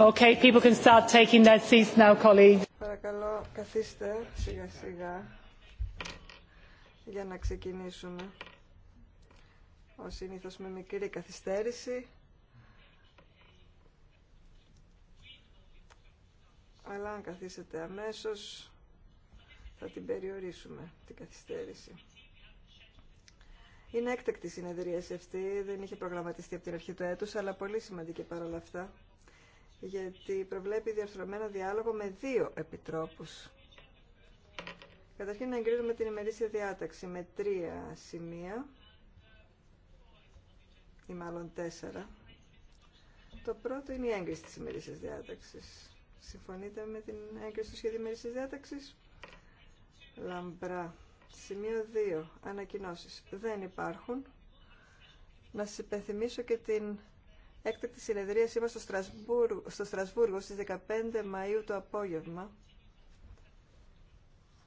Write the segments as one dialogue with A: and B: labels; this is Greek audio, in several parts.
A: Okay, people can start taking their seats now, colleagues.
B: Παρακαλώ, καθίστε σιγά σιγά για να ξεκινήσουμε. Ο συνήθως με μικρή καθυστέρηση. Αλλά αν καθίσετε αμέσως θα την περιορίσουμε την καθυστέρηση. Είναι έκτακτη η συνεδρίαση αυτή, δεν είχε προγραμματιστεί από την αρχή του έτους, αλλά πολύ σημαντική παρόλα αυτά, γιατί προβλέπει διαρθρωμένο διάλογο με δύο επιτρόπους. Καταρχήν να εγκρίνουμε την ημερήσια διάταξη με τρία σημεία, ή μάλλον τέσσερα. Το πρώτο είναι η έγκριση της ημερήσιας διάταξης. Συμφωνείτε με την έγκριση του σχέδιου ημερήσιας διάταξης. Λαμπρά Σημείο 2. Ανακοινώσεις. Δεν υπάρχουν. Να σας υπενθυμίσω και την έκτακτη συνεδρία σήμερα στο στο Στρασβούργο στις 15 Μαΐου το απόγευμα.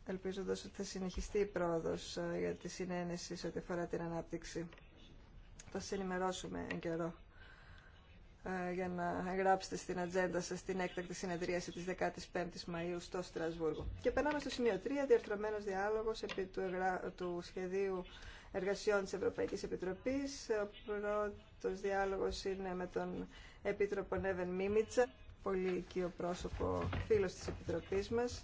B: Ελπίζοντας ότι θα συνεχιστεί η πρόοδος ε, για τη συνένεση σε ό,τι αφορά την ανάπτυξη. Θα σας ενημερώσουμε εν καιρό. Ε, για να γράψετε στην ατζέντα σα την έκτακτη συνεδρίαση τη 15 η Μαου στο Στρασβούργο. Και περνάμε στο σημείο 3, διαρθρωμένο διάλογο επί του, σχεδίου εργασιών τη Ευρωπαϊκή Επιτροπή. Ο πρώτο διάλογο είναι με τον Επίτροπο Νέβεν Μίμιτσα, πολύ οικείο πρόσωπο φίλος της Επιτροπής μας.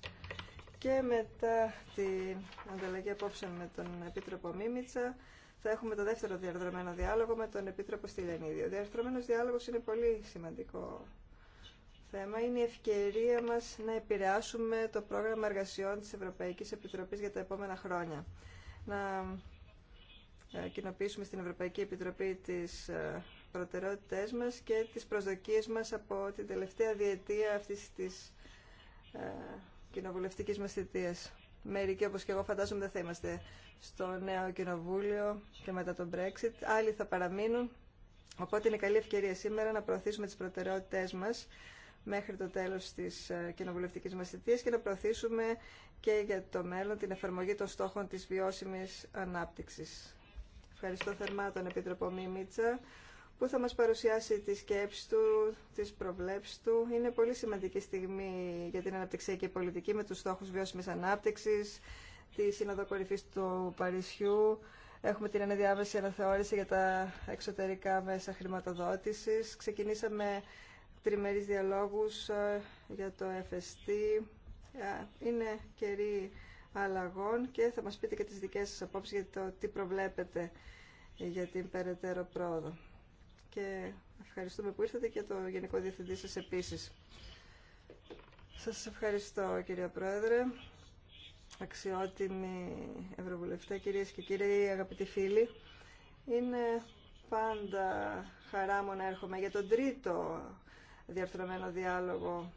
B: Και μετά την ανταλλαγή απόψεων με τον Επίτροπο Μίμητσα θα έχουμε το δεύτερο διαδρομένο διάλογο με τον Επίτροπο Στυλιανίδη. Ο διαδρομένος διάλογος είναι πολύ σημαντικό θέμα. Είναι η ευκαιρία μας να επηρεάσουμε το πρόγραμμα εργασιών της Ευρωπαϊκής Επιτροπής για τα επόμενα χρόνια. Να ε, κοινοποιήσουμε στην Ευρωπαϊκή Επιτροπή τις ε, προτεραιότητές μας και τις προσδοκίες μας από την τελευταία διετία αυτής της ε, κοινοβουλευτικής μας θητείας. Μερικοί όπως και εγώ φαντάζομαι δεν θα είμαστε στο νέο κοινοβούλιο και μετά τον Brexit. Άλλοι θα παραμείνουν. Οπότε είναι καλή ευκαιρία σήμερα να προωθήσουμε τις προτεραιότητές μας μέχρι το τέλος της ε, κοινοβουλευτικής μας θητείας και να προωθήσουμε και για το μέλλον την εφαρμογή των στόχων της βιώσιμης ανάπτυξης. Ευχαριστώ θερμά τον Επίτροπο Μίμητσα που θα μας παρουσιάσει τις σκέψεις του, τις προβλέψεις του. Είναι πολύ σημαντική στιγμή για την αναπτυξιακή πολιτική με τους στόχους βιώσιμης ανάπτυξης, τη Σύνοδο Κορυφής του Παρισιού. Έχουμε την αναδιάβαση αναθεώρηση για τα εξωτερικά μέσα χρηματοδότησης. Ξεκινήσαμε τριμερείς διαλόγους ε, για το FST. Ε, είναι καιρή αλλαγών και θα μας πείτε και τις δικές σας απόψεις για το τι προβλέπετε για την περαιτέρω πρόοδο και ευχαριστούμε που ήρθατε και το Γενικό Διευθυντή σας επίσης. Σας ευχαριστώ κυρία Πρόεδρε, αξιότιμοι Ευρωβουλευτέ, κυρίες και κύριοι, αγαπητοί φίλοι. Είναι πάντα χαρά μου να έρχομαι για τον τρίτο διαρθρωμένο διάλογο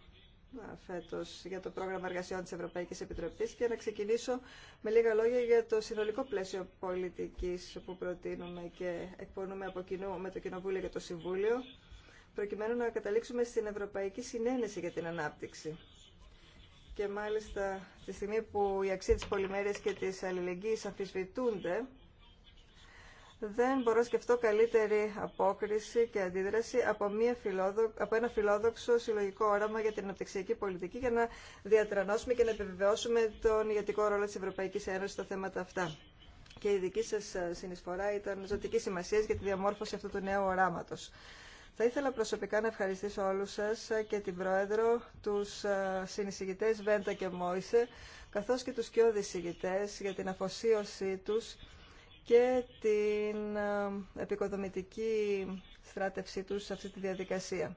B: φέτος για το πρόγραμμα εργασιών της Ευρωπαϊκής Επιτροπής και να ξεκινήσω με λίγα λόγια για το συνολικό πλαίσιο πολιτικής που προτείνουμε και εκπονούμε από κοινού με το Κοινοβούλιο και το Συμβούλιο προκειμένου να καταλήξουμε στην Ευρωπαϊκή Συνένεση για την Ανάπτυξη. Και μάλιστα τη στιγμή που η αξία της πολυμέρειας και της αλληλεγγύης αμφισβητούνται δεν μπορώ να σκεφτώ καλύτερη απόκριση και αντίδραση από, μια από ένα φιλόδοξο συλλογικό όραμα για την αναπτυξιακή πολιτική για να διατρανώσουμε και να επιβεβαιώσουμε τον ηγετικό ρόλο της Ευρωπαϊκής Ένωσης στα θέματα αυτά. Και η δική σας ε, συνεισφορά ήταν ζωτική σημασία για τη διαμόρφωση αυτού του νέου οράματος. Θα ήθελα προσωπικά να ευχαριστήσω όλους σας ε, και την Πρόεδρο, τους ε, συνεισηγητές Βέντα και Μόισε, καθώς και τους κοιόδης για την αφοσίωσή τους και την ε, επικοδομητική στράτευσή τους σε αυτή τη διαδικασία.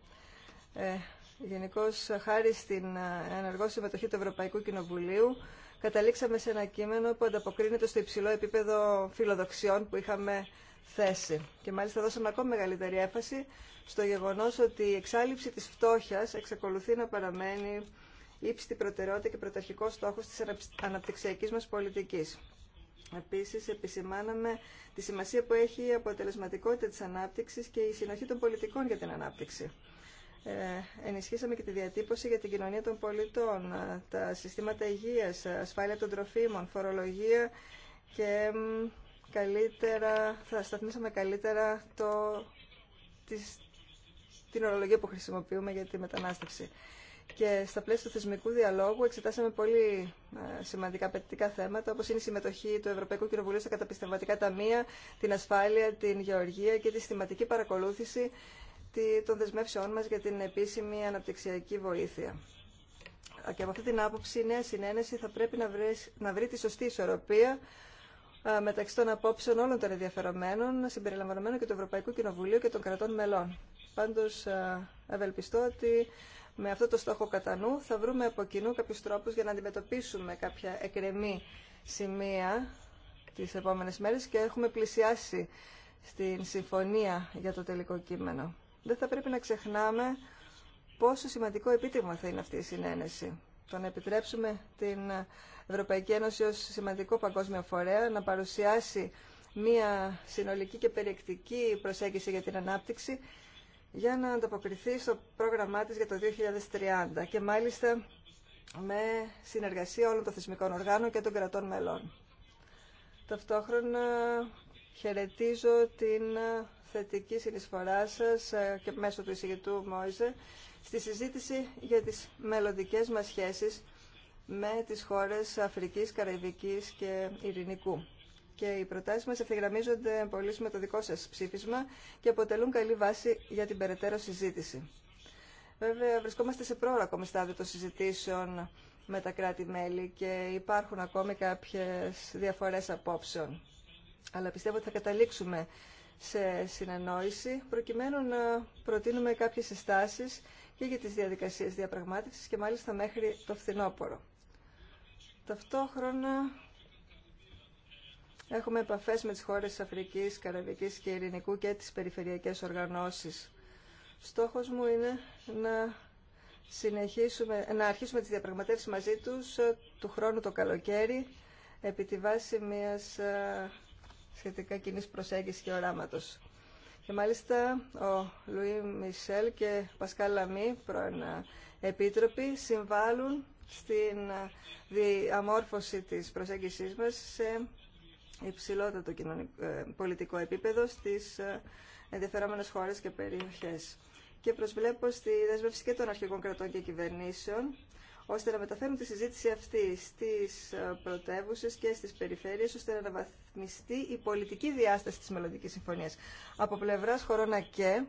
B: Ε, Γενικώ, χάρη στην ε, ενεργό συμμετοχή του Ευρωπαϊκού Κοινοβουλίου, καταλήξαμε σε ένα κείμενο που ανταποκρίνεται στο υψηλό επίπεδο φιλοδοξιών που είχαμε θέσει. Και μάλιστα δώσαμε ακόμη μεγαλύτερη έφαση στο γεγονός ότι η εξάλληψη της φτώχειας εξακολουθεί να παραμένει ύψητη προτεραιότητα και πρωταρχικό στόχος της αναπτυξιακής μας πολιτικής. Επίσης, επισημάναμε τη σημασία που έχει η αποτελεσματικότητα της ανάπτυξης και η συνοχή των πολιτικών για την ανάπτυξη. Ε, ενισχύσαμε και τη διατύπωση για την κοινωνία των πολιτών, ε, τα συστήματα υγείας, ε, ασφάλεια των τροφίμων, φορολογία και καλύτερα, θα σταθμίσαμε καλύτερα το, την ορολογία που χρησιμοποιούμε για τη μετανάστευση. Και στα πλαίσια του θεσμικού διαλόγου εξετάσαμε πολύ ε, σημαντικά απαιτητικά θέματα, όπω είναι η συμμετοχή του Ευρωπαϊκού Κοινοβουλίου στα καταπιστευματικά ταμεία, την ασφάλεια, την γεωργία και τη συστηματική παρακολούθηση των δεσμεύσεών μα για την επίσημη αναπτυξιακή βοήθεια. Και από αυτή την άποψη, η νέα συνένεση θα πρέπει να βρει, να βρει τη σωστή ισορροπία ε, μεταξύ των απόψεων όλων των ενδιαφερομένων, συμπεριλαμβανομένων και του Ευρωπαϊκού Κοινοβουλίου και των κρατών μελών. Πάντω, ε, ευελπιστώ ότι με αυτό το στόχο κατά νου θα βρούμε από κοινού κάποιους τρόπους για να αντιμετωπίσουμε κάποια εκρεμή σημεία τις επόμενες μέρες και έχουμε πλησιάσει στην συμφωνία για το τελικό κείμενο. Δεν θα πρέπει να ξεχνάμε πόσο σημαντικό επίτευγμα θα είναι αυτή η συνένεση. Το να επιτρέψουμε την Ευρωπαϊκή Ένωση ως σημαντικό παγκόσμιο φορέα να παρουσιάσει μια συνολική και περιεκτική προσέγγιση για την ανάπτυξη για να ανταποκριθεί στο πρόγραμμά της για το 2030 και μάλιστα με συνεργασία όλων των θεσμικών οργάνων και των κρατών μελών. Ταυτόχρονα χαιρετίζω την θετική συνεισφορά σας ε, και μέσω του εισηγητού Μόιζε στη συζήτηση για τις μελλοντικέ μας σχέσεις με τις χώρες Αφρικής, Καραϊβικής και Ειρηνικού και οι προτάσει μα ευθυγραμμίζονται πολύ με το δικό σα ψήφισμα και αποτελούν καλή βάση για την περαιτέρω συζήτηση. Βέβαια, βρισκόμαστε σε πρόωρα ακόμη στάδιο των συζητήσεων με τα κράτη-μέλη και υπάρχουν ακόμη κάποιες διαφορές απόψεων. Αλλά πιστεύω ότι θα καταλήξουμε σε συνεννόηση προκειμένου να προτείνουμε κάποιες συστάσεις και για τις διαδικασίες διαπραγμάτευσης και μάλιστα μέχρι το φθινόπωρο. Ταυτόχρονα Έχουμε επαφές με τις χώρες της Αφρικής, Καραβικής και Ειρηνικού και τις περιφερειακές οργανώσεις. Στόχος μου είναι να, συνεχίσουμε, να αρχίσουμε τις διαπραγματεύσεις μαζί τους ε, του χρόνου το καλοκαίρι επί τη βάση μιας ε, σχετικά κοινή προσέγγιση και οράματος. Και μάλιστα ο Λουί Μισελ και ο Πασκάλ Λαμή, πρώην ε, επίτροποι, συμβάλλουν στην διαμόρφωση της προσέγγισής μας υψηλότατο ε, πολιτικό επίπεδο στις ε, ενδιαφερόμενες χώρες και περιοχές. Και προσβλέπω στη δέσμευση και των αρχικών κρατών και κυβερνήσεων, ώστε να μεταφέρουν τη συζήτηση αυτή στις ε, πρωτεύουσε και στις περιφέρειες, ώστε να αναβαθμιστεί η πολιτική διάσταση της μελλοντική συμφωνίας. Από πλευράς χωρών και,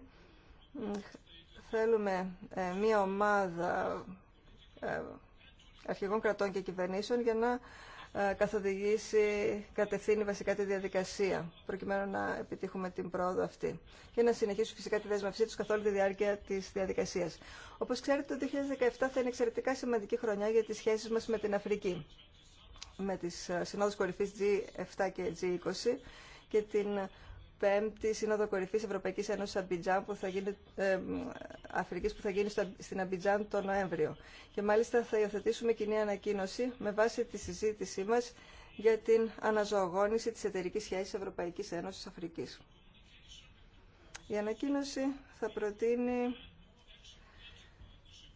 B: θέλουμε μία ομάδα αρχηγών κρατών και κυβερνήσεων για να ε, καθοδηγήσει, κατευθύνει βασικά τη διαδικασία, προκειμένου να επιτύχουμε την πρόοδο αυτή και να συνεχίσουν φυσικά τη δέσμευσή του καθ' όλη τη διάρκεια τη διαδικασία. Όπω ξέρετε, το 2017 θα είναι εξαιρετικά σημαντική χρονιά για τι σχέσει μα με την Αφρική, με τι ε, συνόδου κορυφή G7 και G20 και την πέμπτη Σύνοδο Κορυφή Ευρωπαϊκή Ένωση Αμπιτζάν που θα γίνει, Αφρικής που θα γίνει στην Αμπιτζάν τον Νοέμβριο. Και μάλιστα θα υιοθετήσουμε κοινή ανακοίνωση με βάση τη συζήτησή μα για την αναζωογόνηση τη εταιρική σχέση Ευρωπαϊκή Ένωση Αφρική. Η ανακοίνωση θα προτείνει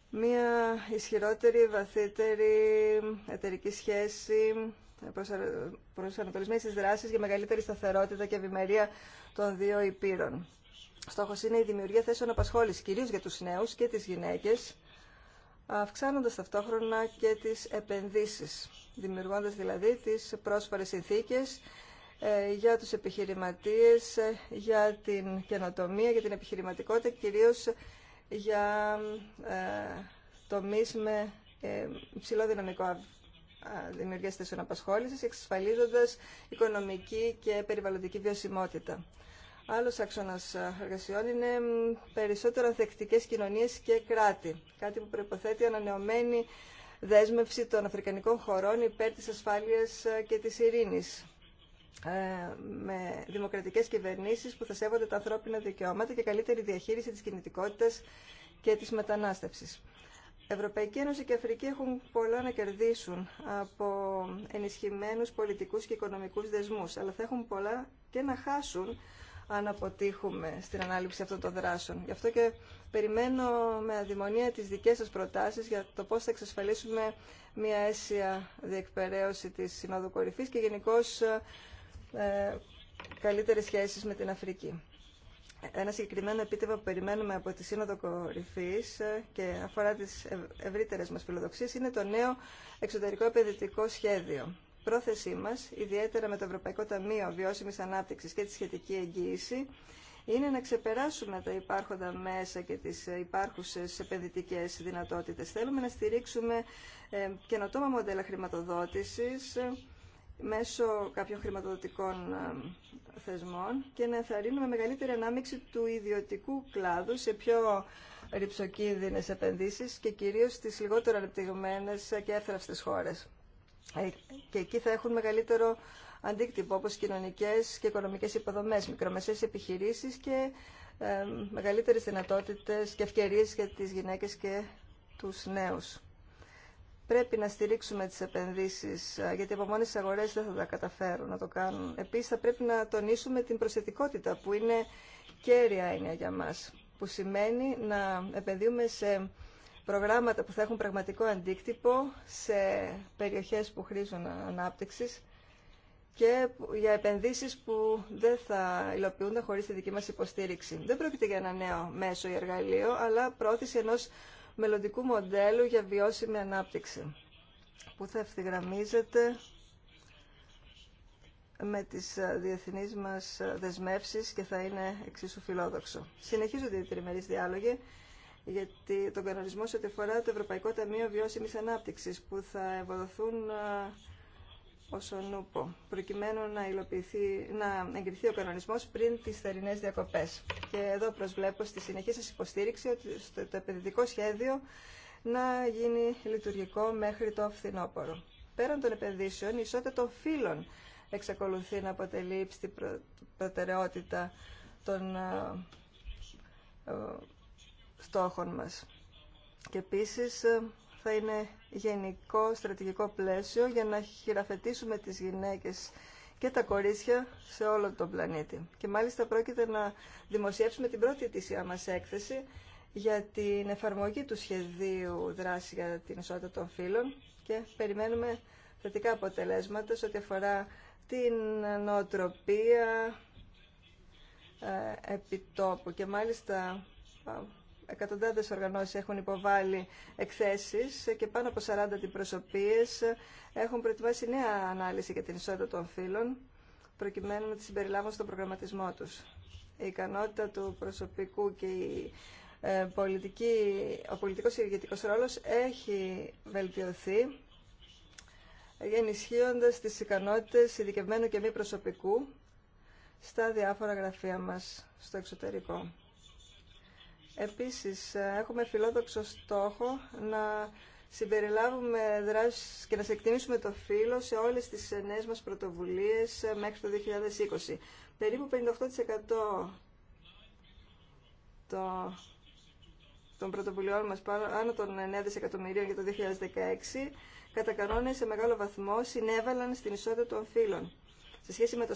B: μία ισχυρότερη, βαθύτερη εταιρική σχέση προσανατολισμένη στις δράσει για μεγαλύτερη σταθερότητα και ευημερία των δύο υπήρων. Στόχο είναι η δημιουργία θέσεων απασχόληση, κυρίω για του νέου και τι γυναίκε, αυξάνοντα ταυτόχρονα και τι επενδύσει, δημιουργώντα δηλαδή τι πρόσφορε συνθήκε ε, για τους επιχειρηματίες, ε, για την καινοτομία, για την επιχειρηματικότητα, κυρίως για ε, τομείς με ε, ψηλό δυναμικό δημιουργία θέσεων Απασχόληση, εξασφαλίζοντα οικονομική και περιβαλλοντική βιωσιμότητα. Άλλο άξονα εργασιών είναι περισσότερο ανθεκτικέ κοινωνίε και κράτη, κάτι που προποθέτει ανανεωμένη δέσμευση των Αφρικανικών χωρών υπέρ τη ασφάλεια και τη ειρήνη. Ε, με δημοκρατικέ κυβερνήσει που θα σέβονται τα ανθρώπινα δικαιώματα και καλύτερη διαχείριση τη κινητικότητα και της μετανάστευση. Ευρωπαϊκή Ένωση και Αφρική έχουν πολλά να κερδίσουν από ενισχυμένους πολιτικούς και οικονομικούς δεσμούς, αλλά θα έχουν πολλά και να χάσουν αν αποτύχουμε στην ανάληψη αυτών των δράσεων. Γι' αυτό και περιμένω με αδημονία τις δικές σας προτάσεις για το πώς θα εξασφαλίσουμε μια αίσια διεκπαιρέωση της Συνόδου και γενικώ ε, καλύτερες σχέσεις με την Αφρική ένα συγκεκριμένο επίτευγμα που περιμένουμε από τη Σύνοδο Κορυφή ε, και αφορά τι ευρύτερε μα φιλοδοξίε είναι το νέο εξωτερικό επενδυτικό σχέδιο. Πρόθεσή μα, ιδιαίτερα με το Ευρωπαϊκό Ταμείο Βιώσιμη Ανάπτυξη και τη σχετική εγγύηση, είναι να ξεπεράσουμε τα υπάρχοντα μέσα και τις υπάρχουσες επενδυτικές δυνατότητες. Θέλουμε να στηρίξουμε ε, καινοτόμα μοντέλα χρηματοδότησης μέσω κάποιων χρηματοδοτικών ε, θεσμών και να ενθαρρύνουμε μεγαλύτερη ανάμειξη του ιδιωτικού κλάδου σε πιο ρηψοκίνδυνες επενδύσεις και κυρίως στις λιγότερο ανεπτυγμένες και έφραυστες χώρες. Ε, και εκεί θα έχουν μεγαλύτερο αντίκτυπο όπως κοινωνικές και οικονομικές υποδομές, μικρομεσαίες επιχειρήσεις και μεγαλύτερε μεγαλύτερες και ευκαιρίες για τις γυναίκες και τους νέους. Πρέπει να στηρίξουμε τις επενδύσεις, γιατί από μόνες αγορές δεν θα τα καταφέρουν να το κάνουν. Επίσης, θα πρέπει να τονίσουμε την προσθετικότητα, που είναι κέρια έννοια για μας, που σημαίνει να επενδύουμε σε προγράμματα που θα έχουν πραγματικό αντίκτυπο, σε περιοχές που χρήζουν ανάπτυξης, και για επενδύσεις που δεν θα υλοποιούνται χωρίς τη δική μας υποστήριξη. Δεν πρόκειται για ένα νέο μέσο ή εργαλείο, αλλά πρόθεση ενός μελλοντικού μοντέλου για βιώσιμη ανάπτυξη που θα ευθυγραμμίζεται με τις ε, διεθνείς μας ε, δεσμεύσεις και θα είναι εξίσου φιλόδοξο. Συνεχίζονται οι τριμερείς διάλογοι γιατί τον κανονισμό σε ό,τι αφορά το Ευρωπαϊκό Ταμείο Βιώσιμης Ανάπτυξης που θα ευοδοθούν ε, προκειμένου να, να εγκριθεί ο κανονισμός πριν τις θερινές διακοπές. Και εδώ προσβλέπω στη συνεχή σα υποστήριξη ότι το επενδυτικό σχέδιο να γίνει λειτουργικό μέχρι το φθινόπωρο. Πέραν των επενδύσεων, η ισότητα των φύλων εξακολουθεί να αποτελεί ύψη προτεραιότητα των ε, ε, στόχων μας. Και επίσης ε, θα είναι γενικό στρατηγικό πλαίσιο για να χειραφετήσουμε τις γυναίκες και τα κορίτσια σε όλο τον πλανήτη. Και μάλιστα πρόκειται να δημοσιεύσουμε την πρώτη ετήσια μας έκθεση για την εφαρμογή του σχεδίου δράση για την ισότητα των φύλων και περιμένουμε θετικά αποτελέσματα σε ό,τι αφορά την νοοτροπία ε, επιτόπου και μάλιστα εκατοντάδες οργανώσεις έχουν υποβάλει εκθέσεις και πάνω από 40 αντιπροσωπείες έχουν προετοιμάσει νέα ανάλυση για την ισότητα των φύλων προκειμένου να τη συμπεριλάβουν στον προγραμματισμό τους. Η ικανότητα του προσωπικού και η ε, πολιτική, ο πολιτικός ηγετικός ρόλος έχει βελτιωθεί ενισχύοντας τις ικανότητες ειδικευμένου και μη προσωπικού στα διάφορα γραφεία μας στο εξωτερικό. Επίσης, έχουμε φιλόδοξο στόχο να συμπεριλάβουμε δράσεις και να σε εκτιμήσουμε το φύλλο σε όλες τις νέες μας πρωτοβουλίες μέχρι το 2020. Περίπου 58% το, των πρωτοβουλειών μας πάνω των 9 δισεκατομμυρίων για το 2016 κατά σε μεγάλο βαθμό συνέβαλαν στην ισότητα των φύλων σε σχέση με το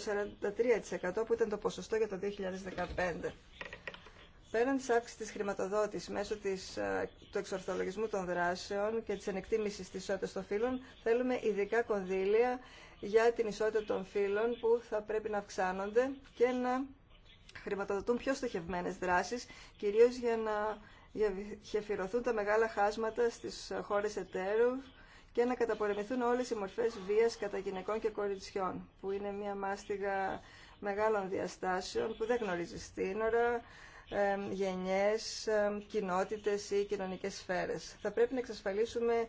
B: 43% που ήταν το ποσοστό για το 2015. Πέραν τη αύξηση τη χρηματοδότηση μέσω της, ε, του εξορθολογισμού των δράσεων και τη ανεκτήμηση τη ισότητα των φύλων, θέλουμε ειδικά κονδύλια για την ισότητα των φύλων που θα πρέπει να αυξάνονται και να χρηματοδοτούν πιο στοχευμένε δράσει, κυρίω για να γεφυρωθούν τα μεγάλα χάσματα στι χώρε εταίρου και να καταπολεμηθούν όλες οι μορφές βίας κατά γυναικών και κοριτσιών, που είναι μια μάστιγα μεγάλων διαστάσεων που δεν γνωρίζει σύνορα, γενιές, κοινότητες ή κοινωνικές σφαίρες. Θα πρέπει να εξασφαλίσουμε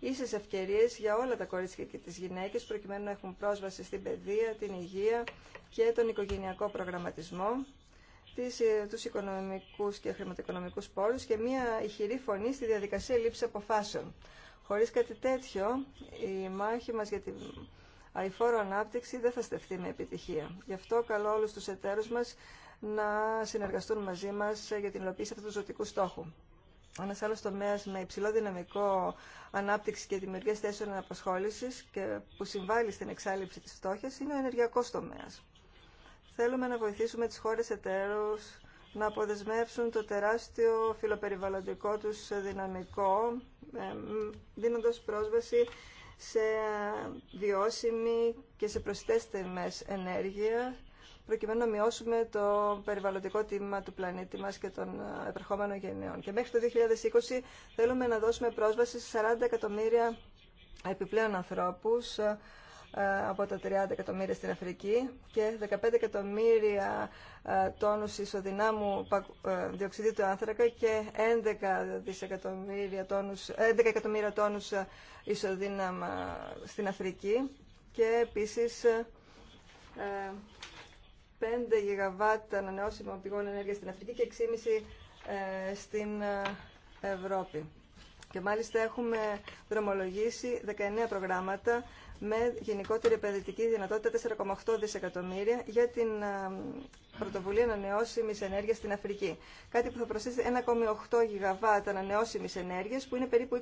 B: ίσες ευκαιρίες για όλα τα κορίτσια και τις γυναίκες προκειμένου να έχουν πρόσβαση στην παιδεία, την υγεία και τον οικογενειακό προγραμματισμό ε, τους οικονομικούς και χρηματοοικονομικούς πόρους και μια ηχηρή φωνή στη διαδικασία λήψη αποφάσεων. Χωρίς κάτι τέτοιο, η μάχη μας για την αηφόρο ανάπτυξη δεν θα στεφθεί με επιτυχία. Γι' αυτό καλώ όλους τους εταίρους μας να συνεργαστούν μαζί μα για την υλοποίηση αυτού του ζωτικού στόχου. Ένα άλλο τομέα με υψηλό δυναμικό ανάπτυξη και δημιουργία θέσεων αναπασχόληση και που συμβάλλει στην εξάλληψη τη φτώχεια είναι ο ενεργειακό τομέα. Θέλουμε να βοηθήσουμε τι χώρε εταίρου να αποδεσμεύσουν το τεράστιο φιλοπεριβαλλοντικό του δυναμικό, ε, δίνοντα πρόσβαση σε βιώσιμη και σε προσιτές ενέργεια προκειμένου να μειώσουμε το περιβαλλοντικό τίμημα του πλανήτη μας και των ε, επερχόμενων γενναιών. Και μέχρι το 2020 θέλουμε να δώσουμε πρόσβαση σε 40 εκατομμύρια επιπλέον ανθρώπους ε, από τα 30 εκατομμύρια στην Αφρική και 15 εκατομμύρια ε, τόνους ισοδυνάμου διοξιδίου του άνθρακα και 11, τόνους, εκατομμύρια τόνους ισοδύναμα στην Αφρική και επίσης 5 γιγαβάτα ανανεώσιμων πηγών ενέργειας στην Αφρική και 6,5 ε, στην ε, Ευρώπη. Και μάλιστα έχουμε δρομολογήσει 19 προγράμματα με γενικότερη επενδυτική δυνατότητα 4,8 δισεκατομμύρια για την ε, πρωτοβουλία ανανεώσιμη ενέργεια στην Αφρική. Κάτι που θα προσθέσει 1,8 γιγαβάτ ανανεώσιμη ενέργεια, που είναι περίπου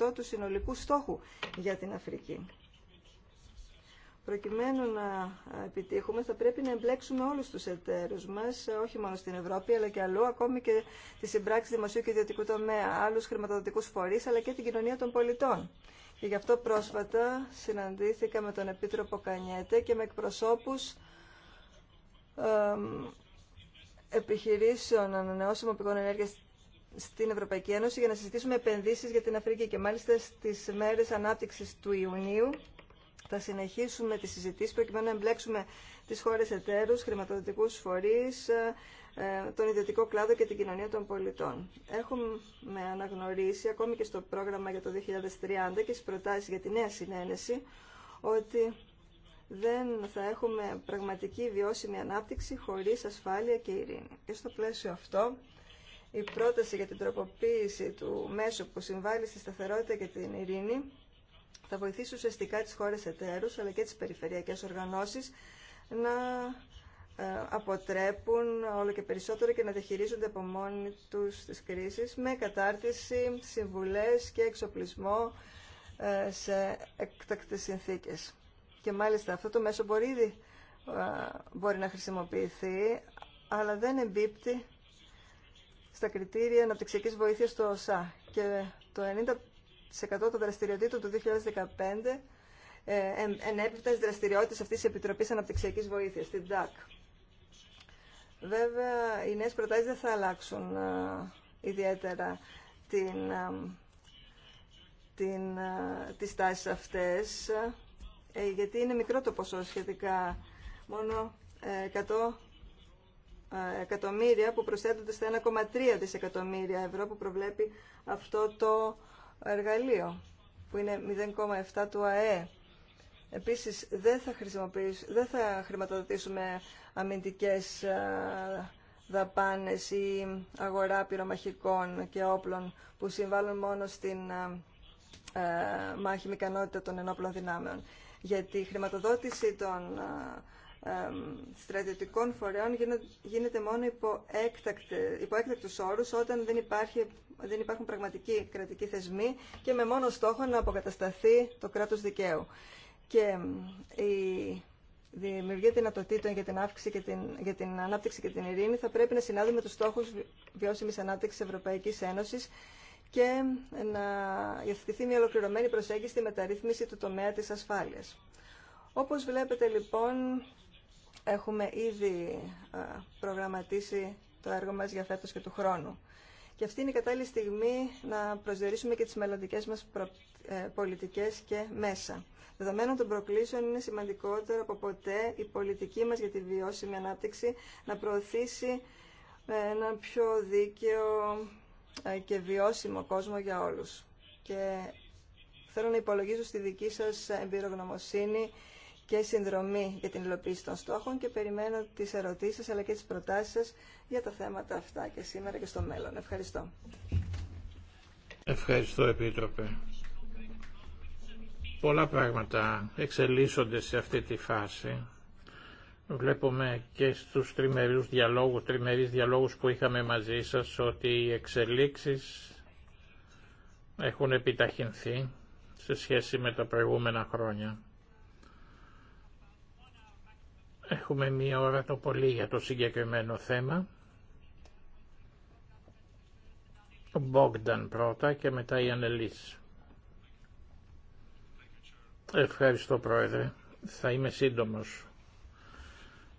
B: 20% του συνολικού στόχου για την Αφρική. Προκειμένου να επιτύχουμε θα πρέπει να εμπλέξουμε όλους τους εταίρους μας, όχι μόνο στην Ευρώπη αλλά και αλλού, ακόμη και τις συμπράξεις δημοσίου και ιδιωτικού τομέα, άλλους χρηματοδοτικούς φορείς αλλά και την κοινωνία των πολιτών. Και γι' αυτό πρόσφατα συναντήθηκα με τον Επίτροπο Κανιέτε και με εκπροσώπους επιχειρήσεων ανανεώσιμων πηγών ενέργειας στην Ευρωπαϊκή Ένωση για να συζητήσουμε επενδύσεις για την Αφρική και μάλιστα στις μέρες ανάπτυξης του Ιουνίου θα συνεχίσουμε τις συζητήσεις προκειμένου να εμπλέξουμε τις χώρες εταίρους, χρηματοδοτικούς φορείς, ε, τον ιδιωτικό κλάδο και την κοινωνία των πολιτών. Έχουμε αναγνωρίσει ακόμη και στο πρόγραμμα για το 2030 και στις προτάσεις για τη νέα συνένεση ότι δεν θα έχουμε πραγματική βιώσιμη ανάπτυξη χωρίς ασφάλεια και ειρήνη. Και στο πλαίσιο αυτό η πρόταση για την τροποποίηση του μέσου που συμβάλλει στη σταθερότητα και την ειρήνη θα βοηθήσει ουσιαστικά τις χώρες εταίρους αλλά και τις περιφερειακές οργανώσεις να ε, αποτρέπουν όλο και περισσότερο και να διαχειρίζονται από μόνοι τους τις κρίσεις με κατάρτιση, συμβουλές και εξοπλισμό ε, σε εκτακτές συνθήκες. Και μάλιστα αυτό το μέσο μπορεί ήδη ε, μπορεί να χρησιμοποιηθεί, αλλά δεν εμπίπτει στα κριτήρια αναπτυξιακής βοήθειας του ΩΣΑ. Και το το δραστηριοτήτων του 2015 ενέπιπτα στις δραστηριότητες αυτής της Επιτροπής Αναπτυξιακής Βοήθειας, την DAC. Βέβαια, οι νέες προτάσεις δεν θα αλλάξουν ε, ιδιαίτερα την, ε, την, ε, τις τάσεις αυτές, γιατί είναι μικρό το ποσό σχετικά, μόνο 100 εκατομμύρια που προσθέτονται στα 1,3 δισεκατομμύρια ευρώ που προβλέπει αυτό το εργαλείο που είναι 0,7 του ΑΕ. Επίσης δεν θα, δεν θα χρηματοδοτήσουμε αμυντικές δαπάνες ή αγορά πυρομαχικών και όπλων που συμβάλλουν μόνο στην μάχημη ικανότητα των ενόπλων δυνάμεων. Γιατί η αγορα πυρομαχικων και οπλων που συμβαλλουν μονο στην μαχη ικανοτητα των στρατιωτικών φορέων γίνεται μόνο υπό, έκτακτε, υπό έκτακτους όρους όταν δεν υπάρχει δεν υπάρχουν πραγματικοί κρατικοί θεσμοί και με μόνο στόχο να αποκατασταθεί το κράτος δικαίου. Και η δημιουργία δυνατοτήτων για την, αύξηση και την, για την ανάπτυξη και την ειρήνη θα πρέπει να συνάδει με τους στόχους βιώσιμης ανάπτυξης Ευρωπαϊκής Ένωσης και να υιοθετηθεί μια ολοκληρωμένη προσέγγιση στη μεταρρύθμιση του τομέα της ασφάλειας. Όπως βλέπετε λοιπόν έχουμε ήδη προγραμματίσει το έργο μας για φέτος και του χρόνου. Και αυτή είναι η κατάλληλη στιγμή να προσδιορίσουμε και τις μελλοντικέ μας ε, πολιτικές και μέσα. Δεδομένων των προκλήσεων είναι σημαντικότερο από ποτέ η πολιτική μας για τη βιώσιμη ανάπτυξη να προωθήσει ε, ένα πιο δίκαιο ε, και βιώσιμο κόσμο για όλους. Και θέλω να υπολογίζω στη δική σας εμπειρογνωμοσύνη και συνδρομή για την υλοποίηση των στόχων και περιμένω τις ερωτήσεις αλλά και τις προτάσεις για τα θέματα αυτά και σήμερα και στο μέλλον. Ευχαριστώ.
C: Ευχαριστώ Επίτροπε. Πολλά πράγματα εξελίσσονται σε αυτή τη φάση. Βλέπουμε και στους τριμερούς διαλόγους, τριμερείς διαλόγους που είχαμε μαζί σας ότι οι εξελίξεις έχουν επιταχυνθεί σε σχέση με τα προηγούμενα χρόνια. Έχουμε μία ώρα το πολύ για το συγκεκριμένο θέμα. Ο Μπόγκταν πρώτα και μετά η Ανελής. Ευχαριστώ Πρόεδρε. Θα είμαι σύντομος.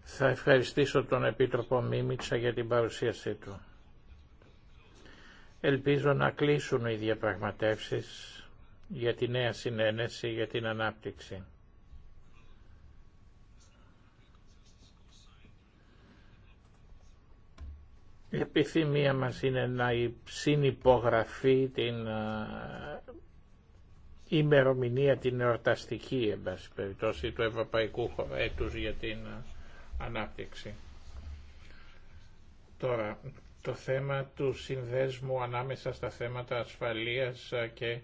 C: Θα ευχαριστήσω τον Επίτροπο Μίμητσα για την παρουσίασή του. Ελπίζω να κλείσουν οι διαπραγματεύσεις για τη νέα συνένεση για την ανάπτυξη. Η επιθυμία μας είναι να συνυπογραφεί την ε, ημερομηνία την εορταστική εν του Ευρωπαϊκού έτους για την ε, ανάπτυξη. Τώρα, το θέμα του συνδέσμου ανάμεσα στα θέματα ασφαλείας ε, και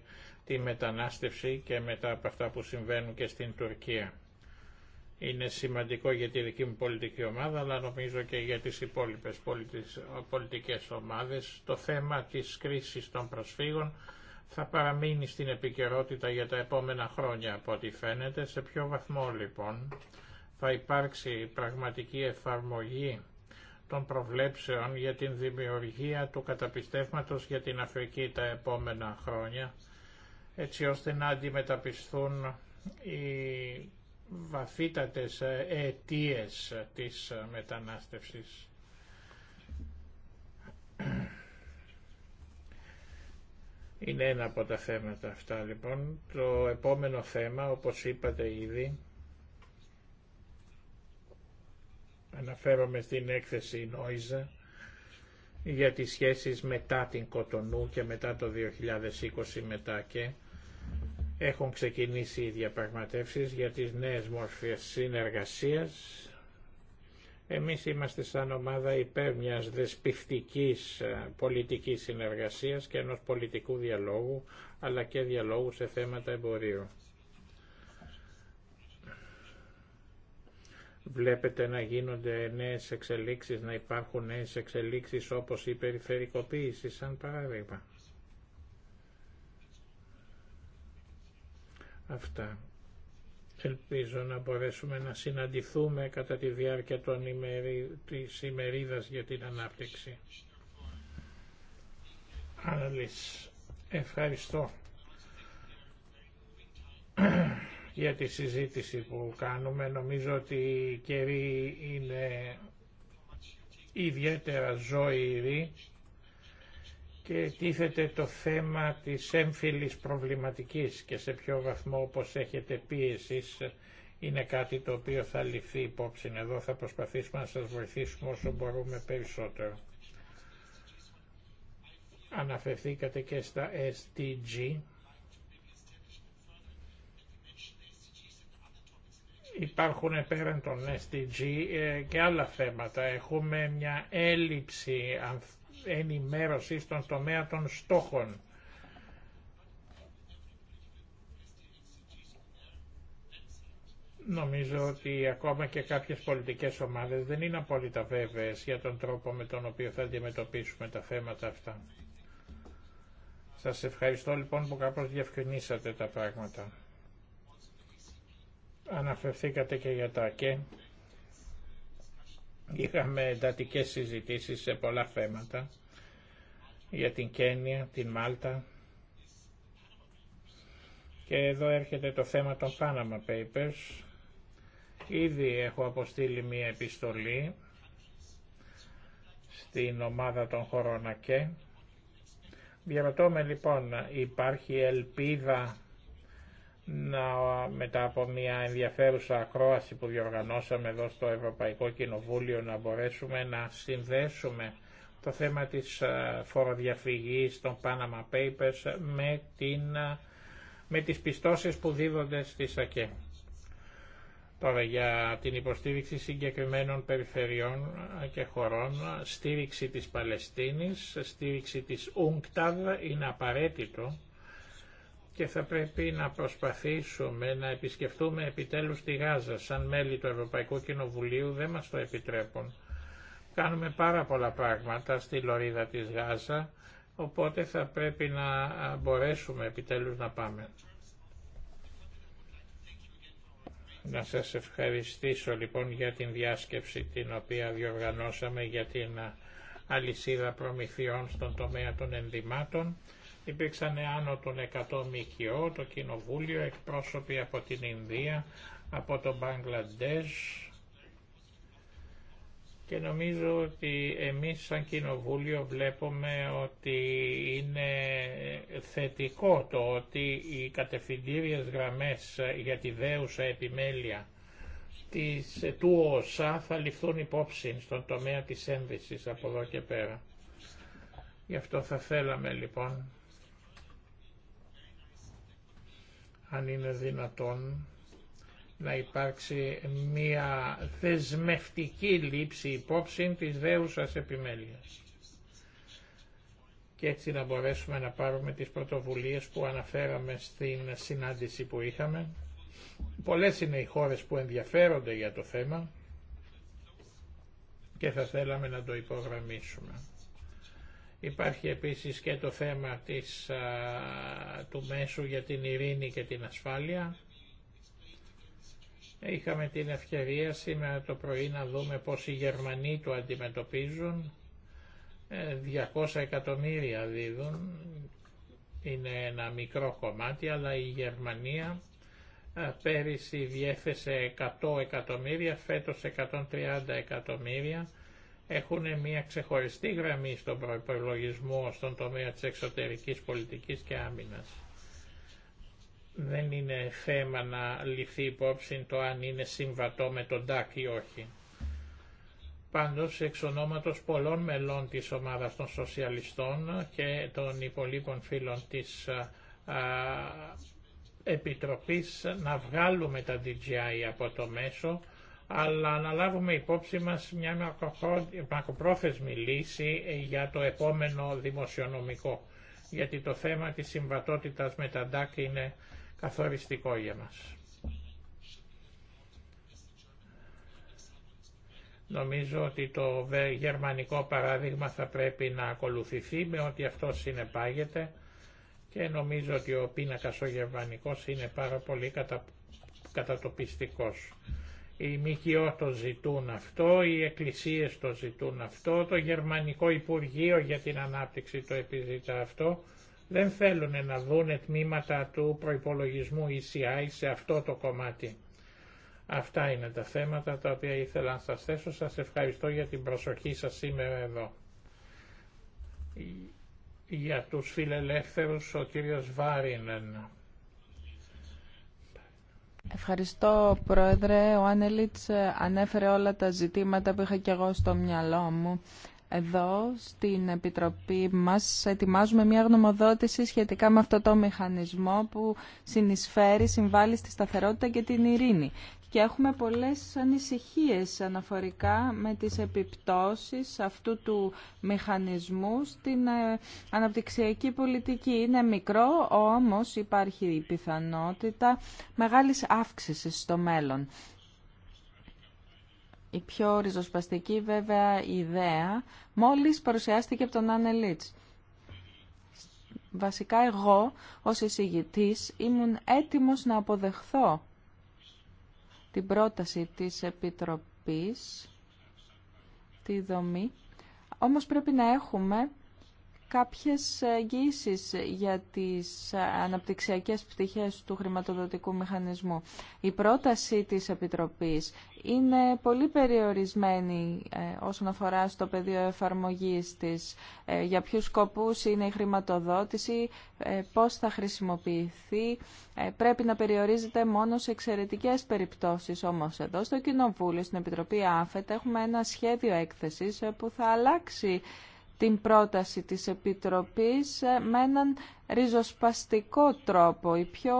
C: τη μετανάστευση και μετά από αυτά που συμβαίνουν και στην Τουρκία είναι σημαντικό για τη δική μου πολιτική ομάδα, αλλά νομίζω και για τις υπόλοιπες πολιτικές ομάδες. Το θέμα της κρίσης των προσφύγων θα παραμείνει στην επικαιρότητα για τα επόμενα χρόνια, από ό,τι φαίνεται. Σε ποιο βαθμό, λοιπόν, θα υπάρξει πραγματική εφαρμογή των προβλέψεων για την δημιουργία του καταπιστεύματος για την Αφρική τα επόμενα χρόνια, έτσι ώστε να αντιμεταπιστούν οι βαθύτατες ε, αιτίες της ε, μετανάστευσης. Είναι ένα από τα θέματα αυτά λοιπόν. Το επόμενο θέμα, όπως είπατε ήδη, αναφέρομαι στην έκθεση Νόιζα για τις σχέσεις μετά την Κοτονού και μετά το 2020 μετά και έχουν ξεκινήσει οι διαπραγματεύσεις για τις νέες μορφές συνεργασίας. Εμείς είμαστε σαν ομάδα υπέρ μιας δεσπιστικής ε, πολιτικής συνεργασίας και ενός πολιτικού διαλόγου, αλλά και διαλόγου σε θέματα εμπορίου. Βλέπετε να γίνονται νέες εξελίξεις, να υπάρχουν νέες εξελίξεις όπως η περιφερικοποίηση, σαν παράδειγμα. αυτά. Ελπίζω να μπορέσουμε να συναντηθούμε κατά τη διάρκεια των ημερι... της ημερίδας για την ανάπτυξη. Άλλης, ευχαριστώ για τη συζήτηση που κάνουμε. Νομίζω ότι η καιροί είναι ιδιαίτερα ζωηροί και τίθεται το θέμα της έμφυλης προβληματικής και σε ποιο βαθμό όπως έχετε πει εσείς είναι κάτι το οποίο θα ληφθεί υπόψη. Εδώ θα προσπαθήσουμε να σας βοηθήσουμε όσο μπορούμε περισσότερο. Αναφερθήκατε και στα SDG. Υπάρχουν πέραν των SDG ε, και άλλα θέματα. Έχουμε μια έλλειψη, ενημέρωση στον τομέα των στόχων. Νομίζω ότι ακόμα και κάποιες πολιτικές ομάδες δεν είναι απόλυτα βέβαιες για τον τρόπο με τον οποίο θα αντιμετωπίσουμε τα θέματα αυτά. Σας ευχαριστώ λοιπόν που κάπως διευκρινίσατε τα πράγματα. Αναφερθήκατε και για τα «και». Είχαμε εντατικέ συζητήσεις σε πολλά θέματα για την Κένια, την Μάλτα και εδώ έρχεται το θέμα των Panama Papers. Ήδη έχω αποστείλει μία επιστολή στην ομάδα των χωρών ΑΚΕ. Διαρωτώ με λοιπόν, υπάρχει ελπίδα να μετά από μια ενδιαφέρουσα ακρόαση που διοργανώσαμε εδώ στο Ευρωπαϊκό Κοινοβούλιο να μπορέσουμε να συνδέσουμε το θέμα της ε, φοροδιαφυγής των Panama Papers με, την, ε, με τις πιστώσεις που δίδονται στη ΣΑΚΕ. Τώρα για την υποστήριξη συγκεκριμένων περιφερειών ε, και χωρών, στήριξη της Παλαιστίνης, στήριξη της UNCTAD είναι απαραίτητο και θα πρέπει να προσπαθήσουμε να επισκεφτούμε επιτέλους τη Γάζα. Σαν μέλη του Ευρωπαϊκού Κοινοβουλίου δεν μας το επιτρέπουν. Κάνουμε πάρα πολλά πράγματα στη λωρίδα της Γάζα, οπότε θα πρέπει να μπορέσουμε επιτέλους να πάμε. Να σας ευχαριστήσω λοιπόν για την διάσκεψη την οποία διοργανώσαμε για την αλυσίδα προμηθειών στον τομέα των ενδυμάτων. Υπήρξαν άνω των 100 ΜΚΟ, το Κοινοβούλιο, εκπρόσωποι από την Ινδία, από το Μπαγκλαντές και νομίζω ότι εμείς σαν Κοινοβούλιο βλέπουμε ότι είναι θετικό το ότι οι κατευθυντήριες γραμμές για τη δέουσα επιμέλεια της, του ΟΣΑ θα ληφθούν υπόψη στον τομέα της ένδυσης από εδώ και πέρα. Γι' αυτό θα θέλαμε λοιπόν αν είναι δυνατόν να υπάρξει μια δεσμευτική λήψη υπόψη της δέουσας επιμέλειας. Και έτσι να μπορέσουμε να πάρουμε τις πρωτοβουλίες που αναφέραμε στην συνάντηση που είχαμε. Πολλές είναι οι χώρες που ενδιαφέρονται για το θέμα και θα θέλαμε να το υπογραμμίσουμε. Υπάρχει επίσης και το θέμα της, του μέσου για την ειρήνη και την ασφάλεια. Είχαμε την ευκαιρία σήμερα το πρωί να δούμε πώς οι Γερμανοί το αντιμετωπίζουν. 200 ε, εκατομμύρια δίδουν, είναι ένα μικρό κομμάτι, αλλά η Γερμανία ε, πέρυσι διέθεσε 100 εκατομμύρια, φέτος 130 εκατομμύρια έχουν μια ξεχωριστή γραμμή στον προπολογισμό στον τομέα της εξωτερικής πολιτικής και άμυνας. Δεν είναι θέμα να ληφθεί υπόψη το αν είναι συμβατό με τον ΤΑΚ ή όχι. Πάντως, εξ ονόματος πολλών μελών της ομάδας των σοσιαλιστών και των υπολείπων φίλων της Επιτροπής, να βγάλουμε τα DJI από το μέσο αλλά να λάβουμε υπόψη μας μια μακροπρόθεσμη λύση ε, για το επόμενο δημοσιονομικό, γιατί το θέμα της συμβατότητας με τα ΝΤΑΚ είναι καθοριστικό για μας. Νομίζω ότι το γερμανικό παράδειγμα θα πρέπει να ακολουθηθεί με ότι αυτό συνεπάγεται και νομίζω ότι ο πίνακας ο γερμανικός είναι πάρα πολύ κατα... κατατοπιστικός. Οι ΜΚΟ το ζητούν αυτό, οι εκκλησίες το ζητούν αυτό, το Γερμανικό Υπουργείο για την Ανάπτυξη το επιζητά αυτό. Δεν θέλουν να δούνε τμήματα του προϋπολογισμού ECI σε αυτό το κομμάτι. Αυτά είναι τα θέματα τα οποία ήθελα να σας θέσω. Σας ευχαριστώ για την προσοχή σας σήμερα εδώ. Για τους φιλελεύθερους ο κύριος Βάρινεν.
D: Ευχαριστώ, Πρόεδρε. Ο Άνελιτς ε, ανέφερε όλα τα ζητήματα που είχα και εγώ στο μυαλό μου. Εδώ, στην Επιτροπή μας, ετοιμάζουμε μια γνωμοδότηση σχετικά με αυτό το μηχανισμό που συνεισφέρει, συμβάλλει στη σταθερότητα και την ειρήνη και έχουμε πολλές ανησυχίες αναφορικά με τις επιπτώσεις αυτού του μηχανισμού στην ε, αναπτυξιακή πολιτική. Είναι μικρό, όμως υπάρχει η πιθανότητα μεγάλης αύξησης στο μέλλον. Η πιο ριζοσπαστική βέβαια ιδέα μόλις παρουσιάστηκε από τον Άνε Λίτς. Βασικά εγώ ως εισηγητής ήμουν έτοιμος να αποδεχθώ την πρόταση της Επιτροπής, τη δομή. Όμως πρέπει να έχουμε κάποιες ε, εγγύησει για τις ε, αναπτυξιακές πτυχές του χρηματοδοτικού μηχανισμού. Η πρόταση της Επιτροπής είναι πολύ περιορισμένη ε, όσον αφορά στο πεδίο εφαρμογής της, για ποιους σκοπούς είναι η χρηματοδότηση, πώς θα χρησιμοποιηθεί. Πρέπει να περιορίζεται μόνο σε εξαιρετικές περιπτώσεις όμως. Εδώ στο Κοινοβούλιο, στην Επιτροπή ΑΦΕΤ, έχουμε ένα σχέδιο έκθεσης που θα αλλάξει την πρόταση της Επιτροπής ε, με έναν ριζοσπαστικό τρόπο. Η πιο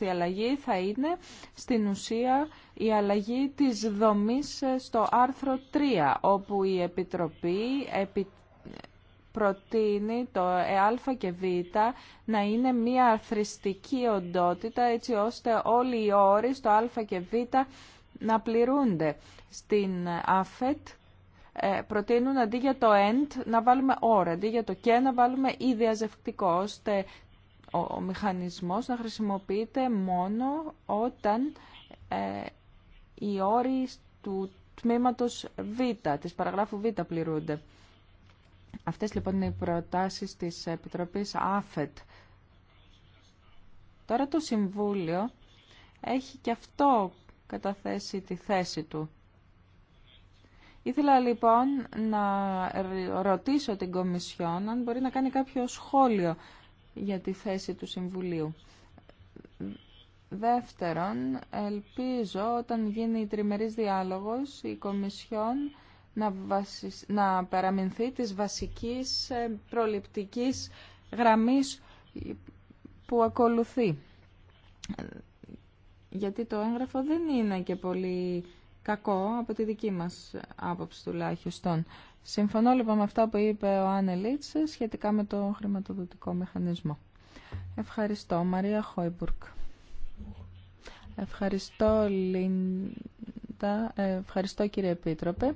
D: ε, αλλαγή θα είναι στην ουσία η αλλαγή της δομής ε, στο άρθρο 3, όπου η Επιτροπή επι... προτείνει το ε, Α και β να είναι μια αρθριστική οντότητα, έτσι ώστε όλοι οι όροι στο α και β να πληρούνται. Στην ΑΦΕΤ ε, προτείνουν αντί για το end να βάλουμε or, αντί για το και να βάλουμε ή διαζευκτικό, ώστε ο μηχανισμός να χρησιμοποιείται μόνο όταν ε, οι όροι του τμήματος Β, της παραγράφου Β πληρούνται. Αυτές λοιπόν είναι οι προτάσεις της Επιτροπής ΑΦΕΤ. Τώρα το Συμβούλιο έχει και αυτό καταθέσει τη θέση του. Ήθελα λοιπόν να ρωτήσω την Κομισιόν αν μπορεί να κάνει κάποιο σχόλιο για τη θέση του Συμβουλίου. Δεύτερον, ελπίζω όταν γίνει η τριμερής διάλογος η Κομισιόν να, βασισ... να παραμεινθεί της βασικής ε, προληπτικής γραμμής που ακολουθεί. Γιατί το έγγραφο δεν είναι και πολύ κακό από τη δική μας άποψη τουλάχιστον. Συμφωνώ λοιπόν με αυτά που είπε ο Άνελίτς σχετικά με το χρηματοδοτικό μηχανισμό. Ευχαριστώ Μαρία Χόιμπουργκ. Ευχαριστώ Λίντα, ε, ευχαριστώ κύριε Επίτροπε.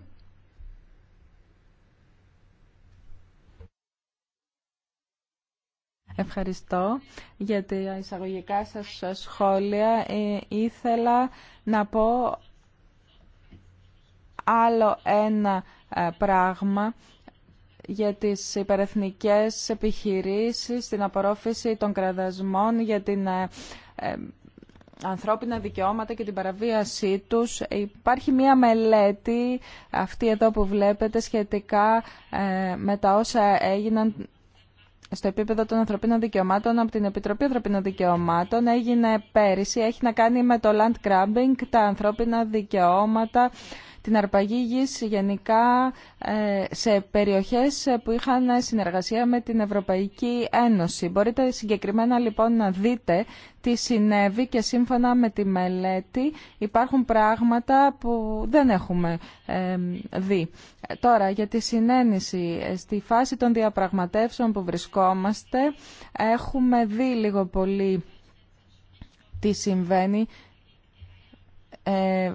D: Ευχαριστώ για τα εισαγωγικά σας σχόλια. Ε, ήθελα να πω άλλο ένα ε, πράγμα για τις υπερεθνικές επιχειρήσεις, την απορρόφηση των κραδασμών, για την ε, ε, ανθρώπινα δικαιώματα και την παραβίασή τους. Υπάρχει μία μελέτη, αυτή εδώ που βλέπετε, σχετικά με τα όσα έγιναν στο επίπεδο των ανθρωπίνων δικαιωμάτων από την Επιτροπή Ανθρωπίνων Δικαιωμάτων έγινε πέρυσι. Έχει να κάνει με το land grabbing, τα ανθρώπινα δικαιώματα την αρπαγή γης γενικά ε, σε περιοχές που είχαν συνεργασία με την Ευρωπαϊκή Ένωση. Μπορείτε συγκεκριμένα λοιπόν να δείτε τι συνέβη και σύμφωνα με τη μελέτη υπάρχουν πράγματα που δεν έχουμε δει. Τώρα για τη συνένεση ε, στη φάση των διαπραγματεύσεων που βρισκόμαστε έχουμε δει λίγο πολύ τι συμβαίνει. Ε,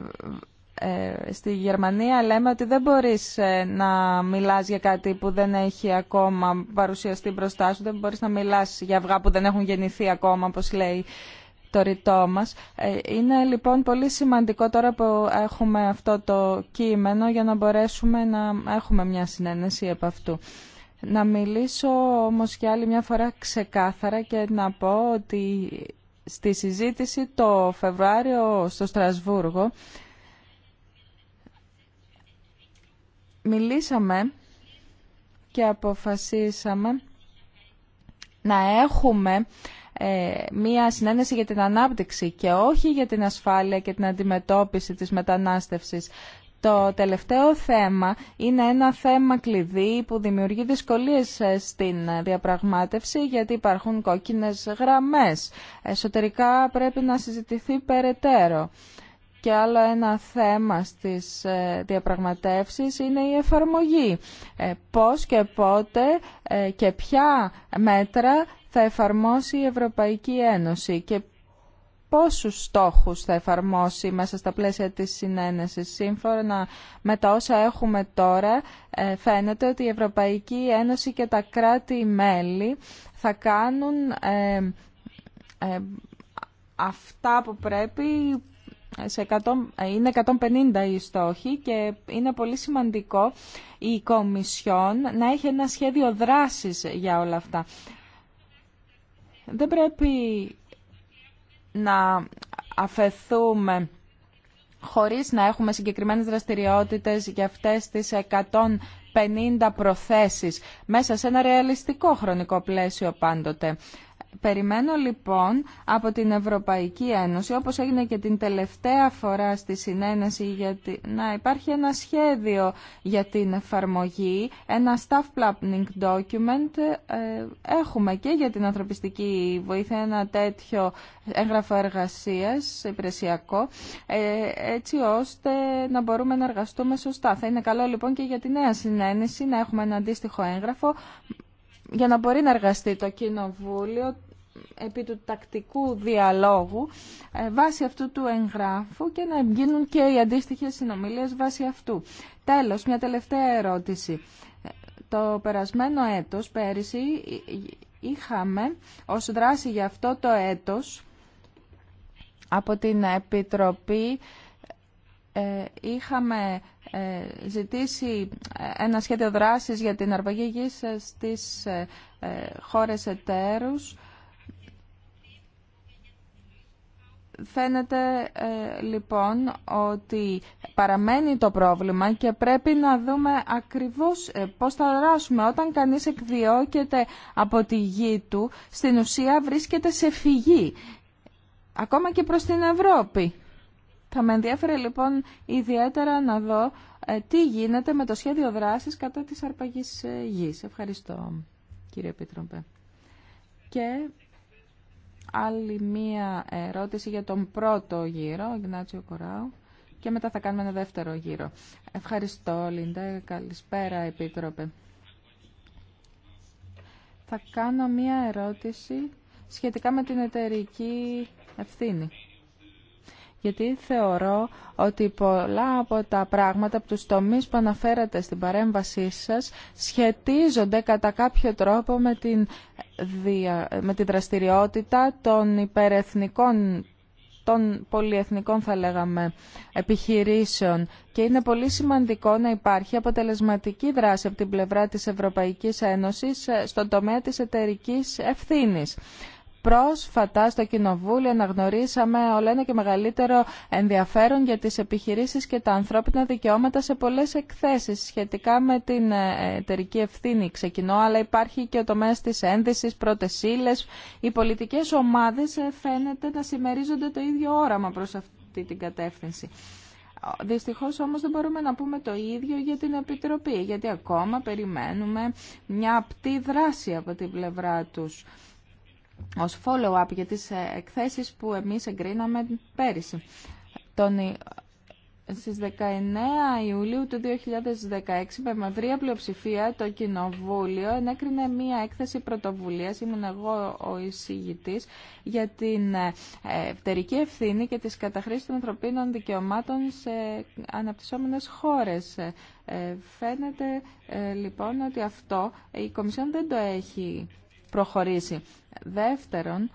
D: ε, στη Γερμανία λέμε ότι δεν μπορείς ε, να μιλάς για κάτι που δεν έχει ακόμα παρουσιαστεί μπροστά σου, δεν μπορείς να μιλάς για αυγά που δεν έχουν γεννηθεί ακόμα, όπως λέει το ρητό μας. Ε, είναι λοιπόν πολύ σημαντικό τώρα που έχουμε αυτό το κείμενο για να μπορέσουμε να έχουμε μια συνένεση από αυτού. Να μιλήσω όμως και άλλη μια φορά ξεκάθαρα και να πω ότι στη συζήτηση το Φεβρουάριο στο Στρασβούργο μιλήσαμε και αποφασίσαμε να έχουμε ε, μία συνένεση για την ανάπτυξη και όχι για την ασφάλεια και την αντιμετώπιση της μετανάστευσης. Το τελευταίο θέμα είναι ένα θέμα κλειδί που δημιουργεί δυσκολίες ε, στην διαπραγμάτευση γιατί υπάρχουν κόκκινες γραμμές. Εσωτερικά πρέπει να συζητηθεί περαιτέρω. Και άλλο ένα θέμα στις ε, διαπραγματεύσεις είναι η εφαρμογή. Ε, πώς και πότε ε, και ποια μέτρα θα εφαρμόσει η Ευρωπαϊκή Ένωση και πόσους στόχους θα εφαρμόσει μέσα στα πλαίσια της συνένεσης. Σύμφωνα με τα όσα έχουμε τώρα, φαίνεται ότι η Ευρωπαϊκή Ένωση και τα κράτη-μέλη θα κάνουν αυτά που πρέπει σε 100, είναι 150 οι στόχοι και είναι πολύ σημαντικό η Κομισιόν να έχει ένα σχέδιο δράσης για όλα αυτά. Δεν πρέπει να αφαιθούμε χωρίς να έχουμε συγκεκριμένες δραστηριότητες για αυτές τις 150 προθέσεις μέσα σε ένα ρεαλιστικό χρονικό πλαίσιο πάντοτε. Περιμένω λοιπόν από την Ευρωπαϊκή Ένωση, όπως έγινε και την τελευταία φορά στη συνένεση, γιατί, να υπάρχει ένα σχέδιο για την εφαρμογή, ένα staff planning document. Ε, έχουμε και για την ανθρωπιστική βοήθεια ένα τέτοιο έγγραφο εργασίας υπηρεσιακό, ε, έτσι ώστε να μπορούμε να εργαστούμε σωστά. Θα είναι καλό λοιπόν και για τη νέα συνένεση να έχουμε ένα αντίστοιχο έγγραφο για να μπορεί να εργαστεί το Κοινοβούλιο επί του τακτικού διαλόγου ε, βάσει αυτού του εγγράφου και να γίνουν και οι αντίστοιχες συνομιλίες βάσει αυτού. Τέλος, μια τελευταία ερώτηση. Ε, το περασμένο έτος, πέρυσι, είχαμε ως δράση για αυτό το έτος από την Επιτροπή ε, είχαμε ε, ζητήσει ε, ένα σχέδιο δράσης για την αρπαγή γης ε, στις χώρες εταίρους. Φαίνεται λοιπόν ότι παραμένει το πρόβλημα και πρέπει να δούμε ακριβώς πώς θα δράσουμε. Όταν κανείς εκδιώκεται από τη γη του, στην ουσία βρίσκεται σε φυγή, ακόμα και προς την Ευρώπη. Θα με ενδιαφέρει λοιπόν ιδιαίτερα να δω ε, τι γίνεται με το σχέδιο δράσης κατά της αρπαγής ε, γης. Ευχαριστώ κύριε Επίτροπε. Και άλλη μία ερώτηση για τον πρώτο γύρο, Γνάτσιο Κοράου. Και μετά θα κάνουμε ένα δεύτερο γύρο. Ευχαριστώ, Λίντα. Καλησπέρα, Επίτροπε. Θα κάνω μία ερώτηση σχετικά με την εταιρική ευθύνη γιατί θεωρώ ότι πολλά από τα πράγματα από τους τομείς που αναφέρατε στην παρέμβασή σας σχετίζονται κατά κάποιο τρόπο με, την, με τη δραστηριότητα των υπερεθνικών των πολυεθνικών θα λέγαμε επιχειρήσεων και είναι πολύ σημαντικό να υπάρχει αποτελεσματική δράση από την πλευρά της Ευρωπαϊκής Ένωσης ε, στον τομέα της εταιρικής ευθύνης. Πρόσφατα στο Κοινοβούλιο αναγνωρίσαμε όλο ένα και μεγαλύτερο ενδιαφέρον για τις επιχειρήσεις και τα ανθρώπινα δικαιώματα σε πολλές εκθέσεις σχετικά με την ε, εταιρική ευθύνη. Ξεκινώ, αλλά υπάρχει και ο τομέας της ένδυσης, πρώτες ύλες. Οι πολιτικές ομάδες ε, φαίνεται να συμμερίζονται το ίδιο όραμα προς αυτή την κατεύθυνση. Δυστυχώς όμως δεν μπορούμε να πούμε το ίδιο για την Επιτροπή, γιατί ακόμα περιμένουμε μια απτή δράση από την πλευρά τους ως follow-up για τις ε, εκθέσεις που εμείς εγκρίναμε πέρυσι. Τον, στις 19 Ιουλίου του 2016 με μαυρία πλειοψηφία το Κοινοβούλιο ενέκρινε μία έκθεση πρωτοβουλίας, ήμουν εγώ ο εισηγητής, για την ευτερική ευθύνη και τις καταχρήσεις των ανθρωπίνων δικαιωμάτων σε αναπτυσσόμενες χώρες. Ε, ε, φαίνεται λοιπόν ότι αυτό η Κομισιόν δεν το έχει προχωρήσει. Δεύτερον,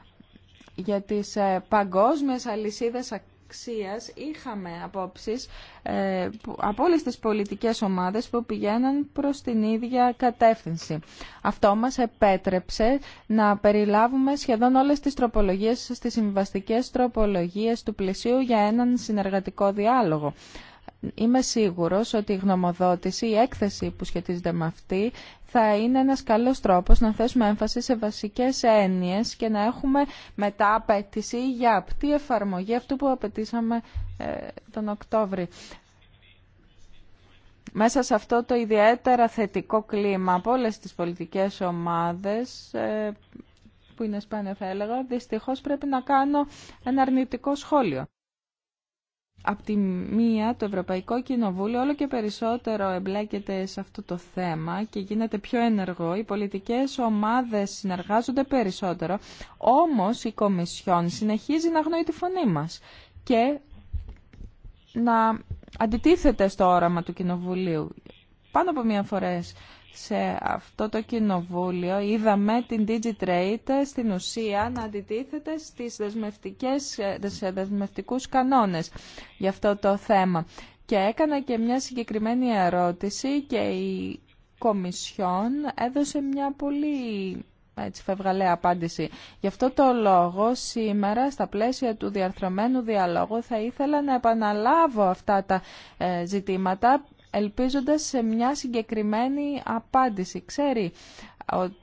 D: για τις ε, παγκόσμιες αλυσίδες αξίας είχαμε απόψεις ε, από όλες τις πολιτικές ομάδες που πηγαίναν προς την ίδια κατεύθυνση. Αυτό μας επέτρεψε να περιλάβουμε σχεδόν όλες τις τροπολογίες στις συμβαστικές τροπολογίες του πλαισίου για έναν συνεργατικό διάλογο είμαι σίγουρος ότι η γνωμοδότηση, η έκθεση που σχετίζεται με αυτή θα είναι ένας καλός τρόπος να θέσουμε έμφαση σε βασικές έννοιες και να έχουμε μετά απέτηση για αυτή εφαρμογή αυτού που απαιτήσαμε ε, τον Οκτώβρη. Μέσα σε αυτό το ιδιαίτερα θετικό κλίμα από όλες τις πολιτικές ομάδες ε, που είναι σπάνια θα έλεγα, δυστυχώς πρέπει να κάνω ένα αρνητικό σχόλιο από τη μία το Ευρωπαϊκό Κοινοβούλιο όλο και περισσότερο εμπλέκεται σε αυτό το θέμα και γίνεται πιο ενεργό. Οι πολιτικές ομάδες συνεργάζονται περισσότερο, όμως η Κομισιόν συνεχίζει να αγνοεί τη φωνή μας και να αντιτίθεται στο όραμα του Κοινοβουλίου. Πάνω από μία φορές σε αυτό το κοινοβούλιο είδαμε την Digitrade στην ουσία να αντιτίθεται στις δεσμευτικές, σε δεσμευτικούς κανόνες για αυτό το θέμα. Και έκανα και μια συγκεκριμένη ερώτηση και η Κομισιόν έδωσε μια πολύ έτσι φευγαλέα απάντηση. Γι' αυτό το λόγο σήμερα στα πλαίσια του διαρθρωμένου διαλόγου θα ήθελα να επαναλάβω αυτά τα ε, ζητήματα ελπίζοντας σε μια συγκεκριμένη απάντηση. Ξέρει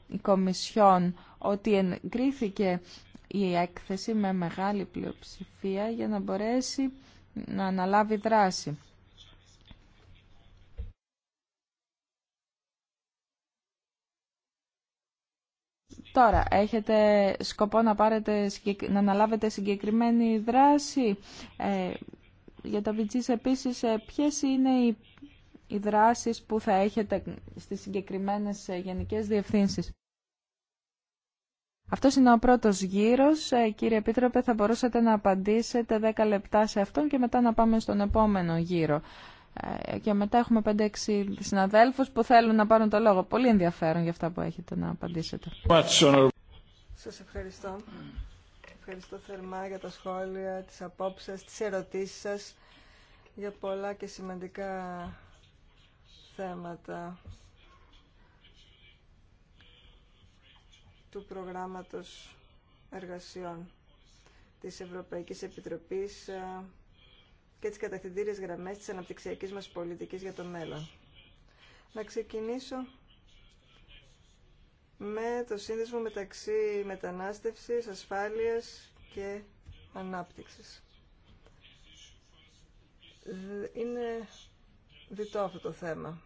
D: η Κομισιόν ότι εγκρίθηκε η έκθεση με μεγάλη πλειοψηφία για να μπορέσει να αναλάβει δράση. Τώρα, έχετε σκοπό να, πάρετε, να αναλάβετε συγκεκριμένη δράση. Ε, για τα VGs επίσης, ε, ποιες είναι οι οι δράσεις που θα έχετε στις συγκεκριμένες ε, γενικές διευθύνσεις. Αυτό είναι ο πρώτος γύρος. Ε, κύριε Επίτροπε, θα μπορούσατε να απαντήσετε 10 λεπτά σε αυτόν και μετά να πάμε στον επόμενο γύρο. Ε, και μετά έχουμε 5-6 συναδέλφους που θέλουν να πάρουν το λόγο. Πολύ ενδιαφέρον για αυτά που έχετε να απαντήσετε.
B: Σας ευχαριστώ. Ευχαριστώ θερμά για τα σχόλια, τις απόψεις, τις ερωτήσεις σας για πολλά και σημαντικά θέματα του προγράμματος εργασιών της Ευρωπαϊκής Επιτροπής ε, και τις κατευθυντήριες γραμμές της αναπτυξιακής μας πολιτικής για το μέλλον. Να ξεκινήσω με το σύνδεσμο μεταξύ μετανάστευσης, ασφάλειας και ανάπτυξης. Είναι διτώ αυτό το θέμα.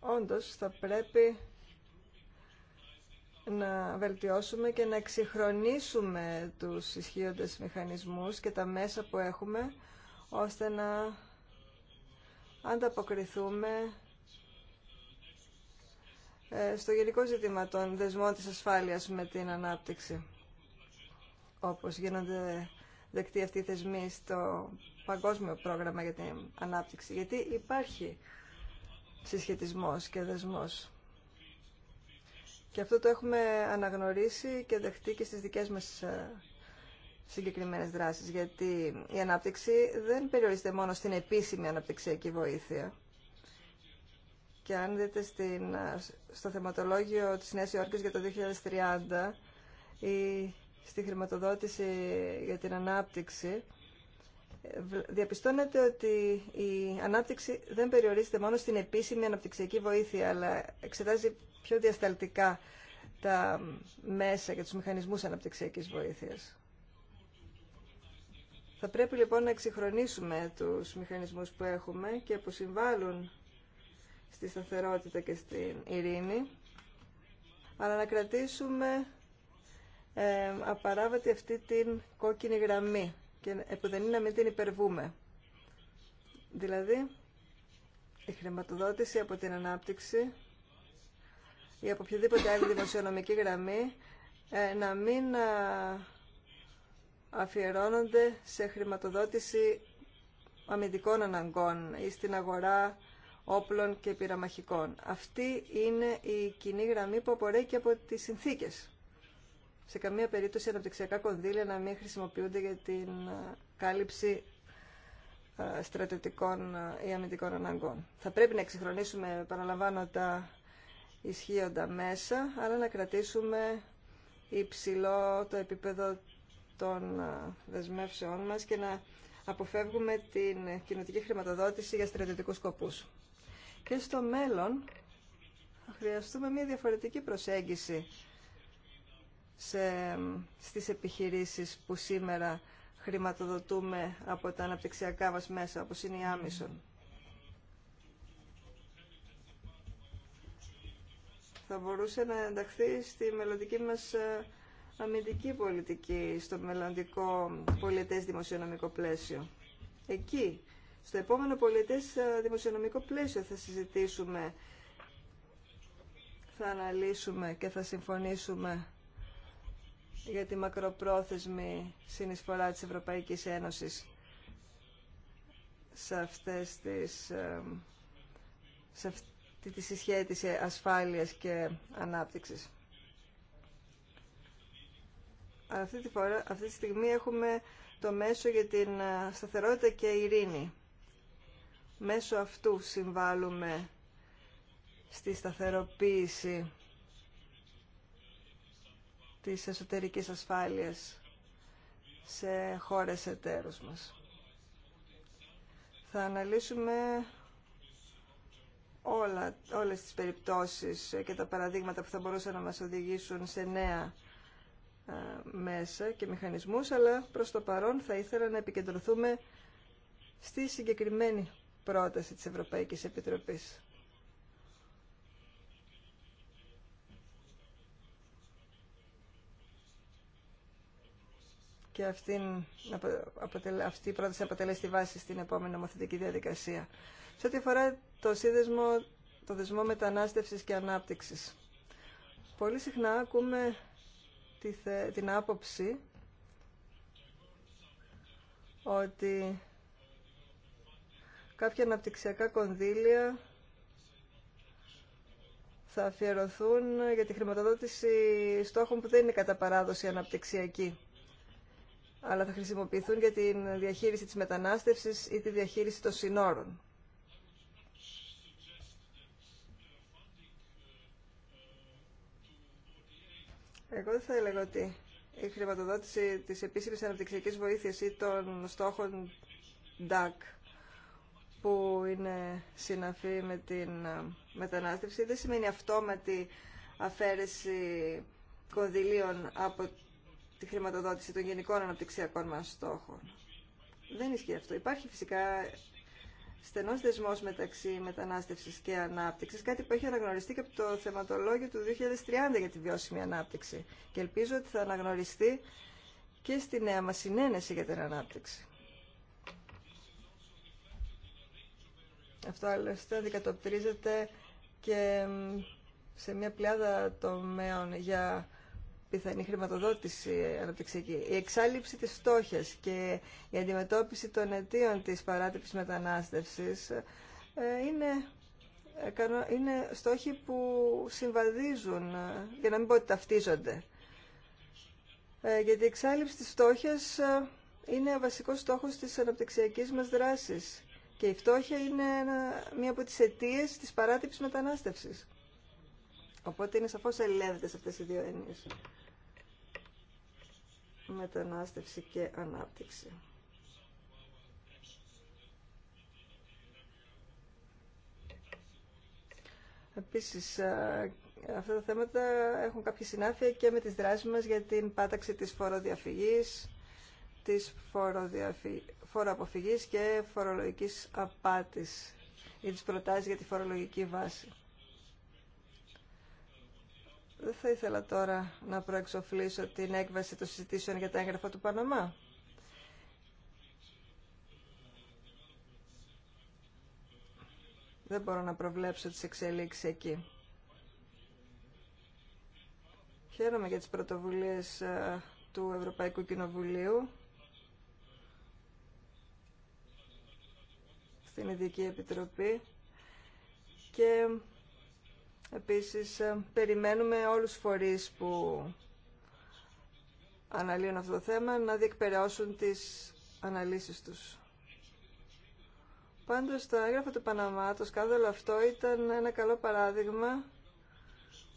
B: Όντως, θα πρέπει να βελτιώσουμε και να εξυγχρονίσουμε τους ισχύοντες μηχανισμούς και τα μέσα που έχουμε, ώστε να ανταποκριθούμε ε, στο γενικό ζήτημα των δεσμών της ασφάλειας με την ανάπτυξη, όπως γίνονται δεκτεί αυτή η θεσμή στο παγκόσμιο πρόγραμμα για την ανάπτυξη. Γιατί υπάρχει συσχετισμός και δεσμός. Και αυτό το έχουμε αναγνωρίσει και δεχτεί και στις δικές μας ε, συγκεκριμένες δράσεις. Γιατί η ανάπτυξη δεν περιορίζεται μόνο στην επίσημη αναπτυξιακή βοήθεια. Και αν δείτε ε, στο θεματολόγιο της Νέας Υόρκης για το 2030, η στη χρηματοδότηση για την ανάπτυξη, διαπιστώνεται ότι η ανάπτυξη δεν περιορίζεται μόνο στην επίσημη αναπτυξιακή βοήθεια, αλλά εξετάζει πιο διασταλτικά τα μέσα και τους μηχανισμούς αναπτυξιακής βοήθειας. Θα πρέπει λοιπόν να εξυγχρονίσουμε τους μηχανισμούς που έχουμε και που συμβάλλουν στη σταθερότητα και στην ειρήνη, αλλά να κρατήσουμε ε, απαράβατη αυτή την κόκκινη γραμμή και δεν είναι να μην την υπερβούμε. Δηλαδή, η χρηματοδότηση από την ανάπτυξη ή από οποιαδήποτε άλλη δημοσιονομική γραμμή ε, να μην ε, αφιερώνονται σε χρηματοδότηση αμυντικών αναγκών ή στην αγορά όπλων και πυραμαχικών. Αυτή είναι η κοινή γραμμή που απορρέει και από τις συνθήκες σε καμία περίπτωση αναπτυξιακά κονδύλια να μην χρησιμοποιούνται για την κάλυψη στρατιωτικών ή αμυντικών αναγκών. Θα πρέπει να εξυγχρονίσουμε, παραλαμβάνω, τα ισχύοντα μέσα, αλλά να κρατήσουμε υψηλό το επίπεδο των δεσμεύσεών μας και να αποφεύγουμε την κοινωτική χρηματοδότηση για στρατιωτικούς σκοπούς. Και στο μέλλον χρειαστούμε μια διαφορετική προσέγγιση σε, στις επιχειρήσεις που σήμερα χρηματοδοτούμε από τα αναπτυξιακά μας μέσα, όπως είναι η Άμισον. Θα μπορούσε να ενταχθεί στη μελλοντική μας ε, αμυντική πολιτική, στο μελλοντικό πολιτές δημοσιονομικό πλαίσιο. Εκεί, στο επόμενο πολιτές ε, δημοσιονομικό πλαίσιο θα συζητήσουμε, θα αναλύσουμε και θα συμφωνήσουμε για τη μακροπρόθεσμη συνεισφορά της Ευρωπαϊκής Ένωσης σε, αυτές τις, σε αυτή τη συσχέτιση ασφάλειας και ανάπτυξης. αυτή τη, φορά, αυτή τη στιγμή έχουμε το μέσο για την ε, σταθερότητα και ειρήνη. Μέσω αυτού συμβάλλουμε στη σταθεροποίηση της εσωτερικής ασφάλειας σε χώρες εταίρους μας. Θα αναλύσουμε όλα, όλες τις περιπτώσεις και τα παραδείγματα που θα μπορούσαν να μας οδηγήσουν σε νέα ε, μέσα και μηχανισμούς, αλλά προς το παρόν θα ήθελα να επικεντρωθούμε στη συγκεκριμένη πρόταση της Ευρωπαϊκής Επιτροπής. και αυτή, αυτή η πρόταση αποτελέσει τη βάση στην επόμενη νομοθετική διαδικασία. Σε ό,τι αφορά το σύνδεσμο, το δεσμό μετανάστευσης και ανάπτυξης. Πολύ συχνά ακούμε τη, την άποψη ότι κάποια αναπτυξιακά κονδύλια θα αφιερωθούν για τη χρηματοδότηση στόχων που δεν είναι κατά παράδοση αναπτυξιακή αλλά θα χρησιμοποιηθούν για τη διαχείριση της μετανάστευσης ή τη διαχείριση των συνόρων. Εγώ δεν θα έλεγα ότι η χρηματοδότηση της επίσημης αναπτυξιακής βοήθειας ή των στόχων DAC που είναι συναφή με την ε, μετανάστευση δεν σημαίνει αυτόματη αφαίρεση κονδυλίων από τη χρηματοδότηση των γενικών αναπτυξιακών μας στόχων. Δεν ισχύει αυτό. Υπάρχει φυσικά στενός δεσμός μεταξύ μετανάστευσης και ανάπτυξης, κάτι που έχει αναγνωριστεί και από το θεματολόγιο του 2030 για τη βιώσιμη ανάπτυξη. Και ελπίζω ότι θα αναγνωριστεί και στη νέα μας συνένεση για την ανάπτυξη. Αυτό άλλωστε αντικατοπτρίζεται και σε μια πλειάδα τομέων για πιθανή χρηματοδότηση αναπτυξιακή, η εξάλληψη της φτώχειας και η αντιμετώπιση των αιτίων της παράτυπης μετανάστευσης ε, είναι, ε, είναι στόχοι που συμβαδίζουν, ε, για να μην πω ότι ταυτίζονται. Γιατί η εξάλληψη της φτώχειας είναι ο βασικός στόχος της αναπτυξιακής μας δράσης και η φτώχεια είναι μία από τις αιτίε της παράτυπης μετανάστευσης. Οπότε είναι σαφώς ελεύθερες αυτές οι δύο έννοιες μετανάστευση και ανάπτυξη. Επίσης, αυτά τα θέματα έχουν κάποια συνάφεια και με τις δράσεις μας για την πάταξη της φοροδιαφυγής, της φοροδιαφυ... φοροαποφυγής και φορολογικής απάτης ή τις προτάσεις για τη φορολογική βάση. Δεν θα ήθελα τώρα να προεξοφλήσω την έκβαση των συζητήσεων για τα έγγραφα του Παναμά. Δεν μπορώ να προβλέψω τις εξελίξεις εκεί. Χαίρομαι για τις πρωτοβουλίες ε, του Ευρωπαϊκού Κοινοβουλίου στην Ειδική Επιτροπή και Επίσης, ε, περιμένουμε όλους τους φορείς που αναλύουν αυτό το θέμα να διεκπαιρεώσουν τις αναλύσεις τους. Πάντως, το έγγραφο του Παναμά, το σκάνδαλο αυτό ήταν ένα καλό παράδειγμα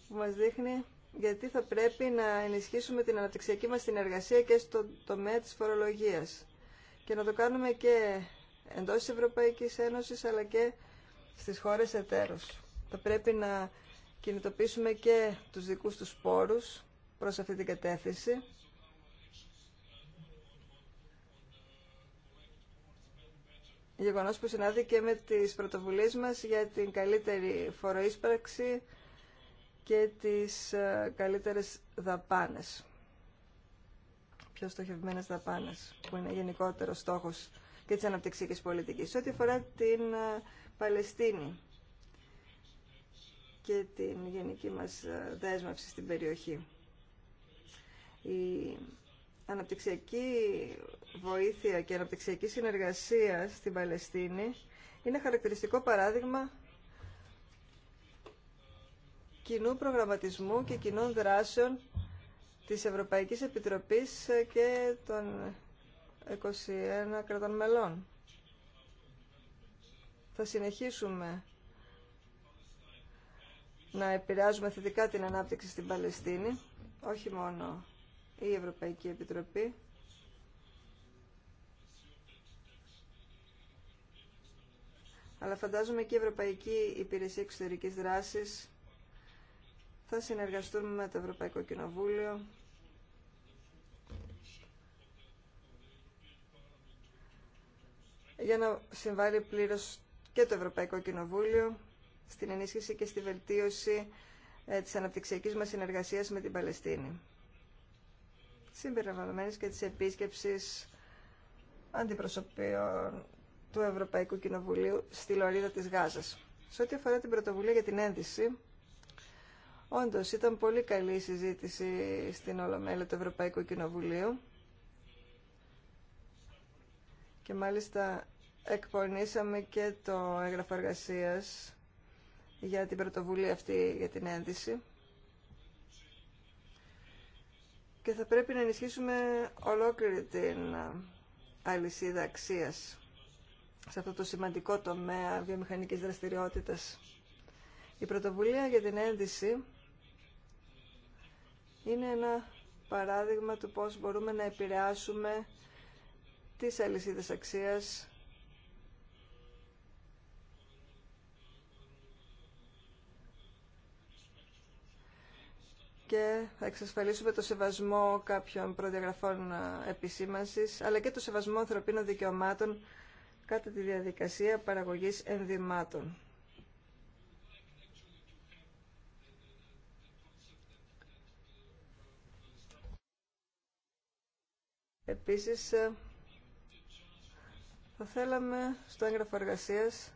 B: που μας δείχνει γιατί θα πρέπει να ενισχύσουμε την αναπτυξιακή μας συνεργασία και στο τομέα της φορολογίας και να το κάνουμε και εντός της Ευρωπαϊκής Ένωσης αλλά και στις χώρες εταίρους. Θα πρέπει να κινητοποιήσουμε και τους δικούς τους πόρους προς αυτή την κατεύθυνση. Γεγονό που συνάδει και με τις πρωτοβουλίες μας για την καλύτερη φοροείσπραξη και τις ε, καλύτερες δαπάνες. Πιο στοχευμένες δαπάνες, που είναι γενικότερο στόχος και της αναπτυξικής πολιτικής. Σε ό,τι αφορά την ε, Παλαιστίνη, και την γενική μας ε, δέσμευση στην περιοχή. Η αναπτυξιακή βοήθεια και αναπτυξιακή συνεργασία στην Παλαιστίνη είναι χαρακτηριστικό παράδειγμα κοινού προγραμματισμού και κοινών δράσεων της Ευρωπαϊκής Επιτροπής ε, και των 21 κρατών μελών. Θα συνεχίσουμε να επηρεάζουμε θετικά την ανάπτυξη στην Παλαιστίνη, όχι μόνο η Ευρωπαϊκή Επιτροπή, αλλά φαντάζομαι και η Ευρωπαϊκή Υπηρεσία Εξωτερικής Δράσης θα συνεργαστούν με το Ευρωπαϊκό Κοινοβούλιο για να συμβάλλει πλήρως και το Ευρωπαϊκό Κοινοβούλιο στην ενίσχυση και στη βελτίωση ε, της αναπτυξιακής μας συνεργασίας με την Παλαιστίνη. Συμπεριλαμβανομένης και της επίσκεψης αντιπροσωπείων του Ευρωπαϊκού Κοινοβουλίου στη Λωρίδα της Γάζας. Σε ό,τι αφορά την πρωτοβουλία για την ένδυση, όντως ήταν πολύ καλή η συζήτηση στην Ολομέλεια του Ευρωπαϊκού Κοινοβουλίου και μάλιστα εκπονήσαμε και το έγγραφο εργασίας για την πρωτοβουλία αυτή για την ένδυση. Και θα πρέπει να ενισχύσουμε ολόκληρη την αλυσίδα αξίας σε αυτό το σημαντικό τομέα βιομηχανικής δραστηριότητας. Η πρωτοβουλία για την ένδυση είναι ένα παράδειγμα του πώς μπορούμε να επηρεάσουμε τις αλυσίδες αξίας και θα εξασφαλίσουμε το σεβασμό κάποιων προδιαγραφών ε, επισήμανσης, αλλά και το σεβασμό ανθρωπίνων δικαιωμάτων κατά τη διαδικασία παραγωγής ενδυμάτων. Επίσης, ε, θα θέλαμε στο έγγραφο εργασίας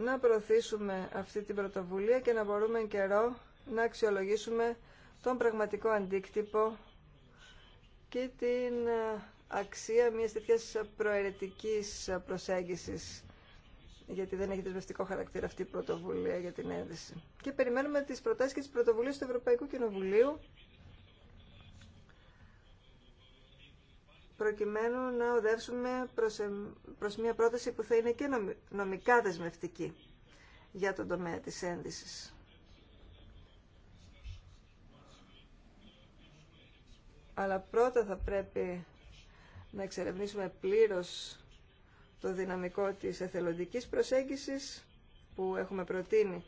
B: να προωθήσουμε αυτή την πρωτοβουλία και να μπορούμε εν καιρό να αξιολογήσουμε τον πραγματικό αντίκτυπο και την ε, αξία μιας τέτοιας προαιρετικής προσέγγισης γιατί δεν έχει δεσμευτικό χαρακτήρα αυτή η πρωτοβουλία για την ένδυση. Και περιμένουμε τις προτάσεις και τις πρωτοβουλίες του Ευρωπαϊκού Κοινοβουλίου προκειμένου να οδεύσουμε προς, μια πρόταση που θα είναι και νομικά δεσμευτική για τον τομέα της ένδυσης. Αλλά πρώτα θα πρέπει να εξερευνήσουμε πλήρως το δυναμικό της εθελοντικής προσέγγισης που έχουμε προτείνει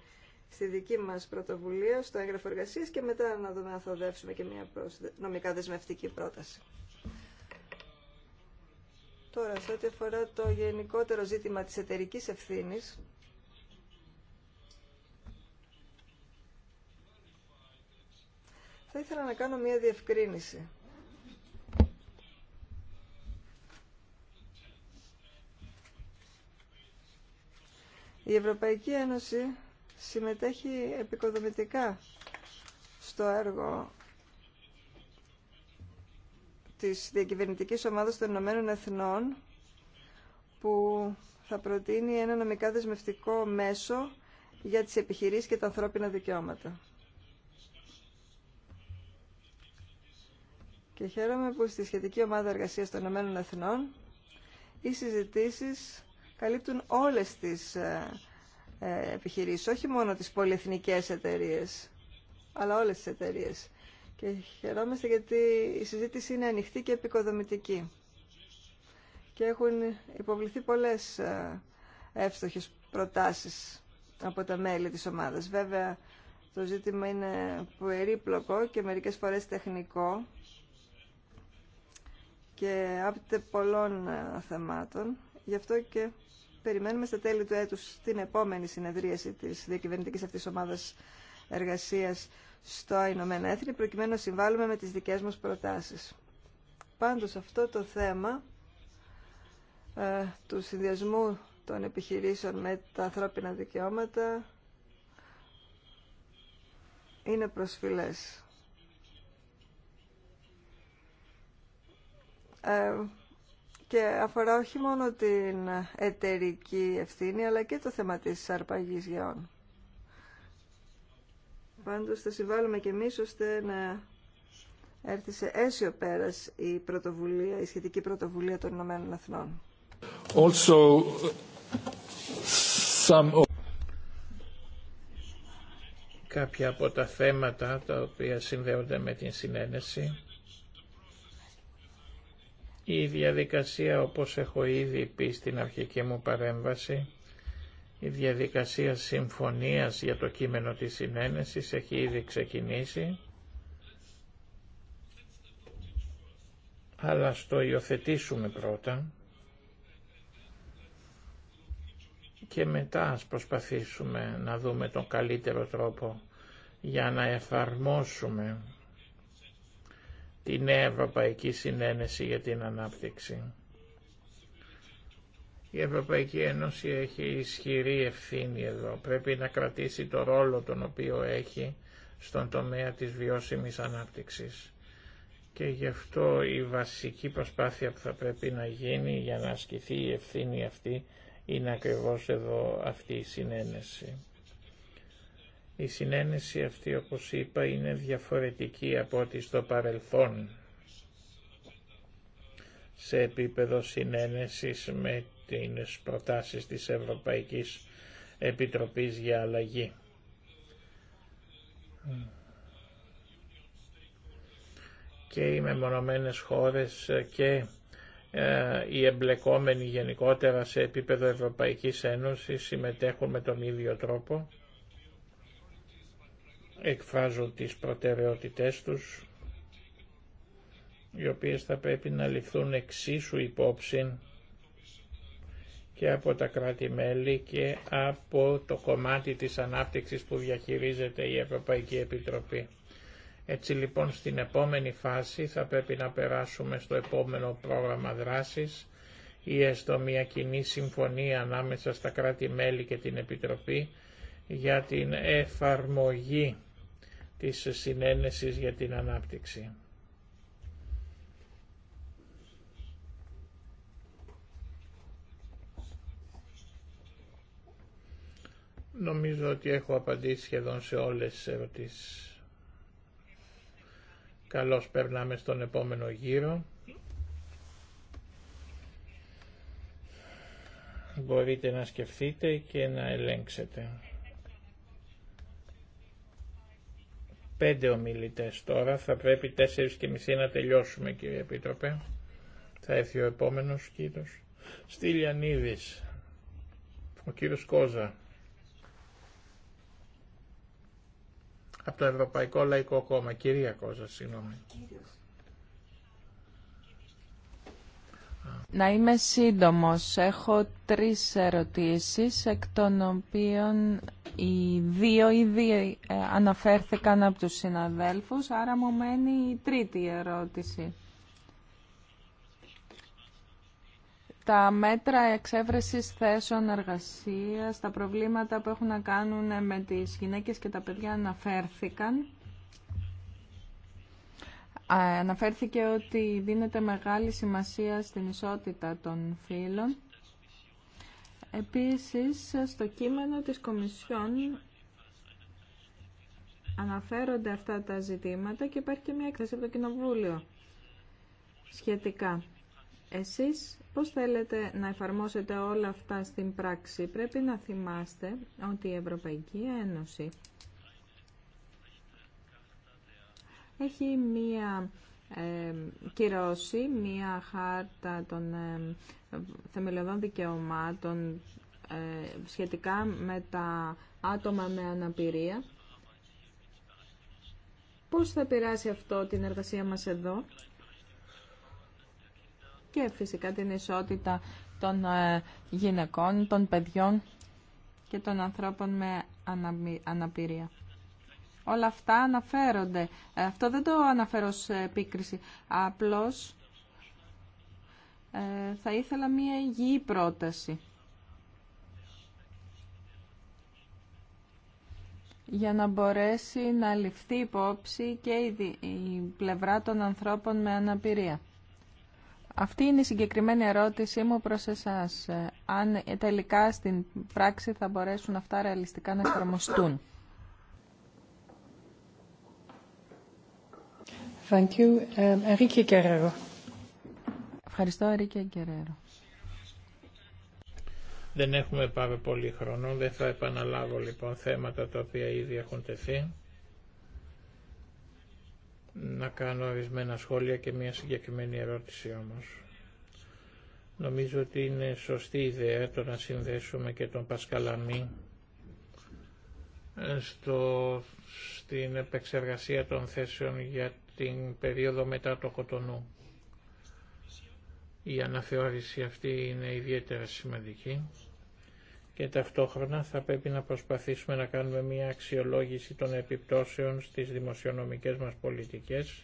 B: στη δική μας πρωτοβουλία, στο έγγραφο εργασίας και μετά να δούμε αν θα οδεύσουμε και μια νομικά δεσμευτική πρόταση. Τώρα, σε ό,τι αφορά το γενικότερο ζήτημα της εταιρικής ευθύνης, θα ήθελα να κάνω μία διευκρίνηση. Η Ευρωπαϊκή Ένωση συμμετέχει επικοδομητικά στο έργο της Διακυβερνητικής Ομάδας των Ηνωμένων Εθνών που θα προτείνει ένα νομικά δεσμευτικό μέσο για τις επιχειρήσεις και τα ανθρώπινα δικαιώματα. Και χαίρομαι που στη σχετική ομάδα εργασίας των Ηνωμένων Εθνών οι συζητήσεις καλύπτουν όλες τις ε, ε, επιχειρήσεις, όχι μόνο τις πολυεθνικές εταιρείες, αλλά όλες τις εταιρείες και χαιρόμαστε γιατί η συζήτηση είναι ανοιχτή και επικοδομητική. Και έχουν υποβληθεί πολλές ε, εύστοχες προτάσεις από τα μέλη της ομάδας. Βέβαια, το ζήτημα είναι περίπλοκο και μερικές φορές τεχνικό και άπτεται πολλών ε, θεμάτων. Γι' αυτό και περιμένουμε στα τέλη του έτους την επόμενη συνεδρίαση της διακυβερνητικής αυτής ομάδας εργασίας στο Ηνωμένα Έθνη προκειμένου να συμβάλλουμε με τις δικές μας προτάσεις. Πάντως αυτό το θέμα ε, του συνδυασμού των επιχειρήσεων με τα ανθρώπινα δικαιώματα είναι προσφυλές. Ε, και αφορά όχι μόνο την εταιρική ευθύνη, αλλά και το θέμα της αρπαγής γεών. Πάντως θα συμβάλλουμε και εμείς ώστε να έρθει σε αίσιο πέρας η πρωτοβουλία, η σχετική πρωτοβουλία των Ηνωμένων Εθνών.
C: Also, some... Κάποια από τα θέματα τα οποία συνδέονται με την συνένεση. Η διαδικασία όπως έχω ήδη πει στην αρχική μου παρέμβαση η διαδικασία συμφωνίας για το κείμενο της συνένεσης έχει ήδη ξεκινήσει, αλλά στο υιοθετήσουμε πρώτα και μετά ας προσπαθήσουμε να δούμε τον καλύτερο τρόπο για να εφαρμόσουμε την Ευρωπαϊκή Συνένεση για την Ανάπτυξη. Η Ευρωπαϊκή Ένωση έχει ισχυρή ευθύνη εδώ. Πρέπει να κρατήσει το ρόλο τον οποίο έχει στον τομέα της βιώσιμης ανάπτυξης. Και γι' αυτό η βασική προσπάθεια που θα πρέπει να γίνει για να ασκηθεί η ευθύνη αυτή είναι ακριβώς εδώ αυτή η συνένεση. Η συνένεση αυτή, όπως είπα, είναι διαφορετική από ό,τι στο παρελθόν σε επίπεδο συνένεσης με την προτάσεις της Ευρωπαϊκής Επιτροπής για αλλαγή. Και οι μεμονωμένες χώρες και ε, οι εμπλεκόμενοι γενικότερα σε επίπεδο Ευρωπαϊκής Ένωσης συμμετέχουν με τον ίδιο τρόπο, εκφράζουν τις προτεραιότητές τους, οι οποίες θα πρέπει να ληφθούν εξίσου υπόψη και από τα κράτη-μέλη και από το κομμάτι της ανάπτυξης που διαχειρίζεται η Ευρωπαϊκή Επιτροπή. Έτσι λοιπόν στην επόμενη φάση θα πρέπει να περάσουμε στο επόμενο πρόγραμμα δράσης ή έστω μια κοινή συμφωνία ανάμεσα στα κράτη-μέλη και την Επιτροπή για την εφαρμογή της συνένεσης για την ανάπτυξη. Νομίζω ότι έχω απαντήσει σχεδόν σε όλες τις ερωτήσεις. Καλώς περνάμε στον επόμενο γύρο. Μπορείτε να σκεφτείτε και να ελέγξετε. Πέντε ομιλητές τώρα, θα πρέπει τέσσερις και μισή να τελειώσουμε κύριε Επίτροπε. Θα έρθει ο επόμενος κύριος. Στυλιανίδης, ο κύριος Κόζα. Από το Ευρωπαϊκό Λαϊκό Κόμμα. Κυρία Κόζα, συγγνώμη.
D: Να είμαι σύντομος. Έχω τρεις ερωτήσεις, εκ των οποίων οι δύο ήδη ε, αναφέρθηκαν από τους συναδέλφους, άρα μου μένει η τρίτη ερώτηση. τα μέτρα εξέβρεσης θέσεων εργασίας, τα προβλήματα που έχουν να κάνουν με τις γυναίκες και τα παιδιά αναφέρθηκαν. Αναφέρθηκε ότι δίνεται μεγάλη σημασία στην ισότητα των φύλων. Επίσης, στο κείμενο της Κομισιόν αναφέρονται αυτά τα ζητήματα και υπάρχει και μια έκθεση από το Κοινοβούλιο σχετικά. Εσείς πώς θέλετε να εφαρμόσετε όλα αυτά στην πράξη. Πρέπει να θυμάστε ότι η Ευρωπαϊκή Ένωση έχει μία ε, κυρώση, μία χάρτα των ε, θεμελιωδών δικαιωμάτων ε, σχετικά με τα άτομα με αναπηρία. Πώς θα περάσει αυτό την εργασία μας εδώ και φυσικά την ισότητα των ε, γυναικών, των παιδιών και των ανθρώπων με αναπηρία. Όλα αυτά αναφέρονται. Ε, αυτό δεν το αναφέρω σε επίκριση. Απλώς ε, θα ήθελα μία υγιή πρόταση. για να μπορέσει να ληφθεί υπόψη και η πλευρά των ανθρώπων με αναπηρία. Αυτή είναι η συγκεκριμένη ερώτησή μου προς εσάς. Αν τελικά στην πράξη θα μπορέσουν αυτά ρεαλιστικά να εφαρμοστούν. Thank you. Um, Ευχαριστώ, Ερίκη Κεραίρο.
C: Δεν έχουμε πάρα πολύ χρόνο, δεν θα επαναλάβω λοιπόν θέματα τα οποία ήδη έχουν τεθεί να κάνω ορισμένα σχόλια και μια συγκεκριμένη ερώτηση όμως. Νομίζω ότι είναι σωστή ιδέα το να συνδέσουμε και τον Πασκαλαμή στο, στην επεξεργασία των θέσεων για την περίοδο μετά το Κοτονού. Η αναθεώρηση αυτή είναι ιδιαίτερα σημαντική και ταυτόχρονα θα πρέπει να προσπαθήσουμε να κάνουμε μια αξιολόγηση των επιπτώσεων στις δημοσιονομικές μας πολιτικές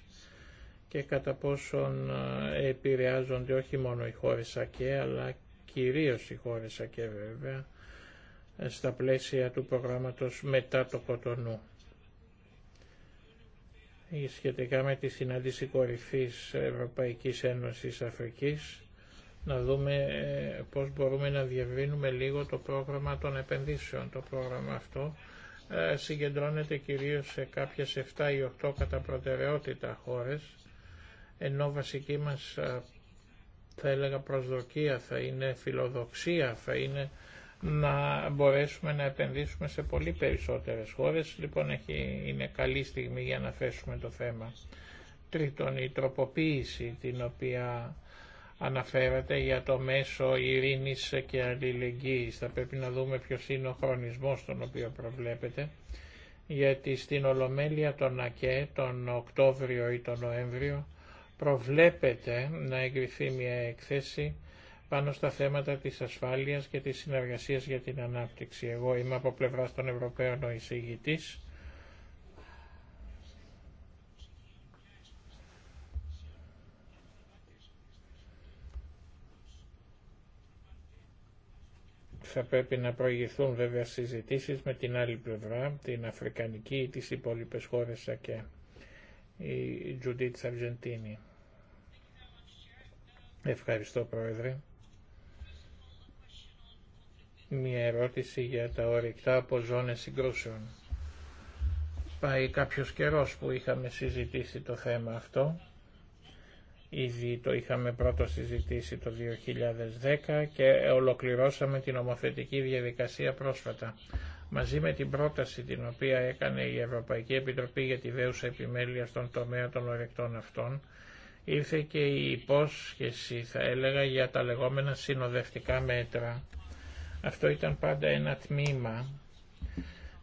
C: και κατά πόσον ε, επηρεάζονται όχι μόνο οι χώρες ΑΚΕ αλλά κυρίως οι χώρες ΑΚΕ βέβαια ε, στα πλαίσια του προγράμματος μετά το Κοτονού. Σχετικά με τη συνάντηση κορυφής Ευρωπαϊκής Ένωσης Αφρικής να δούμε ε, πώς μπορούμε να διευρύνουμε λίγο το πρόγραμμα των επενδύσεων. Το πρόγραμμα αυτό ε, συγκεντρώνεται κυρίως σε κάποιες 7 ή 8 κατά προτεραιότητα χώρες, ενώ βασική μας ε, θα έλεγα προσδοκία, θα είναι φιλοδοξία, θα είναι να μπορέσουμε να επενδύσουμε σε πολύ περισσότερες χώρες. Λοιπόν, έχει, είναι καλή στιγμή για να θέσουμε το θέμα. Τρίτον, η τροποποίηση την οποία αναφέρατε για το μέσο ειρήνης και αλληλεγγύης. Θα πρέπει να δούμε ποιος είναι ο χρονισμός τον οποίο προβλέπετε, γιατί στην Ολομέλεια των ΑΚΕ τον Οκτώβριο ή τον Νοέμβριο προβλέπεται να εγκριθεί μια έκθεση πάνω στα θέματα της ασφάλειας και της συνεργασίας για την ανάπτυξη. Εγώ είμαι από πλευράς των Ευρωπαίων ο εισηγητής θα πρέπει να προηγηθούν βέβαια συζητήσεις με την άλλη πλευρά, την Αφρικανική ή τις υπόλοιπες χώρες και η Τζουντίτ Αργεντίνη. Ευχαριστώ Πρόεδρε. Μία ερώτηση για τα ορυκτά από ζώνες συγκρούσεων. Πάει κάποιος καιρός που είχαμε συζητήσει το θέμα αυτό Ήδη το είχαμε πρώτο συζητήσει το 2010 και ολοκληρώσαμε την ομοθετική διαδικασία πρόσφατα. Μαζί με την πρόταση την οποία έκανε η Ευρωπαϊκή Επιτροπή για τη Δέουσα Επιμέλεια στον τομέα των ορεκτών αυτών, ήρθε και η υπόσχεση, θα έλεγα, για τα λεγόμενα συνοδευτικά μέτρα. Αυτό ήταν πάντα ένα τμήμα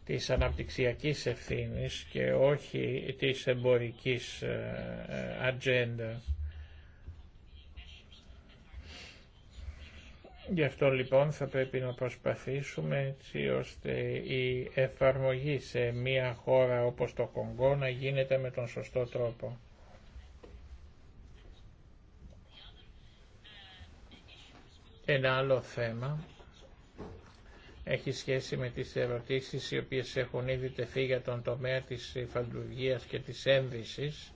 C: της αναπτυξιακής ευθύνης και όχι της εμπορικής ε, ε, ατζέντα. Γι' αυτό λοιπόν θα πρέπει να προσπαθήσουμε έτσι ώστε η εφαρμογή σε μια χώρα όπως το Κονγκό να γίνεται με τον σωστό τρόπο. Ένα άλλο θέμα έχει σχέση με τις ερωτήσεις οι οποίες έχουν ήδη τεθεί για τον τομέα της φαντουργίας και της ένδυσης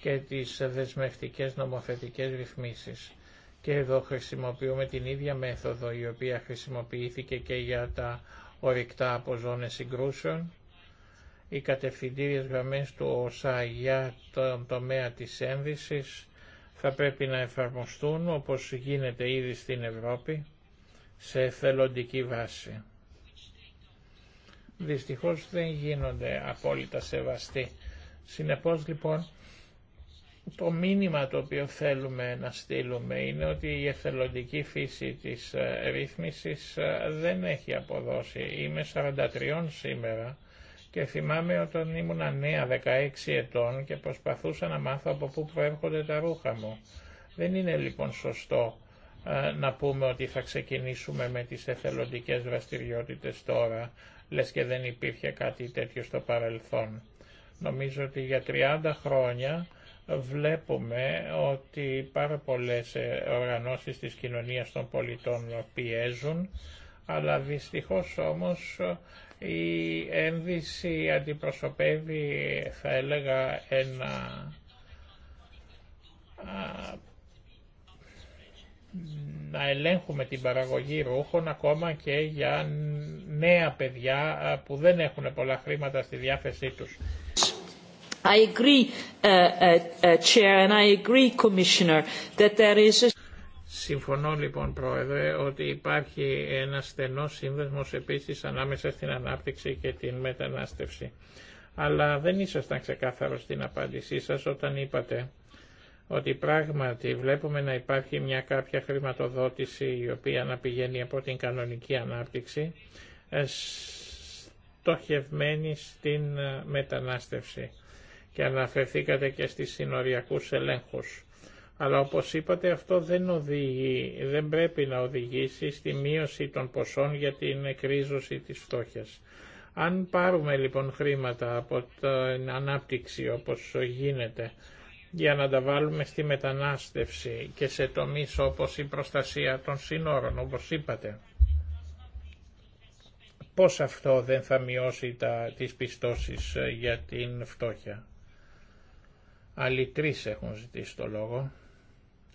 C: και τις δεσμευτικές νομοθετικές ρυθμίσεις. Και εδώ χρησιμοποιούμε την ίδια μέθοδο η οποία χρησιμοποιήθηκε και για τα ορικτά από ζώνες συγκρούσεων. Οι κατευθυντήριες γραμμές του ΟΣΑ για τον τομέα της ένδυσης θα πρέπει να εφαρμοστούν όπως γίνεται ήδη στην Ευρώπη σε θελοντική βάση. Δυστυχώς δεν γίνονται απόλυτα σεβαστοί. Συνεπώς λοιπόν το μήνυμα το οποίο θέλουμε να στείλουμε είναι ότι η εθελοντική φύση της ε, ρύθμισης ε, δεν έχει αποδώσει. Είμαι 43 σήμερα και θυμάμαι όταν ήμουν νέα 16 ετών και προσπαθούσα να μάθω από πού προέρχονται τα ρούχα μου. Δεν είναι λοιπόν σωστό ε, να πούμε ότι θα ξεκινήσουμε με τις εθελοντικές δραστηριότητες τώρα, λες και δεν υπήρχε κάτι τέτοιο στο παρελθόν. Νομίζω ότι για 30 χρόνια βλέπουμε ότι πάρα πολλές ε, οργανώσεις της κοινωνίας των πολιτών πιέζουν, αλλά δυστυχώς όμως ε, η ένδυση αντιπροσωπεύει, θα έλεγα, ένα να ελέγχουμε την παραγωγή ρούχων ακόμα και για νέα παιδιά που δεν έχουν πολλά χρήματα στη διάθεσή τους. I agree, I Συμφωνώ λοιπόν Πρόεδρε ότι υπάρχει ένα στενό σύνδεσμος επίσης ανάμεσα στην ανάπτυξη και την μετανάστευση. Αλλά δεν ήσασταν ξεκάθαρο στην απάντησή σας όταν είπατε ότι πράγματι βλέπουμε να υπάρχει μια κάποια χρηματοδότηση η οποία να πηγαίνει από την κανονική ανάπτυξη ε, στοχευμένη στην ε, μετανάστευση και αναφερθήκατε και στις συνοριακούς ελέγχους. Αλλά όπως είπατε αυτό δεν, οδηγεί, δεν πρέπει να οδηγήσει στη μείωση των ποσών για την εκρίζωση της φτώχειας. Αν πάρουμε λοιπόν χρήματα από την ανάπτυξη όπως γίνεται για να τα βάλουμε στη μετανάστευση και σε τομείς όπως η προστασία των σύνορων όπως είπατε, πώς αυτό δεν θα μειώσει τα, τις πιστώσεις ε, για την φτώχεια. Άλλοι τρει έχουν ζητήσει το λόγο.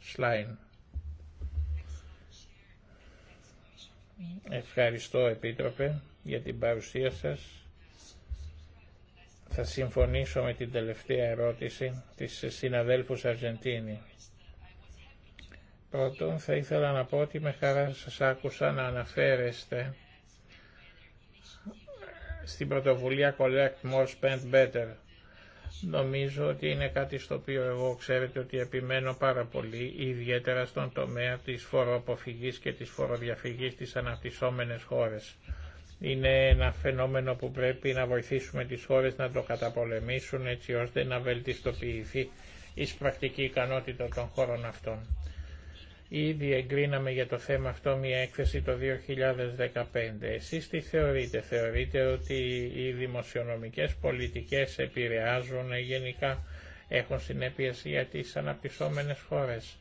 C: Σλάιν. Ευχαριστώ Επίτροπε για την παρουσία σας. Θα συμφωνήσω με την τελευταία ερώτηση της συναδέλφου Αργεντίνη. Πρώτον, θα ήθελα να πω ότι με χαρά σας άκουσα να αναφέρεστε στην πρωτοβουλία Collect More Spend Better Νομίζω ότι είναι κάτι στο οποίο εγώ ξέρετε ότι επιμένω πάρα πολύ, ιδιαίτερα στον τομέα της φοροαποφυγής και της φοροδιαφυγής στις αναπτυσσόμενες χώρες. Είναι ένα φαινόμενο που πρέπει να βοηθήσουμε τις χώρες να το καταπολεμήσουν έτσι ώστε να βελτιστοποιηθεί η πρακτική ικανότητα των χώρων αυτών. Ήδη εγκρίναμε για το θέμα αυτό μια έκθεση το 2015. Εσείς τι θεωρείτε, θεωρείτε ότι οι δημοσιονομικές πολιτικές επηρεάζουν γενικά, έχουν συνέπειες για τις αναπτυσσόμενες χώρες.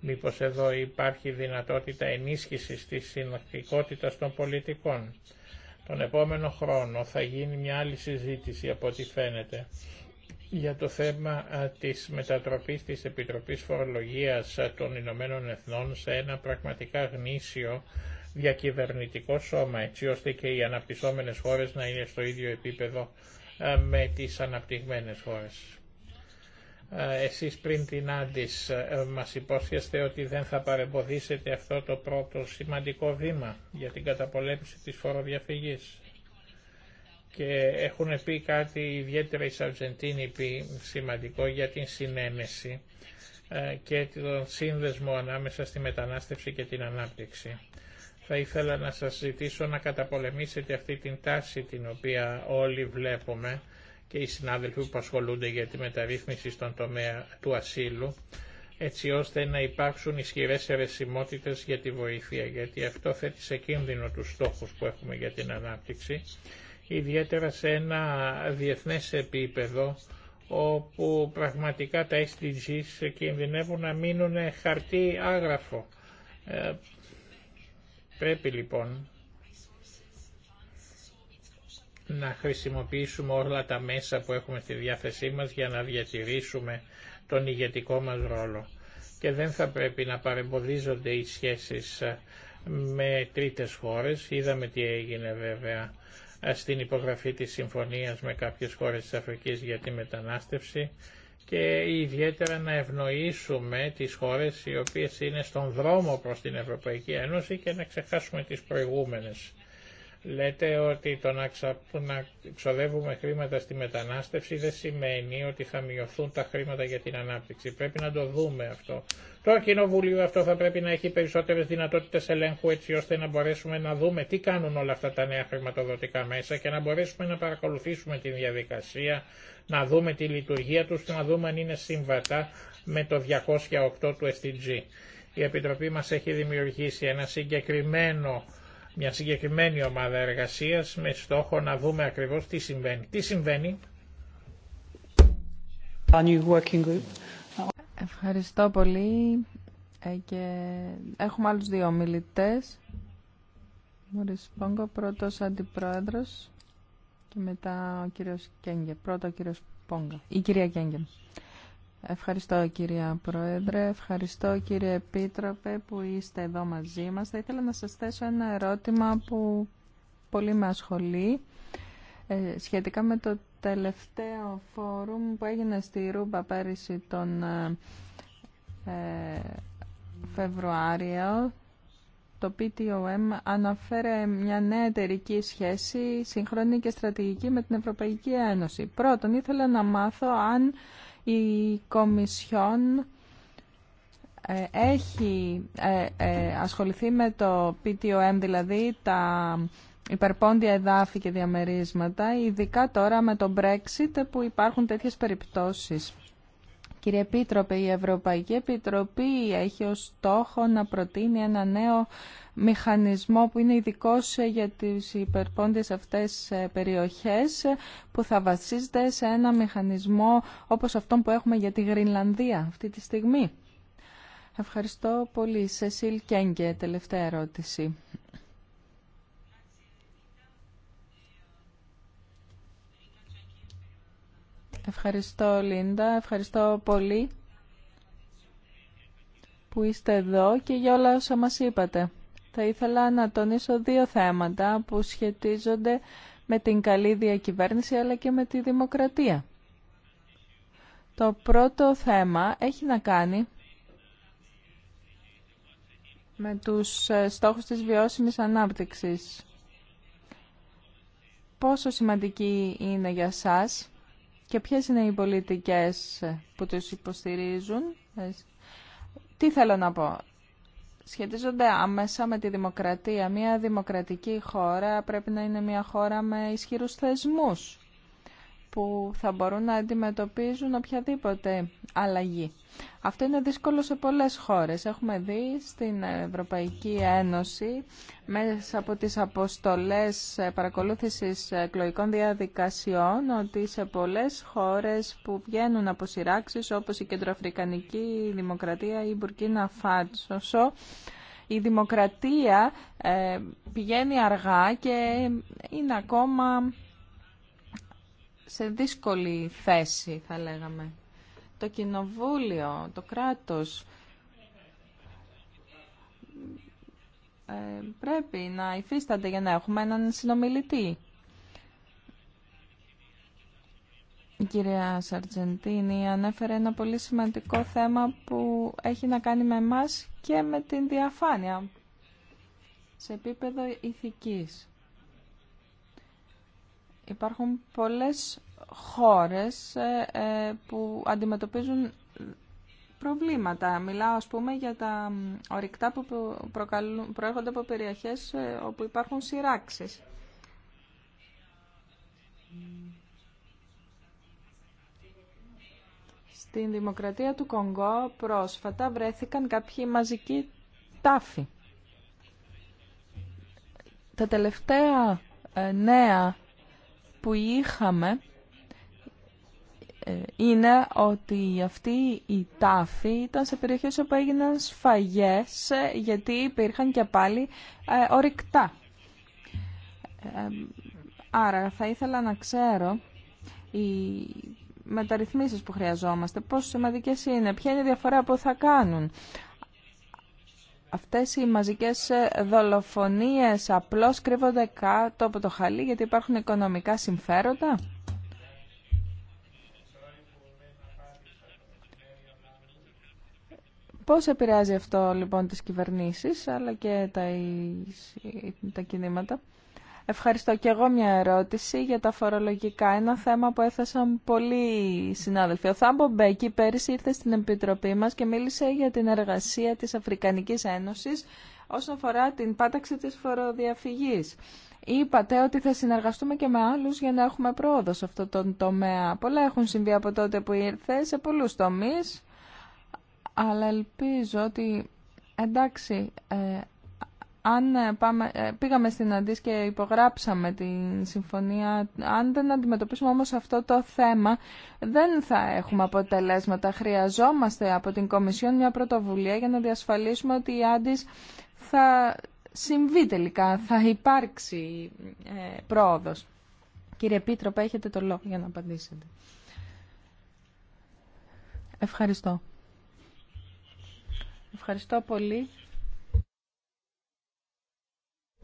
C: Μήπως εδώ υπάρχει δυνατότητα ενίσχυσης της συνοχικότητας των πολιτικών. Τον επόμενο χρόνο θα γίνει μια άλλη συζήτηση από ό,τι φαίνεται για το θέμα της μετατροπής της Επιτροπής Φορολογίας των Ηνωμένων Εθνών σε ένα πραγματικά γνήσιο διακυβερνητικό σώμα, έτσι ώστε και οι αναπτυσσόμενες χώρες να είναι στο ίδιο επίπεδο με τις αναπτυγμένες χώρες. Εσείς πριν την Άντις μας υπόσχεστε ότι δεν θα παρεμποδίσετε αυτό το πρώτο σημαντικό βήμα για την καταπολέμηση της φοροδιαφυγής και έχουν πει κάτι ιδιαίτερα οι Σαρτζεντίνοι πει σημαντικό για την συνένεση ε, και τον σύνδεσμο ανάμεσα στη μετανάστευση και την ανάπτυξη. Θα ήθελα να σας ζητήσω να καταπολεμήσετε αυτή την τάση την οποία όλοι βλέπουμε και οι συνάδελφοι που ασχολούνται για τη μεταρρύθμιση στον τομέα του ασύλου, έτσι ώστε να υπάρξουν ισχυρές αιρεσιμότητες για τη βοήθεια, γιατί αυτό θέτει σε κίνδυνο τους στόχους που έχουμε για την ανάπτυξη ιδιαίτερα σε ένα διεθνές επίπεδο όπου πραγματικά τα SDGs κινδυνεύουν να μείνουν χαρτί άγραφο. Ε, πρέπει λοιπόν να χρησιμοποιήσουμε όλα τα μέσα που έχουμε στη διάθεσή μας για να διατηρήσουμε τον ηγετικό μας ρόλο. Και δεν θα πρέπει να παρεμποδίζονται οι σχέσεις με τρίτες χώρες. Είδαμε τι έγινε βέβαια στην υπογραφή της συμφωνίας με κάποιες χώρες της Αφρικής για τη μετανάστευση και ιδιαίτερα να ευνοήσουμε τις χώρες οι οποίες είναι στον δρόμο προς την Ευρωπαϊκή Ένωση και να ξεχάσουμε τις προηγούμενες. Λέτε ότι το να, ξα... να ξοδεύουμε χρήματα στη μετανάστευση δεν σημαίνει ότι θα μειωθούν τα χρήματα για την ανάπτυξη. Πρέπει να το δούμε αυτό. Το Κοινοβούλιο αυτό θα πρέπει να έχει περισσότερε δυνατότητε ελέγχου έτσι ώστε να μπορέσουμε να δούμε τι κάνουν όλα αυτά τα νέα χρηματοδοτικά μέσα και να μπορέσουμε να παρακολουθήσουμε τη διαδικασία, να δούμε τη λειτουργία του και να δούμε αν είναι συμβατά με το 208 του SDG. Η Επιτροπή μα έχει δημιουργήσει ένα συγκεκριμένο μια συγκεκριμένη ομάδα εργασίας με στόχο να δούμε ακριβώς τι συμβαίνει. Τι συμβαίνει.
D: Ευχαριστώ πολύ ε, και έχουμε άλλους δύο μιλητές. Μωρίς Πόγκο, πρώτος αντιπρόεδρος και μετά ο κύριος Κέγγε. Πρώτο ο κύριος Πόγκο Η κυρία Κέγγε. Ευχαριστώ κυρία Πρόεδρε, ευχαριστώ κύριε Επίτροπε που είστε εδώ μαζί μας. Θα ήθελα να σας θέσω ένα ερώτημα που πολύ με ασχολεί ε, σχετικά με το τελευταίο φόρουμ που έγινε στη Ρούμπα πέρυσι τον ε, ε, Φεβρουάριο. Το PTOM αναφέρε μια νέα εταιρική σχέση, σύγχρονη και στρατηγική με την Ευρωπαϊκή Ένωση. Πρώτον, ήθελα να μάθω αν η Κομισιόν ε, έχει ε, ε, ασχοληθεί με το PTOM, δηλαδή τα υπερπόντια εδάφη και διαμερίσματα, ειδικά τώρα με το Brexit που υπάρχουν τέτοιες περιπτώσεις. Κύριε Επίτροπε, η Ευρωπαϊκή Επιτροπή έχει ως στόχο να προτείνει ένα νέο μηχανισμό που είναι ειδικό για τις υπερπόντες αυτές ε, περιοχές που θα βασίζεται σε ένα μηχανισμό όπως αυτόν που έχουμε για τη Γρινλανδία αυτή τη στιγμή. Ευχαριστώ πολύ. Σεσίλ Κέγκε, τελευταία ερώτηση. Ευχαριστώ Λίντα, ευχαριστώ πολύ που είστε εδώ και για όλα όσα μας είπατε. Θα ήθελα να τονίσω δύο θέματα που σχετίζονται με την καλή διακυβέρνηση αλλά και με τη δημοκρατία. Το πρώτο θέμα έχει να κάνει με τους ε, στόχους της βιώσιμης ανάπτυξης. Πόσο σημαντική είναι για σας και ποιες είναι οι πολιτικές που τους υποστηρίζουν. Τι θέλω να πω. Σχετίζονται άμεσα με τη δημοκρατία. Μια δημοκρατική χώρα πρέπει να είναι μια χώρα με ισχυρούς θεσμούς που θα μπορούν να αντιμετωπίζουν οποιαδήποτε αλλαγή. Αυτό είναι δύσκολο σε πολλές χώρες. Έχουμε δει στην Ευρωπαϊκή Ένωση μέσα από τις αποστολές παρακολούθησης εκλογικών διαδικασιών ότι σε πολλές χώρες που βγαίνουν από σειράξεις όπως η Κεντροαφρικανική Δημοκρατία ή η Μπουρκίνα Φάτσοσο η δημοκρατία ε, πηγαίνει αργά και είναι ακόμα σε δύσκολη θέση, θα λέγαμε. Το κοινοβούλιο, το κράτος ε, πρέπει να υφίστανται για να έχουμε έναν συνομιλητή. Η κυρία Σαρτζεντίνη ανέφερε ένα πολύ σημαντικό θέμα που έχει να κάνει με εμάς και με την διαφάνεια σε επίπεδο ηθικής. Υπάρχουν πολλές χώρες ε, ε, που αντιμετωπίζουν προβλήματα. Μιλάω, ας πούμε, για τα ορυκτά που προέρχονται από περιοχές ε, όπου υπάρχουν σειράξεις. Στην Δημοκρατία του Κονγκό πρόσφατα βρέθηκαν κάποιοι μαζικοί τάφοι. Τα τελευταία νέα που είχαμε ε, είναι ότι αυτή η τάφη ήταν σε περιοχές όπου έγιναν σφαγές ε, γιατί υπήρχαν και πάλι ε, ορυκτά. Άρα θα ήθελα να ξέρω οι μεταρρυθμίσεις που χρειαζόμαστε, πόσο σημαντικές είναι, ποια είναι η διαφορά που θα κάνουν. Αυτές οι μαζικές ε, δολοφονίες απλώς κρύβονται κάτω από το χαλί γιατί υπάρχουν οικονομικά συμφέροντα. Πώς επηρεάζει αυτό λοιπόν τις κυβερνήσεις αλλά και τα, τα κινήματα. Ευχαριστώ. Και εγώ μια ερώτηση για τα φορολογικά. Ένα θέμα που έθεσαν πολλοί συνάδελφοι. Ο Θάμπο Μπέκη πέρυσι ήρθε στην Επιτροπή μας και μίλησε για την εργασία της Αφρικανικής Ένωσης όσον αφορά την πάταξη της φοροδιαφυγής. Είπατε ότι θα συνεργαστούμε και με άλλους για να έχουμε πρόοδο σε αυτό τον τομέα. Πολλά έχουν συμβεί από τότε που ήρθε σε πολλούς τομείς, αλλά ελπίζω ότι εντάξει, ε, αν ε, ε, πήγαμε στην Αντίς και υπογράψαμε την συμφωνία, αν δεν αντιμετωπίσουμε όμως αυτό το θέμα, δεν θα έχουμε αποτελέσματα. Χρειαζόμαστε από την Κομισιόν μια πρωτοβουλία για να διασφαλίσουμε ότι η Αντίς θα συμβεί τελικά, θα υπάρξει ε, πρόοδος. Κύριε Επίτροπε, έχετε το λόγο για να απαντήσετε. Ευχαριστώ. Ευχαριστώ πολύ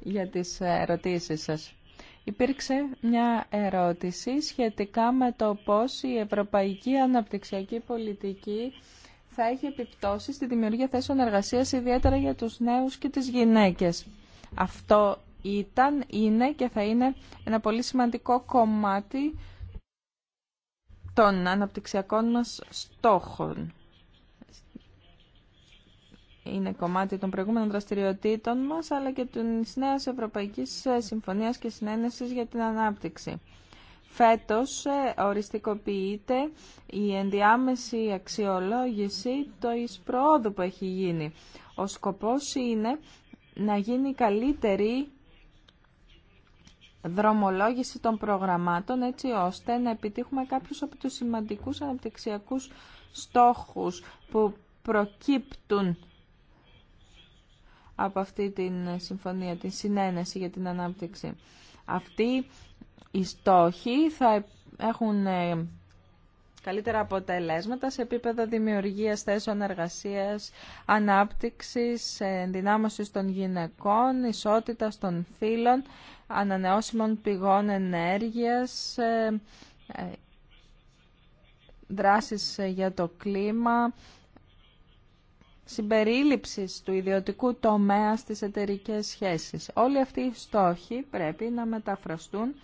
D: για τις ερωτήσεις σας. Υπήρξε μια ερώτηση σχετικά με το πώς η Ευρωπαϊκή Αναπτυξιακή Πολιτική θα έχει επιπτώσει στη δημιουργία θέσεων εργασίας, ιδιαίτερα για τους νέους και τις γυναίκες. Αυτό ήταν, είναι και θα είναι ένα πολύ σημαντικό κομμάτι των αναπτυξιακών μας στόχων είναι κομμάτι των προηγούμενων δραστηριοτήτων μας, αλλά και της νέας Ευρωπαϊκής Συμφωνίας και Συνένεσης για την Ανάπτυξη. Φέτος ε, οριστικοποιείται η ενδιάμεση αξιολόγηση το εισπροόδου που έχει γίνει. Ο σκοπός είναι να γίνει καλύτερη δρομολόγηση των προγραμμάτων έτσι ώστε να επιτύχουμε κάποιους από τους σημαντικούς αναπτυξιακούς στόχους που προκύπτουν από αυτή την συμφωνία, τη συνένεση για την ανάπτυξη. Αυτοί οι στόχοι θα έχουν ε, καλύτερα αποτελέσματα σε επίπεδο δημιουργίας θέσεων εργασίας, ανάπτυξης, ενδυνάμωσης των γυναικών, ισότητας των φύλων, ανανεώσιμων πηγών ενέργειας, ε, ε, δράσεις για το κλίμα, συμπερίληψης του ιδιωτικού τομέα στις εταιρικέ σχέσεις. Όλοι αυτοί οι στόχοι πρέπει να μεταφραστούν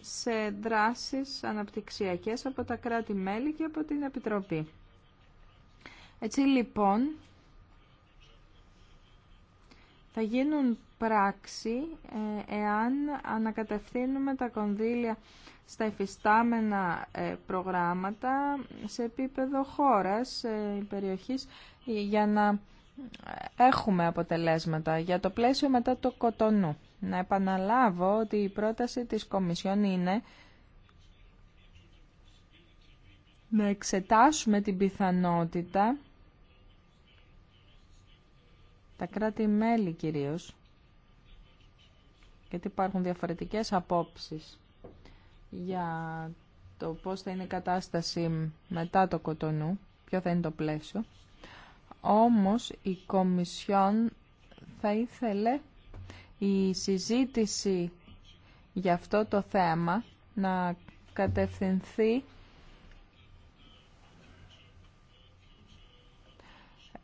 D: σε δράσεις αναπτυξιακές από τα κράτη-μέλη και από την Επιτροπή. Έτσι λοιπόν θα γίνουν πράξη ε, εάν ανακατευθύνουμε τα κονδύλια στα εφιστάμενα ε, προγράμματα σε επίπεδο χώρας, ε, περιοχής για να έχουμε αποτελέσματα για το πλαίσιο μετά το κοτονού. Να επαναλάβω ότι η πρόταση της Κομισιόν είναι να εξετάσουμε την πιθανότητα τα κράτη-μέλη κυρίως γιατί υπάρχουν διαφορετικές απόψεις για το πώς θα είναι η κατάσταση μετά το κοτονού, ποιο θα είναι το πλαίσιο. Όμως η Κομισιόν θα ήθελε η συζήτηση για αυτό το θέμα να κατευθυνθεί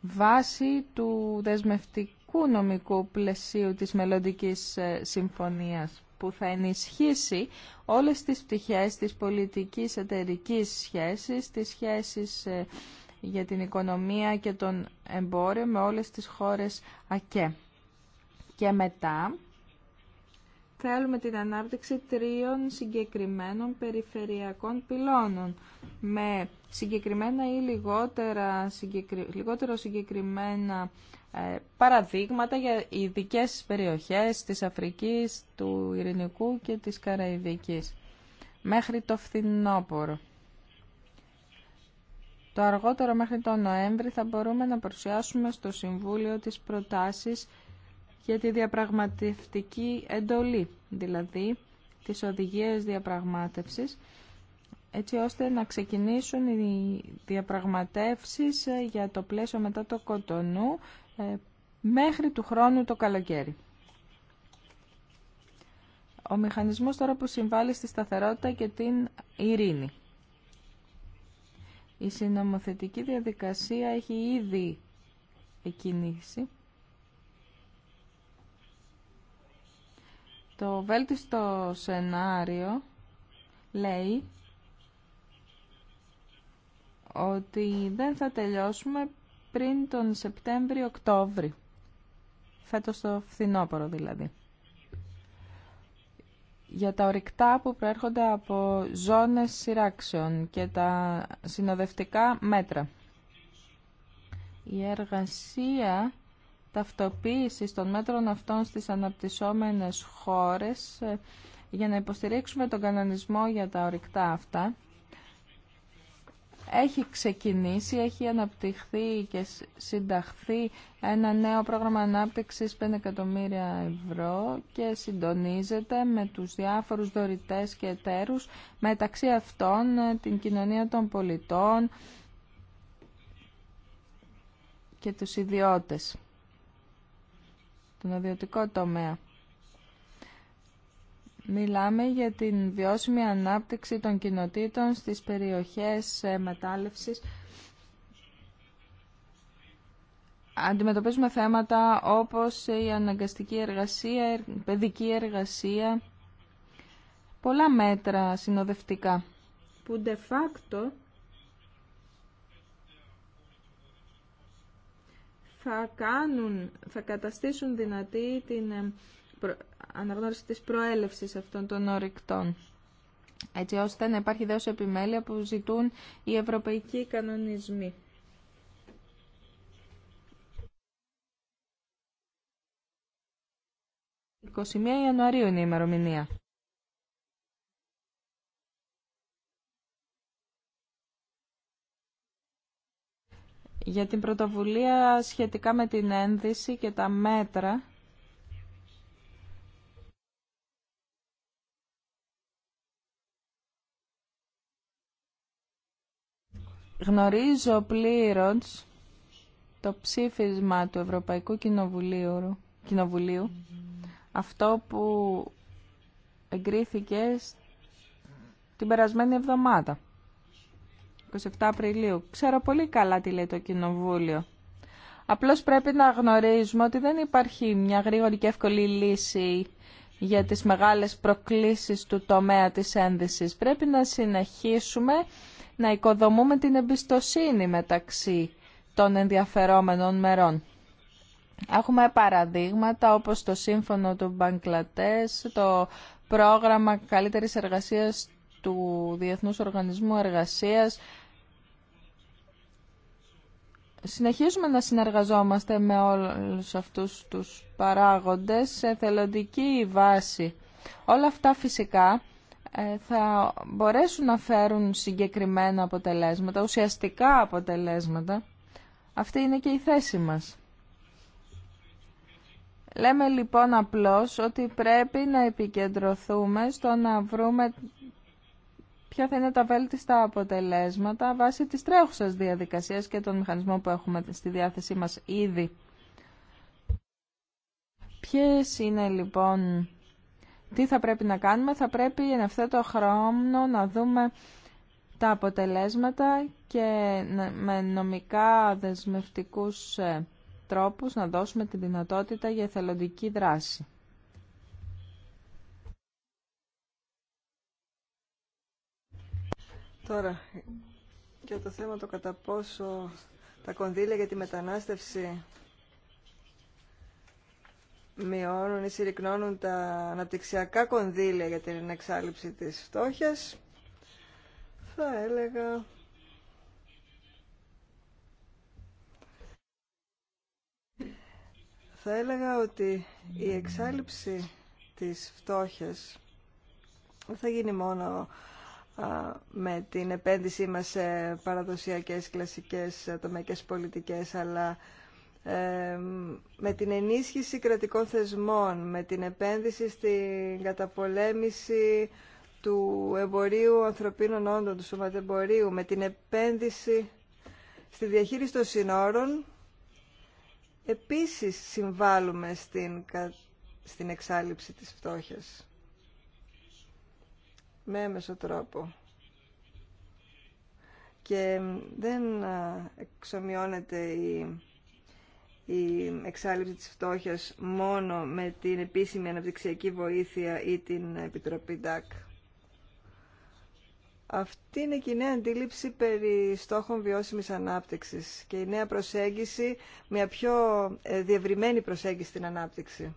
D: βάσει του δεσμευτικού νομικού πλαισίου της μελλοντικής ε, συμφωνίας που θα ενισχύσει όλες τις πτυχές της πολιτικής εταιρικής σχέσης, της σχέσεις ε, για την οικονομία και τον εμπόριο με όλες τις χώρες ΑΚΕ. Και μετά θέλουμε την ανάπτυξη τρίων συγκεκριμένων περιφερειακών πυλώνων με συγκεκριμένα ή λιγότερα, λιγότερο συγκεκριμένα ε, παραδείγματα για ειδικέ περιοχές της Αφρικής, του Ειρηνικού και της Καραϊβικής μέχρι το φθινόπωρο. Το αργότερο μέχρι τον Νοέμβρη θα μπορούμε να παρουσιάσουμε στο Συμβούλιο τις προτάσεις για τη διαπραγματευτική εντολή, δηλαδή τις οδηγίες διαπραγμάτευσης, έτσι ώστε να ξεκινήσουν οι διαπραγματεύσεις ε, για το πλαίσιο μετά το Κοτονού ε, μέχρι του χρόνου το καλοκαίρι. Ο μηχανισμός τώρα που συμβάλλει στη σταθερότητα και την ειρήνη. Η συνομοθετική διαδικασία έχει ήδη εκκινήσει. Το βέλτιστο σενάριο λέει ότι δεν θα τελειώσουμε πριν τον σεπτεμβριο οκτωβριο Φέτος το φθινόπωρο δηλαδή για τα ορυκτά που προέρχονται από ζώνες σειράξεων και τα συνοδευτικά μέτρα. Η εργασία ταυτοποίησης των μέτρων αυτών στις αναπτυσσόμενες χώρες ε, για να υποστηρίξουμε τον κανονισμό για τα ορυκτά αυτά έχει ξεκινήσει, έχει αναπτυχθεί και συνταχθεί ένα νέο πρόγραμμα ανάπτυξης 5 εκατομμύρια ευρώ και συντονίζεται με τους διάφορους δωρητές και εταίρους, μεταξύ αυτών ε, την κοινωνία των πολιτών και τους ιδιώτες, τον ιδιωτικό τομέα. Μιλάμε για την βιώσιμη ανάπτυξη των κοινοτήτων στις περιοχές ε, μετάλλευσης. Αντιμετωπίζουμε θέματα όπως η αναγκαστική εργασία, η παιδική εργασία, πολλά μέτρα συνοδευτικά που de facto θα, κάνουν, θα καταστήσουν δυνατή την ε, αναγνώριση της προέλευσης αυτών των ορυκτών έτσι ώστε να υπάρχει δέος επιμέλεια που ζητούν οι ευρωπαϊκοί κανονισμοί. 21 Ιανουαρίου είναι η ημερομηνία. Για την πρωτοβουλία σχετικά με την ένδυση και τα μέτρα Γνωρίζω πλήρως το ψήφισμα του Ευρωπαϊκού Κοινοβουλίου, αυτό που εγκρίθηκε την περασμένη εβδομάδα, 27 Απριλίου. Ξέρω πολύ καλά τι λέει το Κοινοβούλιο. Απλώς πρέπει να γνωρίζουμε ότι δεν υπάρχει μια γρήγορη και εύκολη λύση για τις μεγάλες προκλήσεις του τομέα της ένδυσης. Πρέπει να συνεχίσουμε να οικοδομούμε την εμπιστοσύνη μεταξύ των ενδιαφερόμενων μερών. Έχουμε παραδείγματα όπως το σύμφωνο του Μπαγκλατές, το πρόγραμμα καλύτερης εργασίας του Διεθνούς Οργανισμού Εργασίας. Συνεχίζουμε να συνεργαζόμαστε με όλους αυτούς τους παράγοντες σε θελοντική βάση. Όλα αυτά φυσικά ε, θα μπορέσουν να φέρουν συγκεκριμένα αποτελέσματα, ουσιαστικά αποτελέσματα. Αυτή είναι και η θέση μας. Λέμε λοιπόν απλώς ότι πρέπει να επικεντρωθούμε στο να βρούμε ποια θα είναι τα βέλτιστα αποτελέσματα βάσει της τρέχουσας διαδικασίας και των μηχανισμών που έχουμε στη διάθεσή μας ήδη. Ποιες είναι λοιπόν τι θα πρέπει να κάνουμε, θα πρέπει εν το χρόνο να δούμε τα αποτελέσματα και με νομικά δεσμευτικούς ε, τρόπους να δώσουμε τη δυνατότητα για εθελοντική δράση. Τώρα, για το
B: θέμα το κατά πόσο τα κονδύλια για τη μετανάστευση μειώνουν ή συρρυκνώνουν τα αναπτυξιακά κονδύλια για την εξάλληψη της φτώχειας, θα έλεγα... Θα έλεγα ότι η εξάλληψη της φτώχειας δεν θα γίνει μόνο με την επένδυσή μας σε παραδοσιακές, κλασικές, ατομικές ε, πολιτικές, αλλά με την ενίσχυση κρατικών θεσμών, με την επένδυση στην καταπολέμηση του εμπορίου ανθρωπίνων όντων, του σωματεμπορίου, με την επένδυση στη διαχείριση των συνόρων, επίσης συμβάλλουμε στην, στην εξάλληψη της φτώχειας. Με έμεσο τρόπο. Και δεν εξομοιώνεται η η εξάλληψη της φτώχειας μόνο με την επίσημη αναπτυξιακή βοήθεια ή την Επιτροπή ΔΑΚ. Αυτή είναι η κοινή αντίληψη περί και νέα αντιληψη βιώσιμης ανάπτυξης και η νέα προσέγγιση, μια πιο ε, διευρυμένη προσέγγιση στην ανάπτυξη.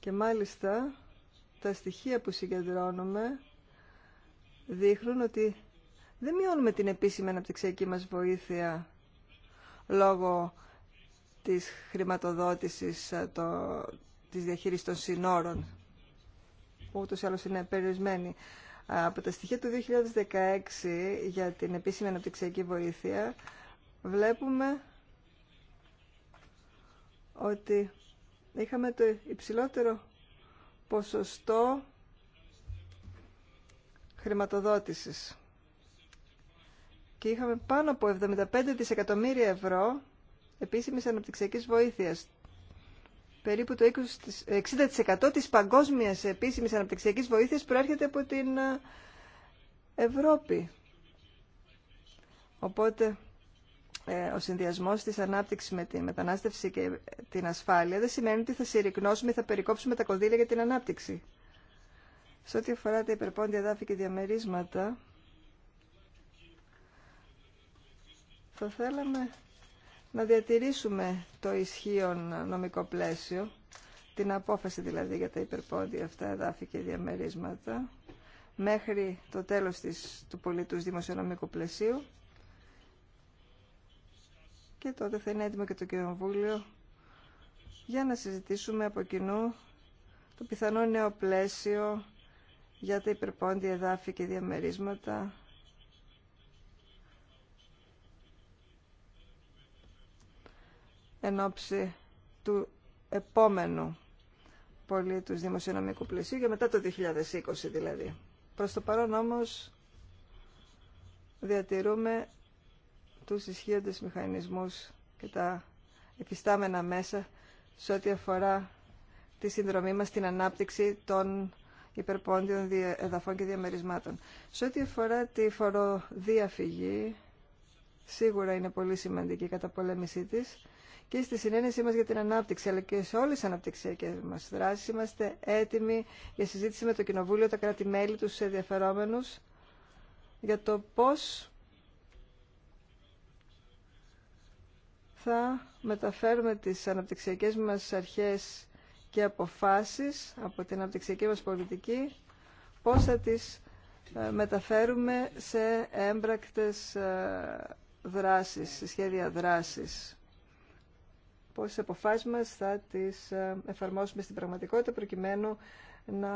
B: Και μάλιστα τα στοιχεία που συγκεντρώνουμε δείχνουν ότι δεν μειώνουμε την επίσημη αναπτυξιακή μας βοήθεια λόγω της χρηματοδότησης ε, το, της διαχείρισης των συνόρων που ούτως ή άλλως είναι περιορισμένη. Ε, από τα στοιχεία του 2016 για την επίσημη αναπτυξιακή βοήθεια βλέπουμε ότι είχαμε το υψηλότερο ποσοστό χρηματοδότησης και είχαμε πάνω από 75 δισεκατομμύρια ευρώ επίσημης αναπτυξιακής βοήθειας. Περίπου το 60% της παγκόσμιας επίσημης αναπτυξιακής βοήθειας προέρχεται από την ε, Ευρώπη. Οπότε ε, ο συνδυασμός της ανάπτυξης με τη μετανάστευση και την ασφάλεια δεν σημαίνει ότι θα συρρυκνώσουμε ή θα περικόψουμε τα κονδύλια για την ανάπτυξη. Σε ό,τι αφορά τα υπερπόντια δάφη και διαμερίσματα, Θα θέλαμε να διατηρήσουμε το ισχύον νομικό πλαίσιο, την απόφαση δηλαδή για τα υπερπόντια αυτά εδάφη και διαμερίσματα, μέχρι το τέλος της, του πολιτούς δημοσιονομικού πλαισίου και τότε θα είναι έτοιμο και το Κοινοβούλιο για να συζητήσουμε από κοινού το πιθανό νέο πλαίσιο για τα υπερπόντια εδάφη και διαμερίσματα εν ώψη του επόμενου πολίτου δημοσιονομικού πλαισίου και μετά το 2020 δηλαδή. Προς το παρόν όμως διατηρούμε τους ισχύοντες μηχανισμούς και τα επιστάμενα μέσα σε ό,τι αφορά τη συνδρομή μας στην ανάπτυξη των υπερπόντιων εδαφών και διαμερισμάτων. Σε ό,τι αφορά τη φοροδιαφυγή, σίγουρα είναι πολύ σημαντική η καταπολέμησή της και στη συνένεσή μας για την ανάπτυξη, αλλά και σε όλες τις αναπτυξιακές μας δράσεις. Είμαστε έτοιμοι για συζήτηση με το Κοινοβούλιο, τα κράτη-μέλη, τους ενδιαφερόμενους, για το πώς θα μεταφέρουμε τις αναπτυξιακές μας αρχές και αποφάσεις από την αναπτυξιακή μας πολιτική, πώς θα τις ε, μεταφέρουμε σε έμπρακτες ε, δράσεις, σε σχέδια δράσης πώς αποφάσει θα τι ε, εφαρμόσουμε στην πραγματικότητα προκειμένου να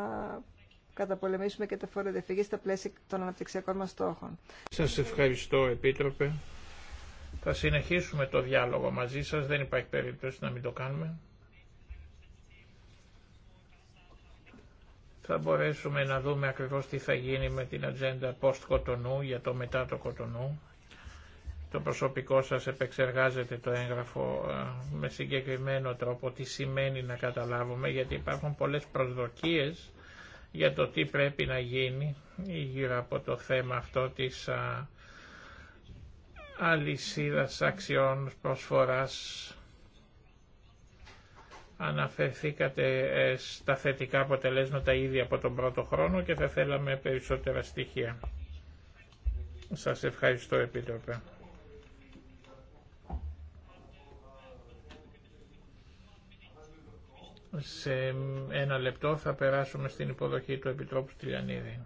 B: καταπολεμήσουμε και τα φόρα διαφυγή στα πλαίσια των αναπτυξιακών μας στόχων. Σας
C: ευχαριστώ Επίτροπε. Θα συνεχίσουμε το διάλογο μαζί σα. δεν υπάρχει περίπτωση να μην το κάνουμε. Θα μπορέσουμε να δούμε ακριβώς τι θα γίνει με την ατζέντα post-Κοτονού για το μετά το Κοτονού το προσωπικό σας επεξεργάζεται το έγγραφο ε, με συγκεκριμένο τρόπο τι σημαίνει να καταλάβουμε γιατί υπάρχουν πολλές προσδοκίες για το τι πρέπει να γίνει γύρω από το θέμα αυτό της ε, αλυσίδας αξιών προσφοράς αναφερθήκατε ε, στα θετικά αποτελέσματα ήδη από τον πρώτο χρόνο και θα θέλαμε περισσότερα στοιχεία. Σας ευχαριστώ Επίτροπε. Σε ένα λεπτό θα περάσουμε στην υποδοχή του Επιτρόπου Στυλιανίδη.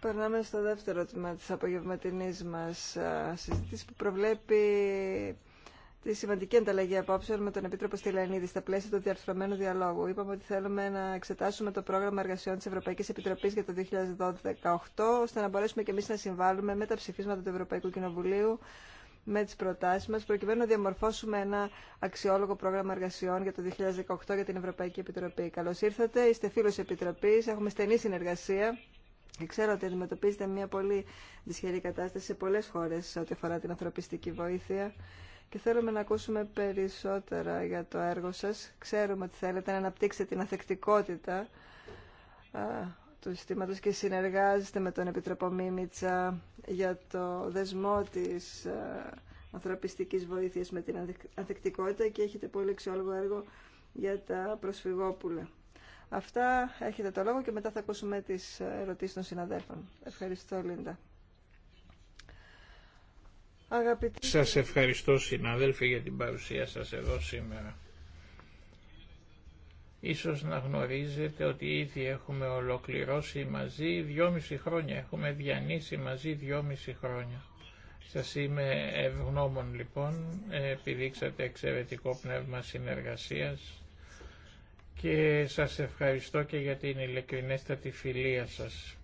B: Περνάμε στο δεύτερο τμήμα της απογευματινής μας συζήτησης που προβλέπει τη σημαντική ανταλλαγή απόψεων με τον Επίτροπο Στυλιανίδη στα πλαίσια του διαρθρωμένου διαλόγου. Είπαμε ότι θέλουμε να εξετάσουμε το πρόγραμμα εργασιών τη Ευρωπαϊκή Επιτροπή για το 2018, ώστε να μπορέσουμε και εμεί να συμβάλλουμε με τα ψηφίσματα του Ευρωπαϊκού Κοινοβουλίου με τις προτάσεις μας προκειμένου να διαμορφώσουμε ένα αξιόλογο πρόγραμμα εργασιών για το 2018 για την Ευρωπαϊκή Επιτροπή. Καλώς ήρθατε, είστε φίλος Επιτροπής, έχουμε στενή συνεργασία. και Ξέρω ότι αντιμετωπίζετε μια πολύ δυσχερή κατάσταση σε πολλές χώρες ό,τι αφορά την ανθρωπιστική βοήθεια και θέλουμε να ακούσουμε περισσότερα για το έργο σας. Ξέρουμε ότι θέλετε να αναπτύξετε την αθεκτικότητα του συστήματος και συνεργάζεστε με τον Επιτροπό Μίμητσα για το δεσμό της ε, ανθρωπιστικής βοήθειας με την ανθεκτικότητα και έχετε πολύ αξιόλογο έργο για τα προσφυγόπουλα. Αυτά έχετε το λόγο και μετά θα ακούσουμε τις ερωτήσεις των συναδέλφων. Ευχαριστώ Λίντα.
C: Αγαπητοί... Σας ευχαριστώ συναδέλφοι για την παρουσία σας εδώ σήμερα. Ίσως να γνωρίζετε ότι ήδη έχουμε ολοκληρώσει μαζί δυόμιση χρόνια, έχουμε διανύσει μαζί δυόμιση χρόνια. Σας είμαι ευγνώμων λοιπόν, επιδείξατε εξαιρετικό πνεύμα συνεργασίας και σας ευχαριστώ και για την ειλικρινέστατη φιλία σας.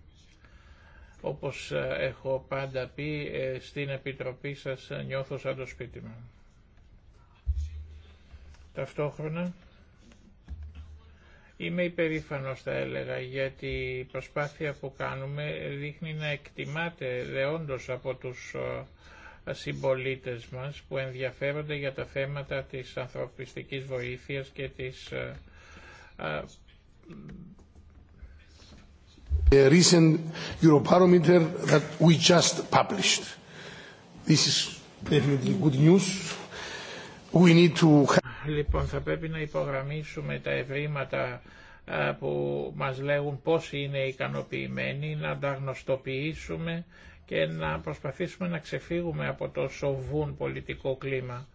C: Όπως ε, έχω πάντα πει, ε, στην Επιτροπή σας ε, νιώθω σαν το σπίτι μου. Ταυτόχρονα, Είμαι υπερήφανος θα έλεγα γιατί η προσπάθεια που κάνουμε δείχνει να εκτιμάται δεόντως από τους ε, συμπολίτες μας που ενδιαφέρονται για τα θέματα της ανθρωπιστικής βοήθειας και της ε,
E: ε, recent that we just published. This is good news. We need to
C: Λοιπόν, θα πρέπει να υπογραμμίσουμε τα ευρήματα που μας λέγουν πώς είναι ικανοποιημένοι, να τα γνωστοποιήσουμε και να προσπαθήσουμε να ξεφύγουμε από το σοβούν πολιτικό κλίμα,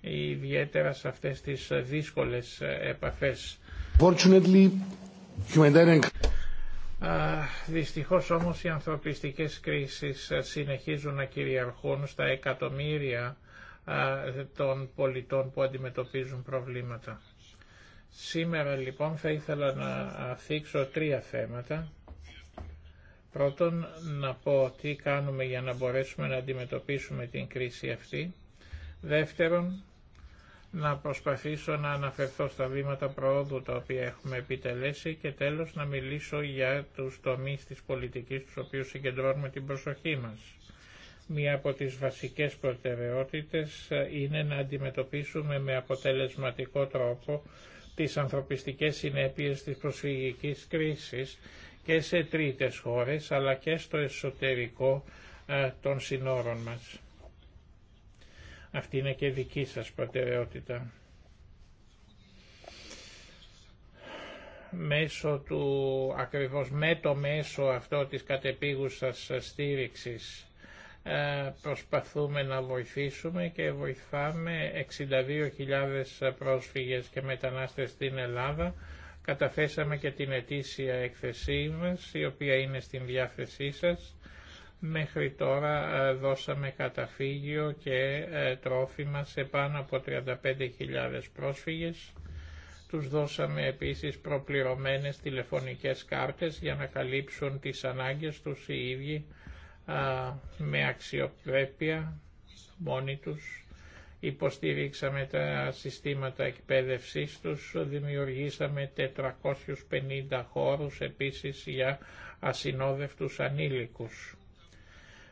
C: ιδιαίτερα σε αυτές τις δύσκολες επαφές. Δυστυχώς όμως οι ανθρωπιστικές κρίσεις συνεχίζουν να κυριαρχούν στα εκατομμύρια των πολιτών που αντιμετωπίζουν προβλήματα. Σήμερα λοιπόν θα ήθελα να θίξω τρία θέματα. Πρώτον, να πω τι κάνουμε για να μπορέσουμε να αντιμετωπίσουμε την κρίση αυτή. Δεύτερον, να προσπαθήσω να αναφερθώ στα βήματα προόδου τα οποία έχουμε επιτελέσει και τέλος να μιλήσω για τους τομείς της πολιτικής τους οποίους συγκεντρώνουμε την προσοχή μας. Μία από τις βασικές προτεραιότητες ε, είναι να αντιμετωπίσουμε με αποτελεσματικό τρόπο τις ανθρωπιστικές συνέπειες της προσφυγικής κρίσης και σε τρίτες χώρες αλλά και στο εσωτερικό ε, των συνόρων μας. Αυτή είναι και δική σας προτεραιότητα. Μέσω του, ακριβώς με το μέσο αυτό της κατεπίγουσας στήριξης ε, προσπαθούμε να βοηθήσουμε και βοηθάμε 62.000 πρόσφυγες και μετανάστες στην Ελλάδα. Καταθέσαμε και την ετήσια εκθεσή μας, η οποία είναι στην διάθεσή σας. Μέχρι τώρα ε, δώσαμε καταφύγιο και ε, τρόφιμα σε πάνω από 35.000 πρόσφυγες. Τους δώσαμε επίσης προπληρωμένες τηλεφωνικές κάρτες για να καλύψουν τις ανάγκες τους οι ίδιοι με αξιοπρέπεια μόνοι τους. Υποστηρίξαμε τα συστήματα εκπαίδευσής τους, δημιουργήσαμε 450 χώρους επίσης για ασυνόδευτους ανήλικους.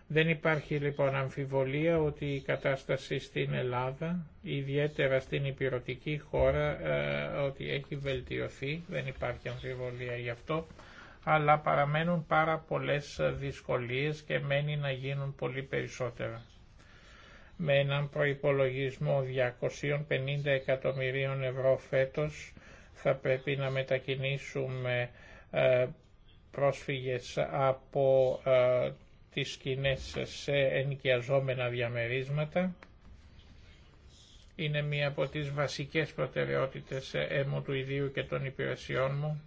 C: Δεν υπάρχει λοιπόν αμφιβολία ότι η κατάσταση στην Ελλάδα, ιδιαίτερα στην υπηρετική χώρα, ε, ότι έχει βελτιωθεί, δεν υπάρχει αμφιβολία γι' αυτό αλλά παραμένουν πάρα πολλές δυσκολίες και μένει να γίνουν πολύ περισσότερα. Με έναν προϋπολογισμό 250 εκατομμυρίων ευρώ φέτος θα πρέπει να μετακινήσουμε ε, πρόσφυγες από ε, τις σκηνές σε ενοικιαζόμενα διαμερίσματα. Είναι μία από τις βασικές προτεραιότητες έμου ε, του ιδίου και των υπηρεσιών μου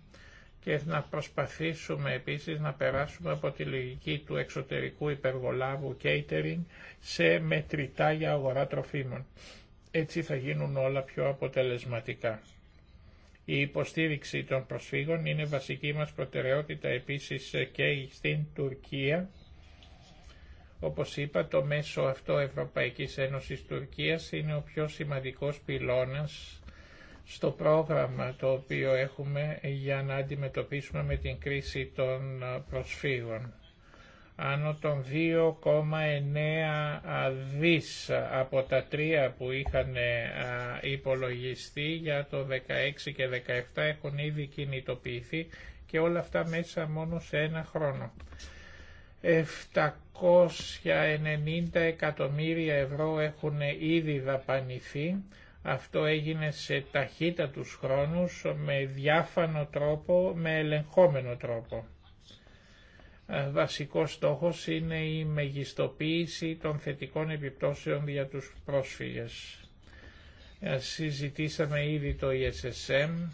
C: και να προσπαθήσουμε επίσης να περάσουμε από τη λογική του εξωτερικού υπεργολάβου catering σε μετρητά για αγορά τροφίμων. Έτσι θα γίνουν όλα πιο αποτελεσματικά. Η υποστήριξη των προσφύγων είναι βασική μας προτεραιότητα επίσης και στην Τουρκία. Όπως είπα, το μέσο αυτό Ευρωπαϊκής Ένωσης Τουρκίας είναι ο πιο σημαντικός πυλώνας στο πρόγραμμα το οποίο έχουμε για να αντιμετωπίσουμε με την κρίση των προσφύγων. Άνω των 2,9 δις από τα τρία που είχαν ε, υπολογιστεί για το 16 και 17 έχουν ήδη κινητοποιηθεί και όλα αυτά μέσα μόνο σε ένα χρόνο. 790 εκατομμύρια ευρώ έχουν ήδη δαπανηθεί αυτό έγινε σε ταχύτατους χρόνους, με διάφανο τρόπο, με ελεγχόμενο τρόπο. Ε, βασικός στόχος είναι η μεγιστοποίηση των θετικών επιπτώσεων για τους πρόσφυγες. Ε, συζητήσαμε ήδη το ESSM,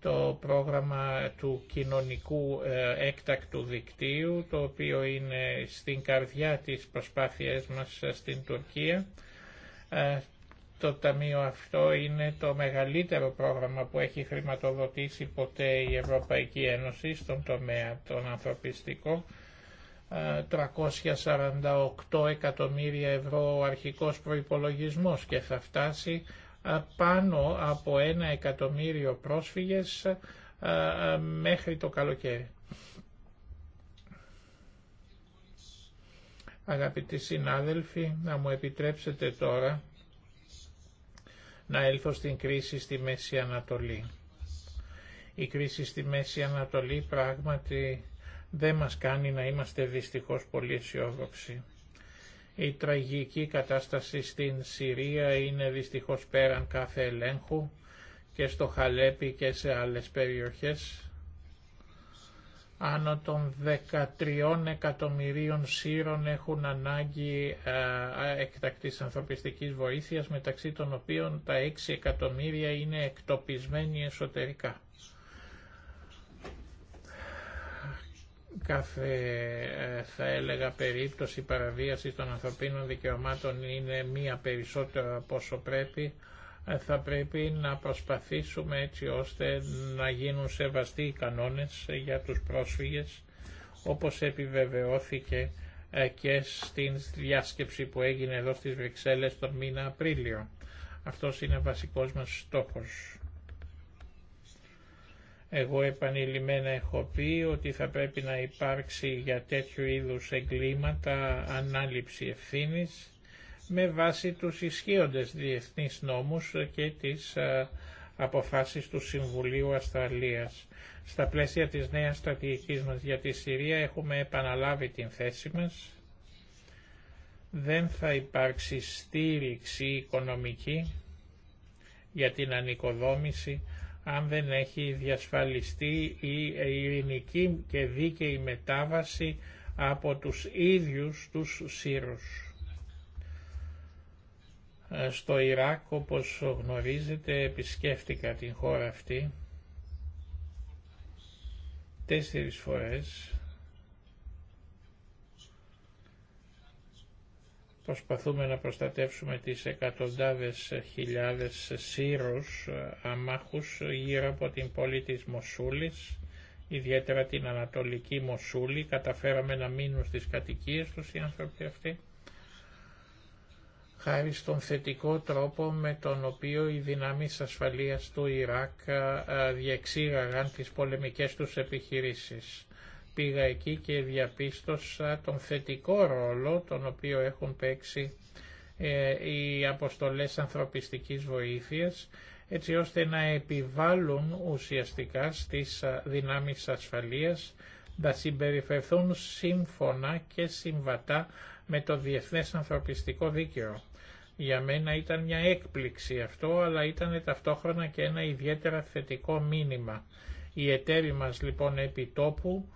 C: το πρόγραμμα του κοινωνικού ε, έκτακτου δικτύου, το οποίο είναι στην καρδιά της προσπάθειας μας στην Τουρκία το ταμείο αυτό είναι το μεγαλύτερο πρόγραμμα που έχει χρηματοδοτήσει ποτέ η Ευρωπαϊκή Ένωση στον τομέα των ανθρωπιστικών. 348 εκατομμύρια ευρώ ο αρχικός προϋπολογισμός και θα φτάσει πάνω από ένα εκατομμύριο πρόσφυγες μέχρι το καλοκαίρι. Αγαπητοί συνάδελφοι, να μου επιτρέψετε τώρα να έλθω στην κρίση στη Μέση Ανατολή. Η κρίση στη Μέση Ανατολή πράγματι δεν μας κάνει να είμαστε δυστυχώς πολύ αισιόδοξοι. Η τραγική κατάσταση στην Συρία είναι δυστυχώς πέραν κάθε ελέγχου και στο Χαλέπι και σε άλλες περιοχές Άνω των 13 εκατομμυρίων σύρων έχουν ανάγκη εκτακτής ανθρωπιστικής βοήθειας, μεταξύ των οποίων τα 6 εκατομμύρια είναι εκτοπισμένοι εσωτερικά. κάθε ε, θα έλεγα περίπτωση παραβίασης των ανθρωπίνων δικαιωμάτων είναι μία περισσότερο από όσο πρέπει ε, θα πρέπει να προσπαθήσουμε έτσι ώστε να γίνουν σεβαστοί οι κανόνες ε, για τους πρόσφυγες όπως επιβεβαιώθηκε ε, και στην διάσκεψη που έγινε εδώ στις Βρυξέλλες τον μήνα Απρίλιο. Αυτός είναι βασικός μας στόχος. Εγώ επανειλημμένα έχω πει ότι θα πρέπει να υπάρξει για τέτοιου είδους εγκλήματα ανάληψη ευθύνης με βάση τους ισχύοντες διεθνείς νόμους και τις ε, αποφάσεις του Συμβουλίου Αυστραλίας. Στα πλαίσια της νέας στρατηγικής μας για τη Συρία έχουμε επαναλάβει την θέση μας. Δεν θα υπάρξει στήριξη οικονομική για την ανοικοδόμηση αν δεν έχει διασφαλιστεί η ειρηνική και δίκαιη μετάβαση από τους ίδιους τους Σύρους. Στο Ιράκ, όπως γνωρίζετε, επισκέφτηκα την χώρα αυτή τέσσερις φορές. Προσπαθούμε να προστατεύσουμε τις εκατοντάδες χιλιάδες σύρους αμάχους γύρω από την πόλη της Μοσούλης, ιδιαίτερα την Ανατολική Μοσούλη. Καταφέραμε να μείνουν στις κατοικίες τους οι άνθρωποι αυτοί χάρη στον θετικό τρόπο με τον οποίο οι δυνάμεις ασφαλείας του Ιράκ ε, ε, διεξήγαγαν τις πολεμικές τους επιχειρήσεις. Πήγα εκεί και διαπίστωσα τον θετικό ρόλο τον οποίο έχουν παίξει ε, οι αποστολές ανθρωπιστικής βοήθειας έτσι ώστε να επιβάλλουν ουσιαστικά στις δυνάμεις ασφαλείας να συμπεριφερθούν σύμφωνα και συμβατά με το Διεθνές Ανθρωπιστικό Δίκαιο. Για μένα ήταν μια έκπληξη αυτό, αλλά ήταν ταυτόχρονα και ένα ιδιαίτερα θετικό μήνυμα. Οι εταίροι μας λοιπόν επί τόπου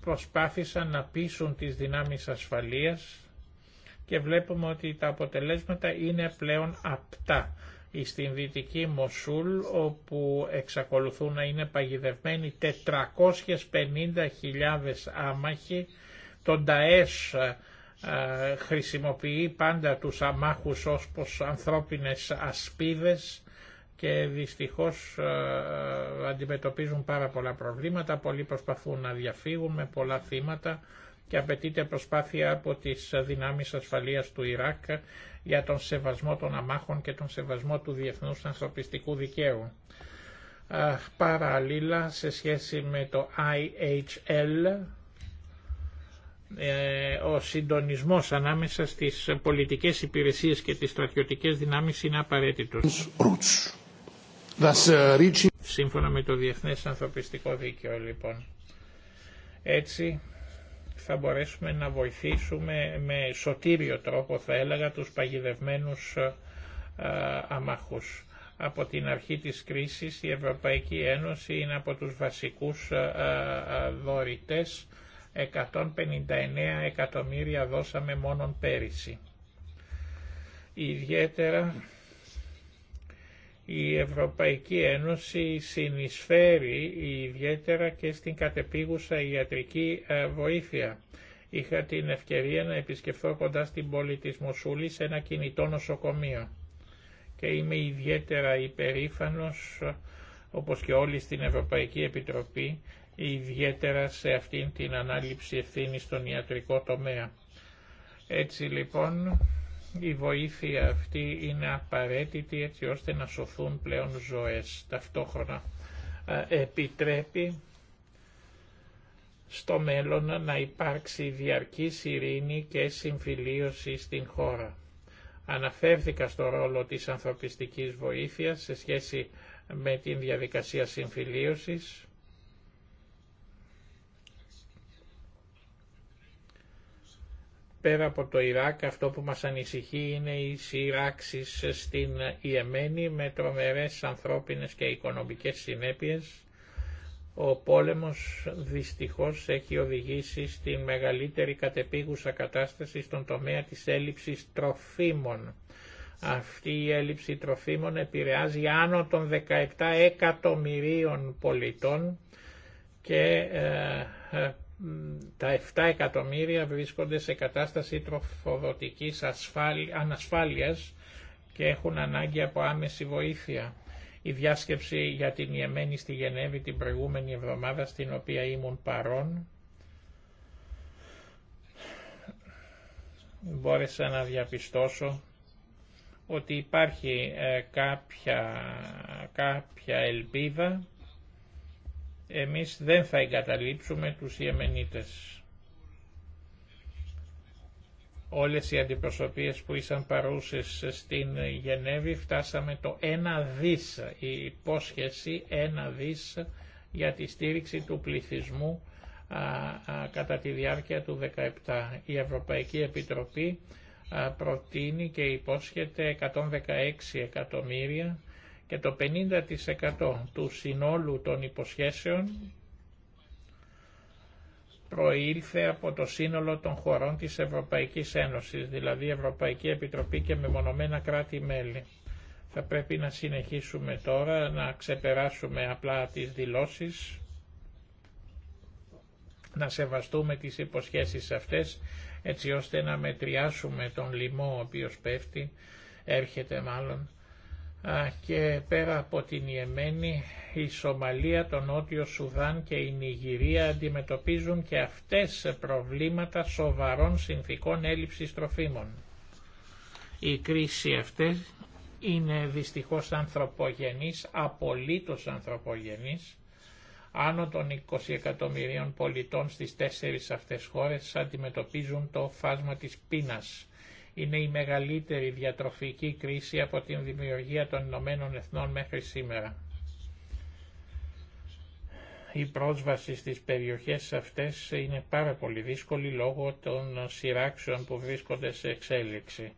C: προσπάθησαν να πείσουν τις δυνάμεις ασφαλείας και βλέπουμε ότι τα αποτελέσματα είναι πλέον απτά. Στην δυτική Μοσούλ όπου εξακολουθούν να είναι παγιδευμένοι 450.000 άμαχοι, τον ΤΑΕΣ ε, χρησιμοποιεί πάντα τους αμάχους ως πως ανθρώπινες ασπίδες και δυστυχώς ε, ε, αντιμετωπίζουν πάρα πολλά προβλήματα, πολλοί προσπαθούν να διαφύγουν με πολλά θύματα και απαιτείται προσπάθεια από τις δυνάμεις ασφαλείας του Ιράκ για τον σεβασμό των αμάχων και τον σεβασμό του διεθνούς ανθρωπιστικού δικαίου. Παραλλήλα, σε σχέση με το IHL, ε, ο συντονισμός ανάμεσα στις πολιτικές υπηρεσίες και τις στρατιωτικές δυνάμεις είναι απαραίτητος. Uh, Σύμφωνα με το Διεθνές Ανθρωπιστικό Δίκαιο λοιπόν. Έτσι θα μπορέσουμε να βοηθήσουμε με σωτήριο τρόπο θα έλεγα τους παγιδευμένους ε, ε, αμαχούς. Από την αρχή της κρίσης η Ευρωπαϊκή Ένωση είναι από τους βασικούς δωρητές 159 εκατομμύρια δώσαμε μόνον πέρυσι. Ιδιαίτερα η Ευρωπαϊκή Ένωση συνεισφέρει ιδιαίτερα και στην κατεπίγουσα ιατρική ε, βοήθεια. Είχα την ευκαιρία να επισκεφθώ κοντά στην πόλη της Μοσούλης ένα κινητό νοσοκομείο και είμαι ιδιαίτερα υπερήφανος ε, όπως και όλοι στην Ευρωπαϊκή Επιτροπή ιδιαίτερα σε αυτήν την ανάληψη ευθύνη στον ιατρικό τομέα. Έτσι λοιπόν η βοήθεια αυτή είναι απαραίτητη έτσι ώστε να σωθούν πλέον ζωές. Ταυτόχρονα ε, επιτρέπει στο μέλλον να υπάρξει διαρκή ειρήνη και συμφιλίωση στην χώρα. Αναφέρθηκα στο ρόλο της ανθρωπιστικής βοήθειας σε σχέση με την διαδικασία συμφιλίωσης Πέρα από το Ιράκ αυτό που μας ανησυχεί είναι οι σειράξεις στην Ιεμένη με τρομερές ανθρώπινες και οικονομικές συνέπειες. Ο πόλεμος δυστυχώς έχει οδηγήσει στην μεγαλύτερη κατεπίγουσα κατάσταση στον τομέα της έλλειψης τροφίμων. Αυτή η έλλειψη τροφίμων επηρεάζει άνω των 17 εκατομμυρίων πολιτών και ε, ε, τα 7 εκατομμύρια βρίσκονται σε κατάσταση τροφοδοτικής ανασφάλεια ανασφάλειας και έχουν ανάγκη από άμεση βοήθεια. Η διάσκεψη για την Ιεμένη στη Γενέβη την προηγούμενη εβδομάδα, στην οποία ήμουν παρόν, μπόρεσα να διαπιστώσω ότι υπάρχει ε, κάποια, κάποια ελπίδα εμείς δεν θα εγκαταλείψουμε τους Ιεμενίτες. Όλες οι αντιπροσωπείες που ήσαν παρούσες στην Γενέβη φτάσαμε το ένα δις, η υπόσχεση ένα δις για τη στήριξη του πληθυσμού α, κατά τη διάρκεια του 2017. Η Ευρωπαϊκή Επιτροπή α, προτείνει και υπόσχεται 116 εκατομμύρια και το 50% του συνόλου των υποσχέσεων προήλθε από το σύνολο των χωρών της Ευρωπαϊκής Ένωσης, δηλαδή Ευρωπαϊκή Επιτροπή και μεμονωμένα κράτη-μέλη. Θα πρέπει να συνεχίσουμε τώρα να ξεπεράσουμε απλά τις δηλώσεις, να σεβαστούμε τις υποσχέσεις αυτές, έτσι ώστε να μετριάσουμε τον λοιμό ο οποίος πέφτει, έρχεται μάλλον, και πέρα από την Ιεμένη η Σομαλία, το Νότιο Σουδάν και η Νιγηρία αντιμετωπίζουν και αυτές προβλήματα σοβαρών συνθήκων έλλειψης τροφίμων. Η κρίση αυτή είναι δυστυχώς ανθρωπογενής, απολύτως ανθρωπογενής. Άνω των 20 εκατομμυρίων πολιτών στις τέσσερις αυτές χώρες αντιμετωπίζουν το φάσμα της πείνας είναι η μεγαλύτερη διατροφική κρίση από την δημιουργία των Ηνωμένων Εθνών μέχρι σήμερα. Η πρόσβαση στις περιοχές αυτές είναι πάρα πολύ δύσκολη λόγω των σειράξεων που βρίσκονται σε εξέλιξη.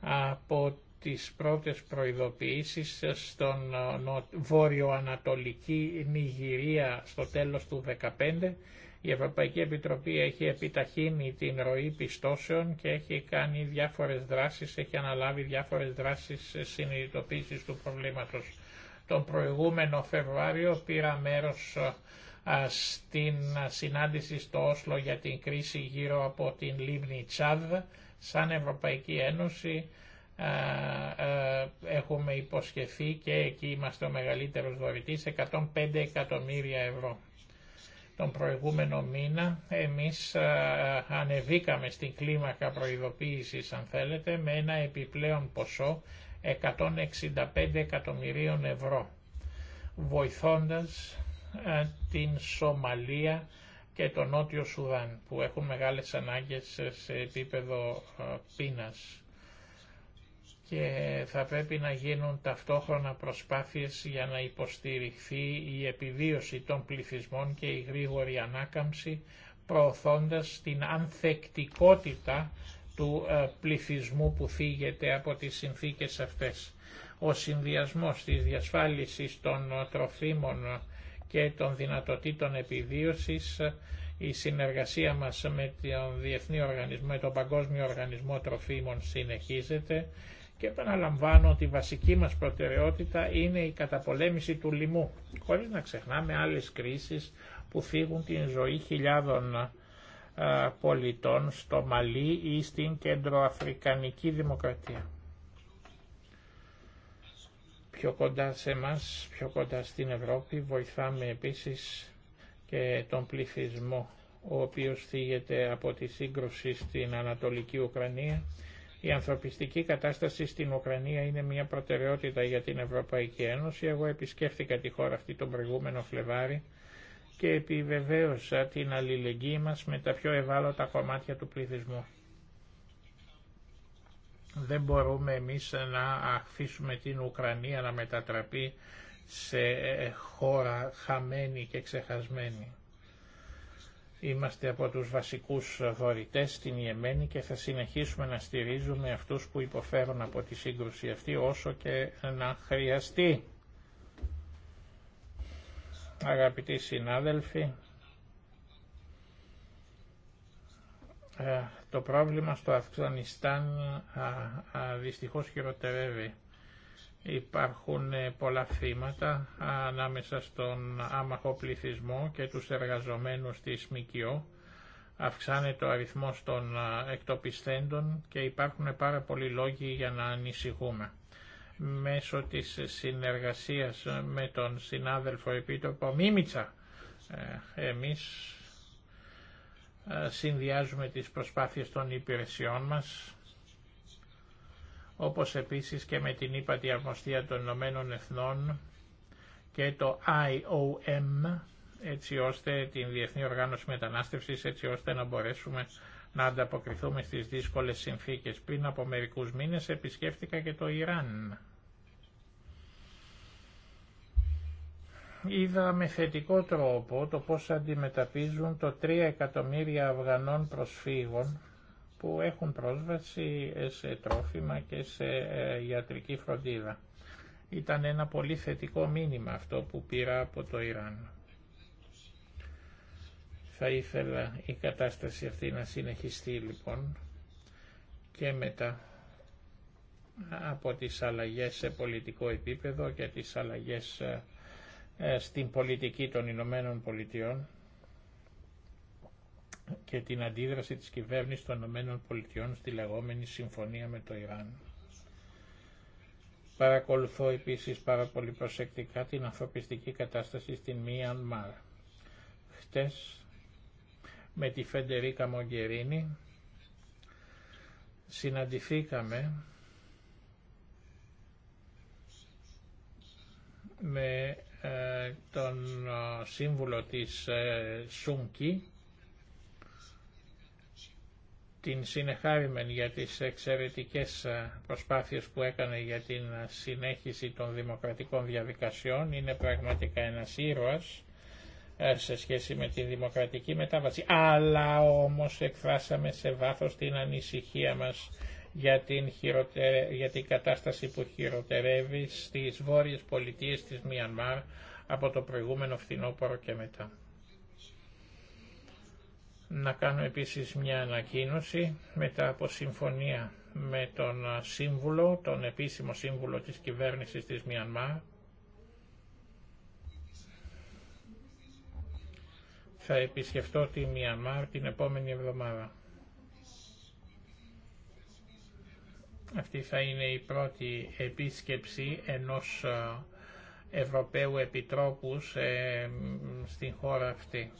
C: Από τις πρώτες προειδοποιήσεις στον βόρειο-ανατολική Νιγηρία στο τέλος του 2015 η Ευρωπαϊκή Επιτροπή έχει επιταχύνει την ροή πιστώσεων και έχει κάνει διάφορες δράσεις, έχει αναλάβει διάφορες δράσεις συνειδητοποίησης του προβλήματος. Τον προηγούμενο Φεβρουάριο πήρα μέρος στην συνάντηση στο Όσλο για την κρίση γύρω από την λίμνη Τσάδ. Σαν Ευρωπαϊκή Ένωση έχουμε υποσχεθεί και εκεί είμαστε ο μεγαλύτερος δωρητής 105 εκατομμύρια ευρώ. Τον προηγούμενο μήνα εμείς ανεβήκαμε στην κλίμακα προειδοποίησης αν θέλετε με ένα επιπλέον ποσό 165 εκατομμυρίων ευρώ βοηθώντας την Σομαλία και τον Νότιο Σουδάν που έχουν μεγάλες ανάγκες σε επίπεδο πείνας και θα πρέπει να γίνουν ταυτόχρονα προσπάθειες για να υποστηριχθεί η επιβίωση των πληθυσμών και η γρήγορη ανάκαμψη προωθώντας την ανθεκτικότητα του ε, πληθυσμού που φύγεται από τις συνθήκες αυτές. Ο συνδυασμός της διασφάλισης των ε, τροφίμων ε, και των δυνατοτήτων επιβίωσης, η συνεργασία μας με τον Διεθνή με τον Παγκόσμιο Οργανισμό Τροφίμων συνεχίζεται και επαναλαμβάνω ότι η βασική μας προτεραιότητα είναι η καταπολέμηση του λοιμού, χωρίς να ξεχνάμε άλλες κρίσεις που φύγουν την ζωή χιλιάδων πολιτών στο Μαλί ή στην Κεντροαφρικανική Δημοκρατία. Πιο κοντά σε μας, πιο κοντά στην Ευρώπη, βοηθάμε επίσης και τον πληθυσμό, ο οποίος θίγεται από τη σύγκρουση στην Ανατολική Ουκρανία η ανθρωπιστική κατάσταση στην Ουκρανία είναι μια προτεραιότητα για την Ευρωπαϊκή Ένωση. Εγώ επισκέφθηκα τη χώρα αυτή τον προηγούμενο Φλεβάρι και επιβεβαίωσα την αλληλεγγύη μας με τα πιο ευάλωτα κομμάτια του πληθυσμού. Δεν μπορούμε εμείς να αφήσουμε την Ουκρανία να μετατραπεί σε ε, χώρα χαμένη και ξεχασμένη. Είμαστε από τους βασικούς δωρητές στην Ιεμένη και θα συνεχίσουμε να στηρίζουμε αυτούς που υποφέρουν από τη σύγκρουση αυτή όσο και να χρειαστεί. Αγαπητοί συνάδελφοι, ε, το πρόβλημα στο Αφγανιστάν δυστυχώς χειροτερεύει. Υπάρχουν ε, πολλά θύματα ανάμεσα στον άμαχο πληθυσμό και τους εργαζομένους της ΜΚΟ. Αυξάνεται ο αριθμός των εκτοπιστέντων και υπάρχουν πάρα πολλοί λόγοι για να ανησυχούμε. Μέσω της συνεργασίας ε, με τον συνάδελφο επίτροπο Μίμητσα, ε, εμείς συνδυάζουμε τις προσπάθειες των υπηρεσιών μας όπως επίσης και με την ύπατη αρμοστία των Ηνωμένων Εθνών και το IOM, έτσι ώστε την Διεθνή Οργάνωση Μετανάστευσης, έτσι ώστε να μπορέσουμε να ανταποκριθούμε στις δύσκολες συνθήκες. Πριν από μερικούς μήνες επισκέφτηκα και το Ιράν. Είδα με θετικό τρόπο το πώς αντιμεταπίζουν το 3 εκατομμύρια Αυγανών προσφύγων που έχουν πρόσβαση σε τρόφιμα και σε ε, ιατρική φροντίδα. Ήταν ένα πολύ θετικό μήνυμα αυτό που πήρα από το Ιράν. Θα ήθελα η κατάσταση αυτή να συνεχιστεί λοιπόν και μετά από τις αλλαγές σε πολιτικό επίπεδο και τις αλλαγές ε, ε, στην πολιτική των Ηνωμένων Πολιτειών και την αντίδραση της κυβέρνησης των ΗΠΑ στη λεγόμενη συμφωνία με το Ιράν. Παρακολουθώ επίσης πάρα πολύ προσεκτικά την ανθρωπιστική κατάσταση στην Μαρ. Χτες με τη Φεντερίκα Μογκερίνη συναντηθήκαμε με ε, τον ε, σύμβουλο της ε, Σούνκι την συνεχάριμεν για τις εξαιρετικές ε, προσπάθειες που έκανε για την ε, συνέχιση των δημοκρατικών διαδικασιών. Είναι πραγματικά ένας ήρωας ε, σε σχέση με τη δημοκρατική μετάβαση. Αλλά όμως εκφράσαμε σε βάθος την ανησυχία μας για την, για την κατάσταση που χειροτερεύει στις βόρειες πολιτείες της Μιανμάρ από το προηγούμενο φθινόπωρο και μετά. Να κάνω επίσης μια ανακοίνωση μετά από συμφωνία με τον σύμβουλο, τον επίσημο σύμβουλο της κυβέρνησης της Μιανμά. Θα επισκεφτώ τη Μιανμάρ την επόμενη εβδομάδα. Αυτή θα είναι η πρώτη επίσκεψη ενός ε, Ευρωπαίου Επιτρόπου στην χώρα αυτή.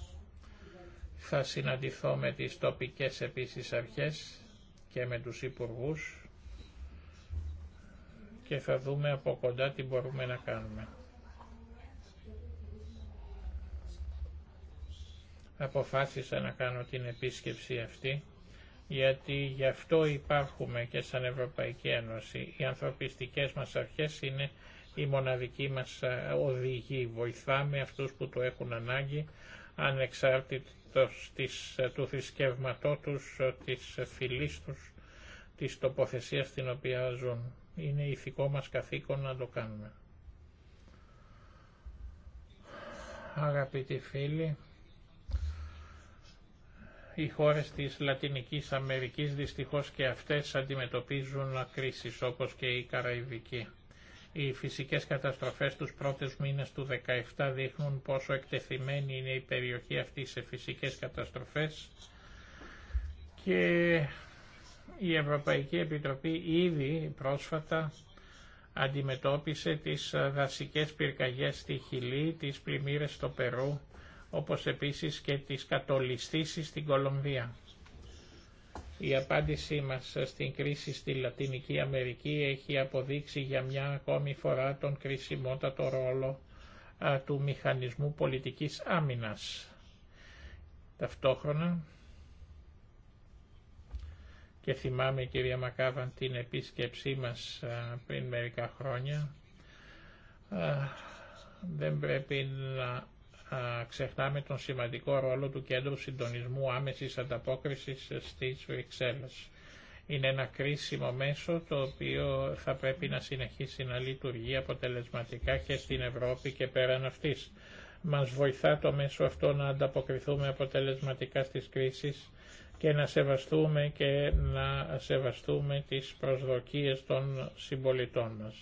C: Θα συναντηθώ με τις τοπικές επίσης αρχές και με τους υπουργούς και θα δούμε από κοντά τι μπορούμε να κάνουμε. Αποφάσισα να κάνω την επίσκεψη αυτή γιατί γι' αυτό υπάρχουμε και σαν Ευρωπαϊκή Ένωση. Οι ανθρωπιστικές μας αρχές είναι η μοναδική μας ε, οδηγή. Βοηθάμε αυτούς που το έχουν ανάγκη ανεξάρτητα ε, του θρησκευματό τους, ε, της ε, φυλής τους, της τοποθεσίας στην οποία ζουν. Είναι ηθικό μας καθήκον να το κάνουμε. Αγαπητοί φίλοι, οι χώρες της Λατινικής Αμερικής δυστυχώς και αυτές αντιμετωπίζουν κρίσεις όπως και η Καραϊβική. Οι φυσικές καταστροφές τους πρώτες μήνες του 2017 δείχνουν πόσο εκτεθειμένη είναι η περιοχή αυτή σε φυσικές καταστροφές και η Ευρωπαϊκή Επιτροπή ήδη πρόσφατα αντιμετώπισε τις δασικές πυρκαγιές στη Χιλή, τις πλημμύρες στο Περού, όπως επίσης και τις κατολιστήσεις στην Κολομβία. Η απάντησή μας στην κρίση στη Λατινική Αμερική έχει αποδείξει για μια ακόμη φορά τον κρισιμότατο ρόλο του μηχανισμού πολιτικής άμυνας. Ταυτόχρονα, και θυμάμαι κυρία Μακάβαν την επίσκεψή μας πριν μερικά χρόνια, δεν πρέπει να ξεχνάμε τον σημαντικό ρόλο του Κέντρου Συντονισμού Άμεσης Ανταπόκρισης στις Βρυξέλλες. Είναι ένα κρίσιμο μέσο το οποίο θα πρέπει να συνεχίσει να λειτουργεί αποτελεσματικά και στην Ευρώπη και πέραν αυτής. Μας βοηθά το μέσο αυτό να ανταποκριθούμε αποτελεσματικά στις κρίσεις και να σεβαστούμε και να σεβαστούμε τις προσδοκίες των συμπολιτών μας.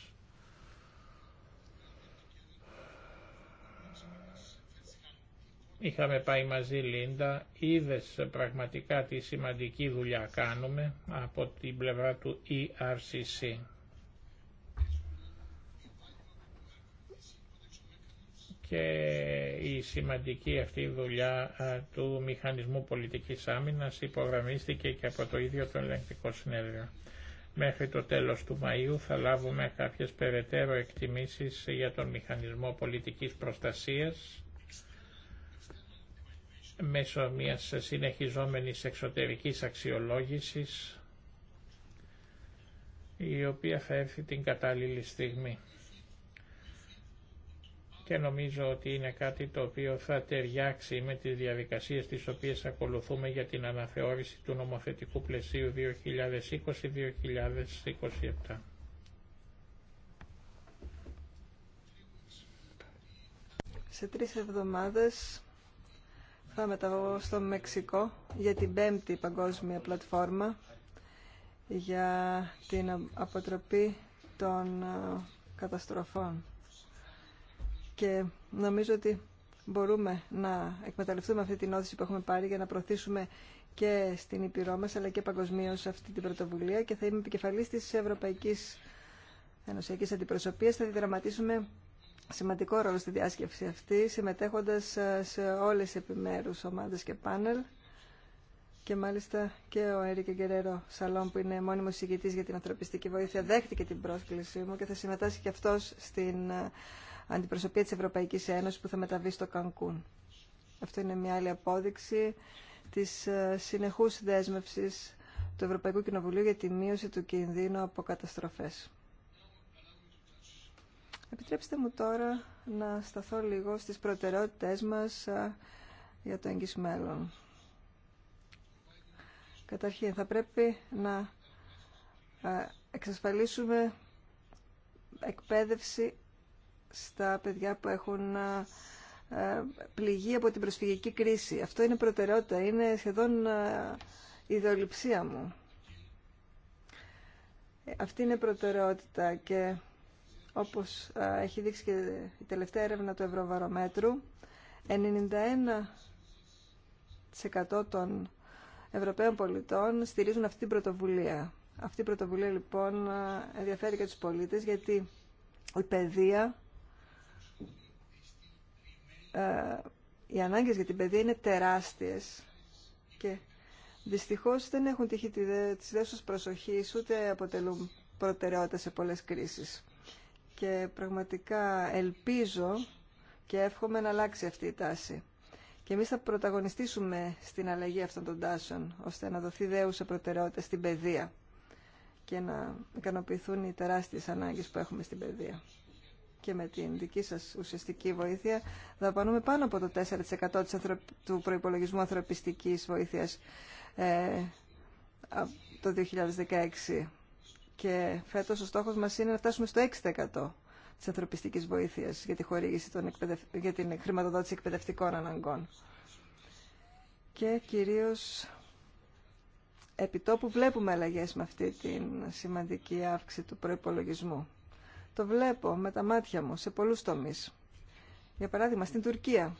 C: Είχαμε πάει μαζί Λίντα, είδες πραγματικά τι σημαντική δουλειά κάνουμε από την πλευρά του ERCC. και η σημαντική αυτή δουλειά του Μηχανισμού Πολιτικής Άμυνας υπογραμμίστηκε και από το ίδιο το ελεγκτικό συνέδριο. Μέχρι το τέλος του Μαΐου θα λάβουμε κάποιες περαιτέρω εκτιμήσεις για τον Μηχανισμό Πολιτικής Προστασίας μέσω μιας συνεχιζόμενης εξωτερικής αξιολόγησης η οποία θα έρθει την κατάλληλη στιγμή. Και νομίζω ότι είναι κάτι το οποίο θα ταιριάξει με τις διαδικασίες τις οποίες ακολουθούμε για την αναθεώρηση του νομοθετικού πλαισίου 2020-2027.
B: Σε τρεις εβδομάδες θα μεταβώ στο Μεξικό για την πέμπτη παγκόσμια πλατφόρμα για την αποτροπή των ε, καταστροφών. Και νομίζω ότι μπορούμε να εκμεταλλευτούμε αυτή την όθηση που έχουμε πάρει για να προωθήσουμε και στην Ήπειρό μας αλλά και παγκοσμίω αυτή την πρωτοβουλία και θα είμαι επικεφαλής της Ευρωπαϊκής Ενωσιακής Αντιπροσωπείας. Θα διδραματίσουμε σημαντικό ρόλο στη διάσκεψη αυτή, συμμετέχοντας ε, σε όλες τις επιμέρους ομάδες και πάνελ και μάλιστα και ο Έρικε Γκερέρο Σαλόν που είναι μόνιμος συγκητής για την ανθρωπιστική βοήθεια δέχτηκε την πρόσκλησή μου και θα συμμετάσχει και αυτός στην ε, αντιπροσωπεία της Ευρωπαϊκής Ένωσης που θα μεταβεί στο Κανκούν. Αυτό είναι μια άλλη απόδειξη της ε, συνεχούς δέσμευσης του Ευρωπαϊκού Κοινοβουλίου για τη μείωση του κινδύνου από καταστροφές. Επιτρέψτε μου τώρα να σταθώ λίγο στις προτεραιότητες μας για το έγκυς μέλλον. Καταρχήν, θα πρέπει να εξασφαλίσουμε εκπαίδευση στα παιδιά που έχουν πληγεί από την προσφυγική κρίση. Αυτό είναι προτεραιότητα, είναι σχεδόν ιδεολειψία μου. Ε, αυτή είναι προτεραιότητα και όπως ε, έχει δείξει και η τελευταία έρευνα του Ευρωβαρομέτρου, 91% των Ευρωπαίων πολιτών στηρίζουν αυτή την πρωτοβουλία. Αυτή η πρωτοβουλία λοιπόν ε, ενδιαφέρει και τους πολίτες γιατί η παιδεία, ε, οι ανάγκες για την παιδεία είναι τεράστιες και δυστυχώς δεν έχουν τύχει τη δέσους προσοχής ούτε αποτελούν προτεραιότητα σε πολλές κρίσεις και πραγματικά ελπίζω και εύχομαι να αλλάξει αυτή η τάση. Και εμείς θα πρωταγωνιστήσουμε στην αλλαγή αυτών των τάσεων, ώστε να δοθεί δέουσα προτεραιότητα στην παιδεία και να ικανοποιηθούν οι τεράστιες ανάγκες που έχουμε στην παιδεία. Και με την δική σας ουσιαστική βοήθεια δαπανούμε πάνω από το 4% του προϋπολογισμού ανθρωπιστικής βοήθειας ε, το 2016 και φέτος ο στόχος μας είναι να φτάσουμε στο 6% της ανθρωπιστικής βοήθειας για, τη χορήγηση των για την χρηματοδότηση εκπαιδευτικών αναγκών. Και κυρίως επιτόπου βλέπουμε αλλαγέ με αυτή τη σημαντική αύξηση του προϋπολογισμού. Το βλέπω με τα μάτια μου σε πολλούς τομείς. Για παράδειγμα, στην Τουρκία,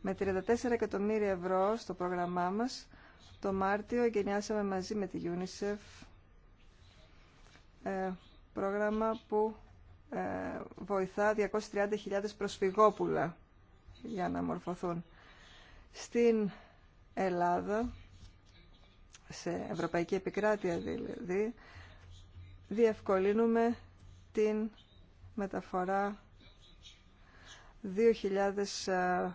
B: με 34 εκατομμύρια ευρώ στο πρόγραμμά μας, το Μάρτιο εγκαινιάσαμε μαζί με τη UNICEF ε, πρόγραμμα που ε, βοηθά 230.000 προσφυγόπουλα για να μορφωθούν. Στην Ελλάδα, σε ευρωπαϊκή επικράτεια δηλαδή, διευκολύνουμε την μεταφορά 2.000 ε,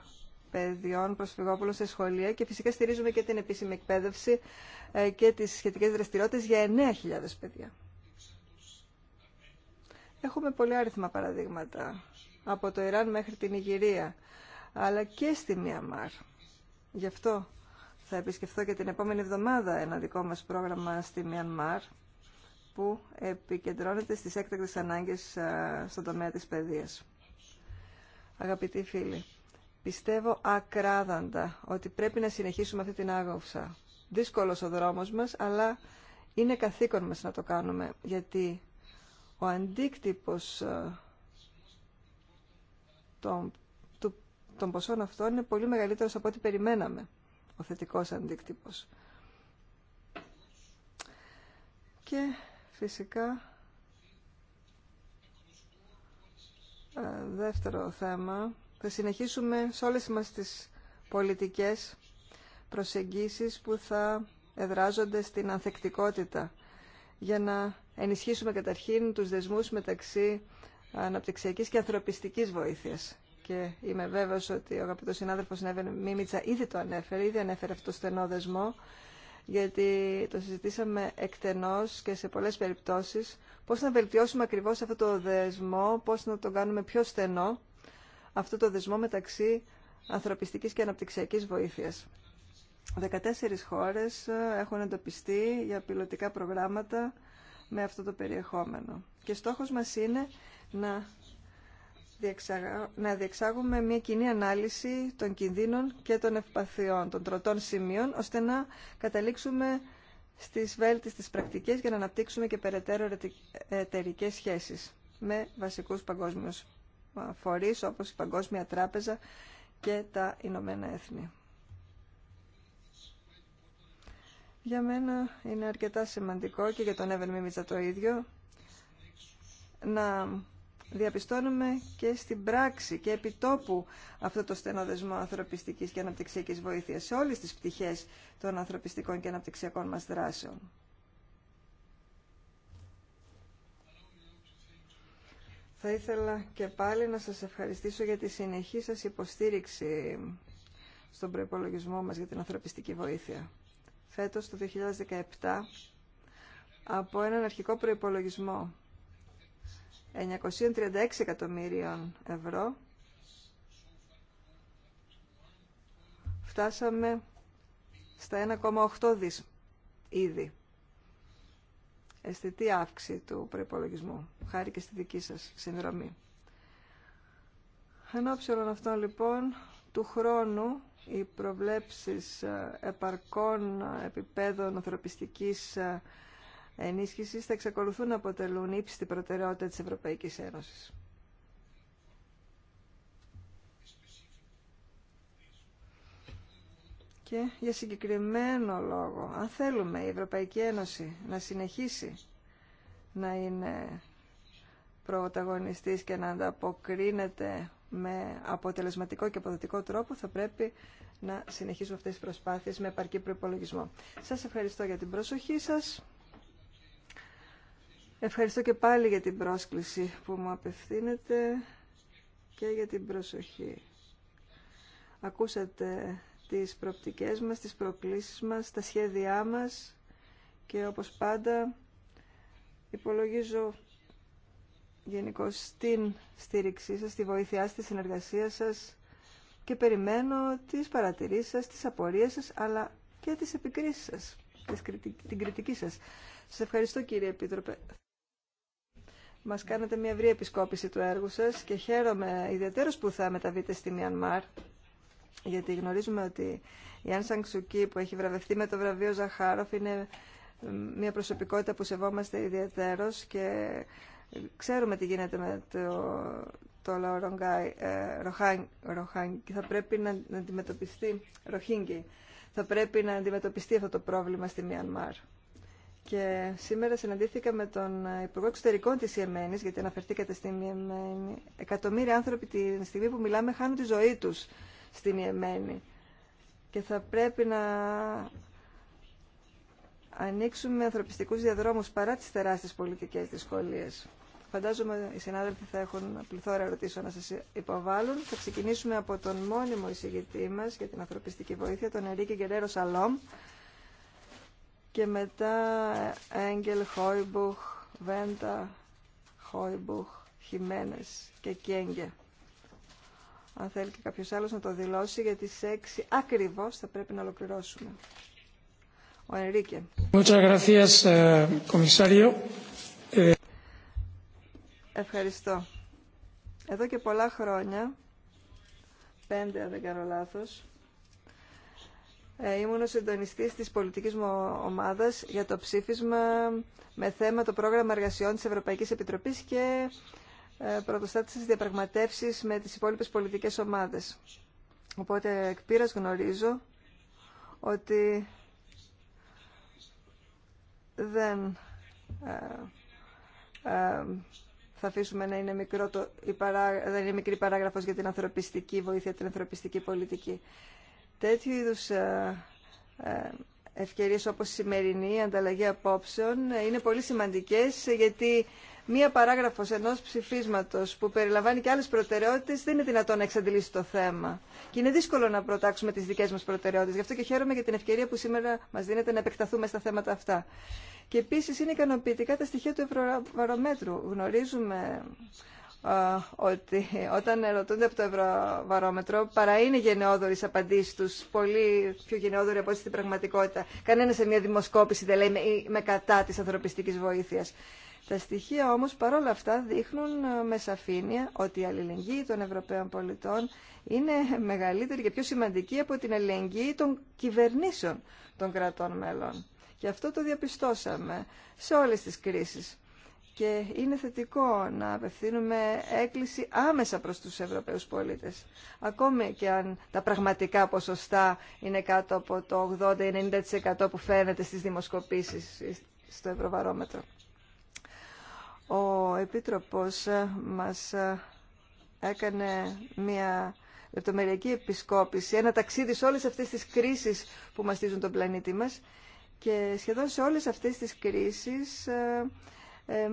B: παιδιών προσφυγόπουλων σε σχολεία και φυσικά στηρίζουμε και την επίσημη εκπαίδευση και τις σχετικές δραστηριότητες για 9.000 παιδιά. Έχουμε πολύ άριθμα παραδείγματα από το Ιράν μέχρι την Ιγυρία, αλλά και στη Μιαμάρ. Γι' αυτό θα επισκεφθώ και την επόμενη εβδομάδα ένα δικό μας πρόγραμμα στη Μιανμάρ που επικεντρώνεται στις έκτακτες ανάγκες στον τομέα της παιδείας. Αγαπητοί φίλοι, πιστεύω ακράδαντα ότι πρέπει να συνεχίσουμε αυτή την άγωψα. Δύσκολος ο δρόμος μας, αλλά είναι καθήκον μας να το κάνουμε, γιατί ο αντίκτυπος ε, των, του, των ποσών αυτών είναι πολύ μεγαλύτερος από ό,τι περιμέναμε, ο θετικός αντίκτυπος. Και φυσικά ε, δεύτερο θέμα, θα συνεχίσουμε σε όλες μας τις πολιτικές προσεγγίσεις που θα εδράζονται στην ανθεκτικότητα για να ενισχύσουμε καταρχήν τους δεσμούς μεταξύ αναπτυξιακής και ανθρωπιστικής βοήθειας. Και είμαι βέβαιος ότι ο αγαπητός συνάδελφος Νέβεν Μίμητσα ήδη το ανέφερε, ήδη ανέφερε αυτό το στενό δεσμό, γιατί το συζητήσαμε εκτενώς και σε πολλές περιπτώσεις πώς να βελτιώσουμε ακριβώς αυτό το δεσμό, πώς να το κάνουμε πιο στενό, αυτό το δεσμό μεταξύ ανθρωπιστικής και αναπτυξιακής βοήθειας. 14 χώρες έχουν εντοπιστεί για πιλωτικά προγράμματα με αυτό το περιεχόμενο. Και στόχος μας είναι να, να διεξάγουμε μια κοινή ανάλυση των κινδύνων και των ευπαθειών, των τροτών σημείων, ώστε να καταλήξουμε στις βέλτιστες πρακτικές για να αναπτύξουμε και περαιτέρω εταιρικέ σχέσεις με βασικούς παγκόσμιους φορείς όπως η Παγκόσμια Τράπεζα και τα Ηνωμένα Έθνη. Για μένα είναι αρκετά σημαντικό και για τον Εύεν Μίμητσα το ίδιο να διαπιστώνουμε και στην πράξη και επιτόπου αυτό το στενό δεσμό ανθρωπιστικής και αναπτυξιακής βοήθειας σε όλες τις πτυχές των ανθρωπιστικών και αναπτυξιακών μας δράσεων. Θα ήθελα και πάλι να σας ευχαριστήσω για τη συνεχή σας υποστήριξη στον προϋπολογισμό μας για την ανθρωπιστική βοήθεια φέτος το 2017 από έναν αρχικό προϋπολογισμό 936 εκατομμύριων ευρώ φτάσαμε στα 1,8 δις ήδη. Αισθητή αύξηση του προϋπολογισμού, χάρη και στη δική σας συνδρομή. Εν όλων αυτών λοιπόν, του χρόνου οι προβλέψεις ε, επαρκών επιπέδων ανθρωπιστικής ε, ενίσχυσης θα εξακολουθούν να αποτελούν ύψιστη προτεραιότητα της Ευρωπαϊκής Ένωσης. Και για συγκεκριμένο λόγο, αν θέλουμε η Ευρωπαϊκή Ένωση να συνεχίσει να είναι πρωταγωνιστής και να ανταποκρίνεται με αποτελεσματικό και αποδοτικό τρόπο θα πρέπει να συνεχίσουμε αυτές τις προσπάθειες με επαρκή προπολογισμό. Σας ευχαριστώ για την προσοχή σας. Ευχαριστώ και πάλι για την πρόσκληση που μου απευθύνετε και για την προσοχή. Ακούσατε τις προπτικές μας, τις προκλήσεις μας, τα σχέδιά μας και όπως πάντα υπολογίζω γενικώ στην στήριξή σας, στη βοήθειά στη συνεργασία σας και περιμένω τις παρατηρήσεις σας, τις απορίες σας, αλλά και τις επικρίσεις σας, την κριτική σας. Σας ευχαριστώ κύριε Επίτροπε. Μας κάνατε μια ευρή επισκόπηση του έργου σας και χαίρομαι ιδιαίτερος που θα μεταβείτε στη Μιανμάρ, γιατί γνωρίζουμε ότι η Αν Σανξουκή που έχει βραβευτεί με το βραβείο Ζαχάροφ είναι μια προσωπικότητα που σεβόμαστε ιδιαίτερος και Ξέρουμε τι γίνεται με το, το λαό ε, Ροχάν, και θα πρέπει να, να αντιμετωπιστεί Θα πρέπει να αντιμετωπιστεί αυτό το πρόβλημα στη Μιανμάρ. Και σήμερα συναντήθηκα με τον Υπουργό Εξωτερικών της Ιεμένης, γιατί αναφερθήκατε στην Ιεμένη. Εκατομμύρια άνθρωποι τη στιγμή που μιλάμε χάνουν τη ζωή τους στην Ιεμένη. Και θα πρέπει να ανοίξουμε ανθρωπιστικούς διαδρόμους παρά τις τεράστιες πολιτικές δυσκολίες. Φαντάζομαι οι συνάδελφοι θα έχουν πληθώρα ερωτήσεων να σας υποβάλουν. Θα ξεκινήσουμε από τον μόνιμο εισηγητή μας για την ανθρωπιστική βοήθεια, τον Ερίκη Γκερέρο Σαλόμ και μετά Έγγελ Χόιμπουχ, Βέντα Χόιμπουχ, Χιμένες και Κέγγε. Αν θέλει και κάποιος άλλος να το δηλώσει, γιατί σε έξι ακριβώς θα πρέπει να ολοκληρώσουμε. Eh, eh, Ευχαριστώ. Εδώ και πολλά χρόνια, πέντε αν δεν κάνω λάθος, ε, ήμουν ο συντονιστής της πολιτικής μου ομάδας για το ψήφισμα με θέμα το πρόγραμμα εργασιών της Ευρωπαϊκής Επιτροπής και ε, πρωτοστάτησε διαπραγματεύσεις με τις υπόλοιπες πολιτικές ομάδες. Οπότε εκ γνωρίζω ότι δεν ε, ε, θα αφήσουμε να είναι, μικρό το, η παρά, δεν είναι μικρή παράγραφος για την ανθρωπιστική βοήθεια, την ανθρωπιστική πολιτική. Τέτοιου είδους ε, ευκαιρίες όπως η σημερινή, ανταλλαγή απόψεων, είναι πολύ σημαντικές γιατί μία παράγραφό ενό ψηφίσματο που περιλαμβάνει και άλλε προτεραιότητε δεν είναι δυνατόν να εξαντλήσει το θέμα. Και είναι δύσκολο να προτάξουμε τι δικέ μα προτεραιότητες. Γι' αυτό και χαίρομαι για την ευκαιρία που σήμερα μα δίνεται να επεκταθούμε στα θέματα αυτά. Και επίση είναι ικανοποιητικά τα στοιχεία του Ευρωβαρομέτρου. Γνωρίζουμε ότι όταν ερωτούνται από το Ευρωβαρόμετρο παρά είναι γενναιόδορε απαντήσει τους, πολύ πιο γενναιόδοροι από ό,τι στην πραγματικότητα. Κανένα σε μια δημοσκόπηση δεν λέει με κατά τη ανθρωπιστική βοήθεια. Τα στοιχεία όμως παρόλα αυτά δείχνουν ε, με σαφήνεια ότι η αλληλεγγύη των Ευρωπαίων πολιτών είναι μεγαλύτερη και πιο σημαντική από την αλληλεγγύη των κυβερνήσεων των κρατών μέλων. Και αυτό το διαπιστώσαμε σε όλες τις κρίσεις. Και είναι θετικό να απευθύνουμε έκκληση άμεσα προς τους Ευρωπαίους πολίτες. Ακόμη και αν τα πραγματικά ποσοστά είναι κάτω από το 80-90% που φαίνεται στις δημοσκοπήσεις στο Ευρωβαρόμετρο. Ο Επίτροπος ε, μας ε, έκανε μια λεπτομεριακή επισκόπηση, ένα ταξίδι σε όλες αυτές τις κρίσεις που μαστίζουν τον πλανήτη μας και σχεδόν σε όλες αυτές τις κρίσεις ε,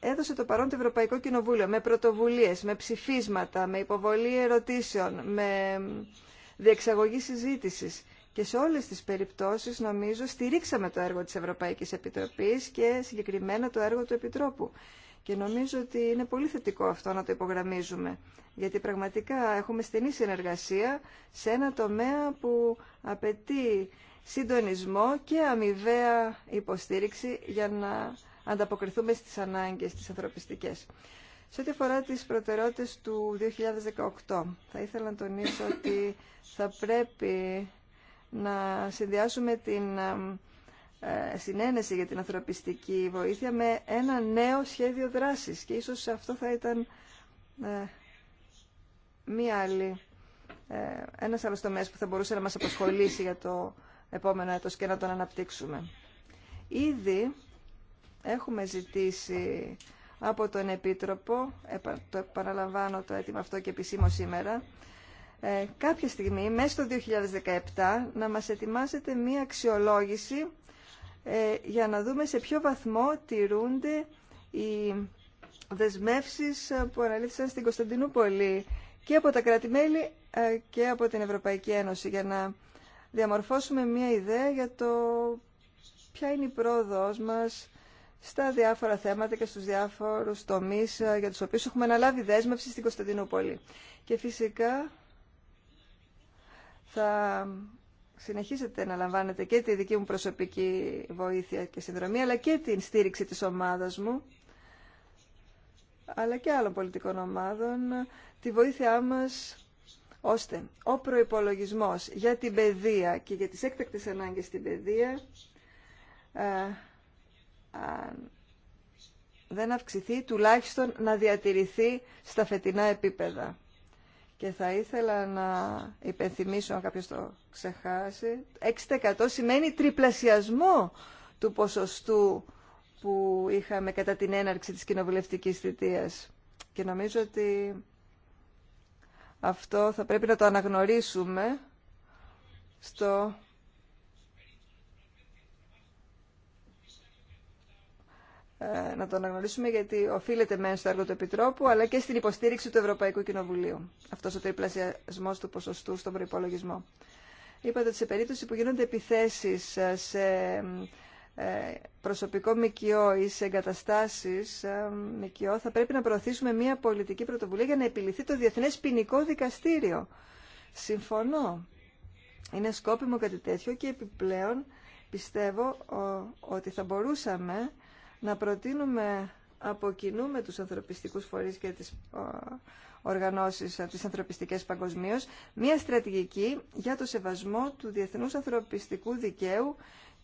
B: έδωσε το παρόν το Ευρωπαϊκό Κοινοβούλιο με πρωτοβουλίες, με ψηφίσματα, με υποβολή ερωτήσεων, με διεξαγωγή συζήτησης. Και σε όλες τις περιπτώσεις, νομίζω, στηρίξαμε το έργο της Ευρωπαϊκής Επιτροπής και συγκεκριμένα το έργο του Επιτρόπου. Και νομίζω ότι είναι πολύ θετικό αυτό να το υπογραμμίζουμε, γιατί πραγματικά έχουμε στενή συνεργασία σε ένα τομέα που απαιτεί συντονισμό και αμοιβαία υποστήριξη για να ανταποκριθούμε στις ανάγκες τις ανθρωπιστικές. Σε ό,τι αφορά τις προτεραιότητες του 2018, θα ήθελα να τονίσω ότι θα πρέπει να συνδυάσουμε την ε, συνένεση για την ανθρωπιστική βοήθεια με ένα νέο σχέδιο δράσης και ίσως αυτό θα ήταν ε, μία άλλη, ε, ένας άλλος τομέας που θα μπορούσε να μας απασχολήσει για το επόμενο έτος και να τον αναπτύξουμε. Ήδη έχουμε ζητήσει από τον Επίτροπο, το επαναλαμβάνω το αίτημα αυτό και επισήμω σήμερα, ε, κάποια στιγμή, μέσα στο 2017, να μας ετοιμάσετε μία αξιολόγηση ε, για να δούμε σε ποιο βαθμό τηρούνται οι δεσμεύσεις ε, που αναλύθησαν στην Κωνσταντινούπολη και από τα κράτη-μέλη ε, και από την Ευρωπαϊκή Ένωση για να διαμορφώσουμε μία ιδέα για το ποια είναι η πρόοδος μας στα διάφορα θέματα και στους διάφορους τομείς για τους οποίους έχουμε αναλάβει δέσμευση στην Κωνσταντινούπολη. Και φυσικά θα συνεχίσετε να λαμβάνετε και τη δική μου προσωπική βοήθεια και συνδρομή, αλλά και την στήριξη της ομάδας μου, αλλά και άλλων πολιτικών ομάδων, τη βοήθειά μας ώστε ο προϋπολογισμός για την παιδεία και για τις έκτακτες ανάγκες στην παιδεία ε, δεν αυξηθεί, τουλάχιστον να διατηρηθεί στα φετινά επίπεδα. Και θα ήθελα να υπενθυμίσω, αν κάποιος το ξεχάσει, 6% σημαίνει τριπλασιασμό του ποσοστού που είχαμε κατά την έναρξη της κοινοβουλευτικής θητείας. Και νομίζω ότι αυτό θα πρέπει να το αναγνωρίσουμε στο Ε, να το αναγνωρίσουμε γιατί οφείλεται μέσα στο έργο του Επιτρόπου αλλά και στην υποστήριξη του Ευρωπαϊκού Κοινοβουλίου. Αυτό ο τριπλασιασμός του ποσοστού στον προϋπολογισμό. Είπατε ότι σε περίπτωση που γίνονται επιθέσεις ε, σε ε, προσωπικό μοικιό ή σε εγκαταστάσεις ΜΚΙΟ θα πρέπει να προωθήσουμε μια πολιτική πρωτοβουλία για να επιληθεί το Διεθνές Ποινικό Δικαστήριο. Συμφωνώ. Είναι σκόπιμο κάτι τέτοιο και επιπλέον πιστεύω ότι θα μπορούσαμε να προτείνουμε από κοινού με τους ανθρωπιστικούς φορείς και τις οργανώσεις, ε, τις ανθρωπιστικές παγκοσμίω, μια στρατηγική για το σεβασμό του διεθνούς ανθρωπιστικού δικαίου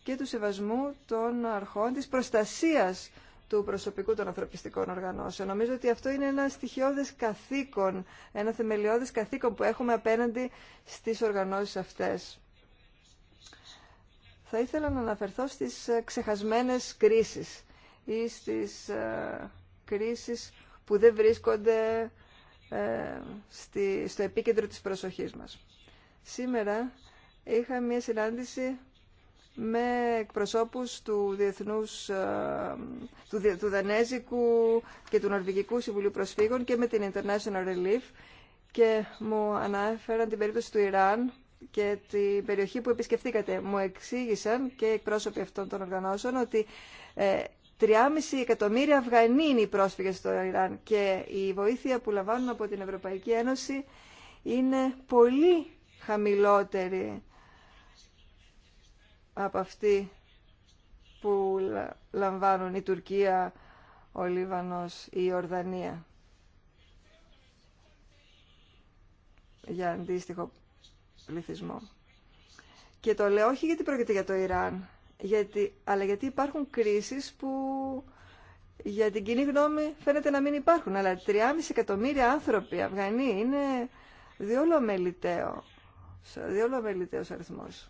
B: και του σεβασμού των αρχών της προστασίας του προσωπικού των ανθρωπιστικών οργανώσεων. Νομίζω ότι αυτό είναι ένα στοιχειώδες καθήκον, ένα θεμελιώδες καθήκον που έχουμε απέναντι στις οργανώσεις αυτές. Θα ήθελα να αναφερθώ στις ε, ξεχασμένες κρίσεις ή στις ε, κρίσεις που δεν βρίσκονται ε, στο επίκεντρο της προσοχής μας. Σήμερα είχα μία συνάντηση με εκπροσώπους του, διεθνούς, ε, του, του Δανέζικου και του Νορβηγικού Συμβουλίου Προσφύγων και με την International Relief και μου ανάφεραν την περίπτωση του Ιράν και την περιοχή που επισκεφτήκατε. Μου εξήγησαν και οι εκπρόσωποι αυτών των οργανώσεων ότι 3,5 εκατομμύρια Αφγανοί είναι οι πρόσφυγες στο Ιράν και η βοήθεια που λαμβάνουν από την Ευρωπαϊκή Ένωση είναι πολύ χαμηλότερη από αυτή που λαμβάνουν η Τουρκία, ο Λίβανος ή η Ορδανία για αντίστοιχο πληθυσμό. Και το λέω όχι γιατί πρόκειται για το Ιράν, γιατί, αλλά γιατί υπάρχουν κρίσεις που για την κοινή γνώμη φαίνεται να μην υπάρχουν. Αλλά 3,5 εκατομμύρια άνθρωποι Αυγανοί είναι διόλου μελιτέο. διόλου αριθμός.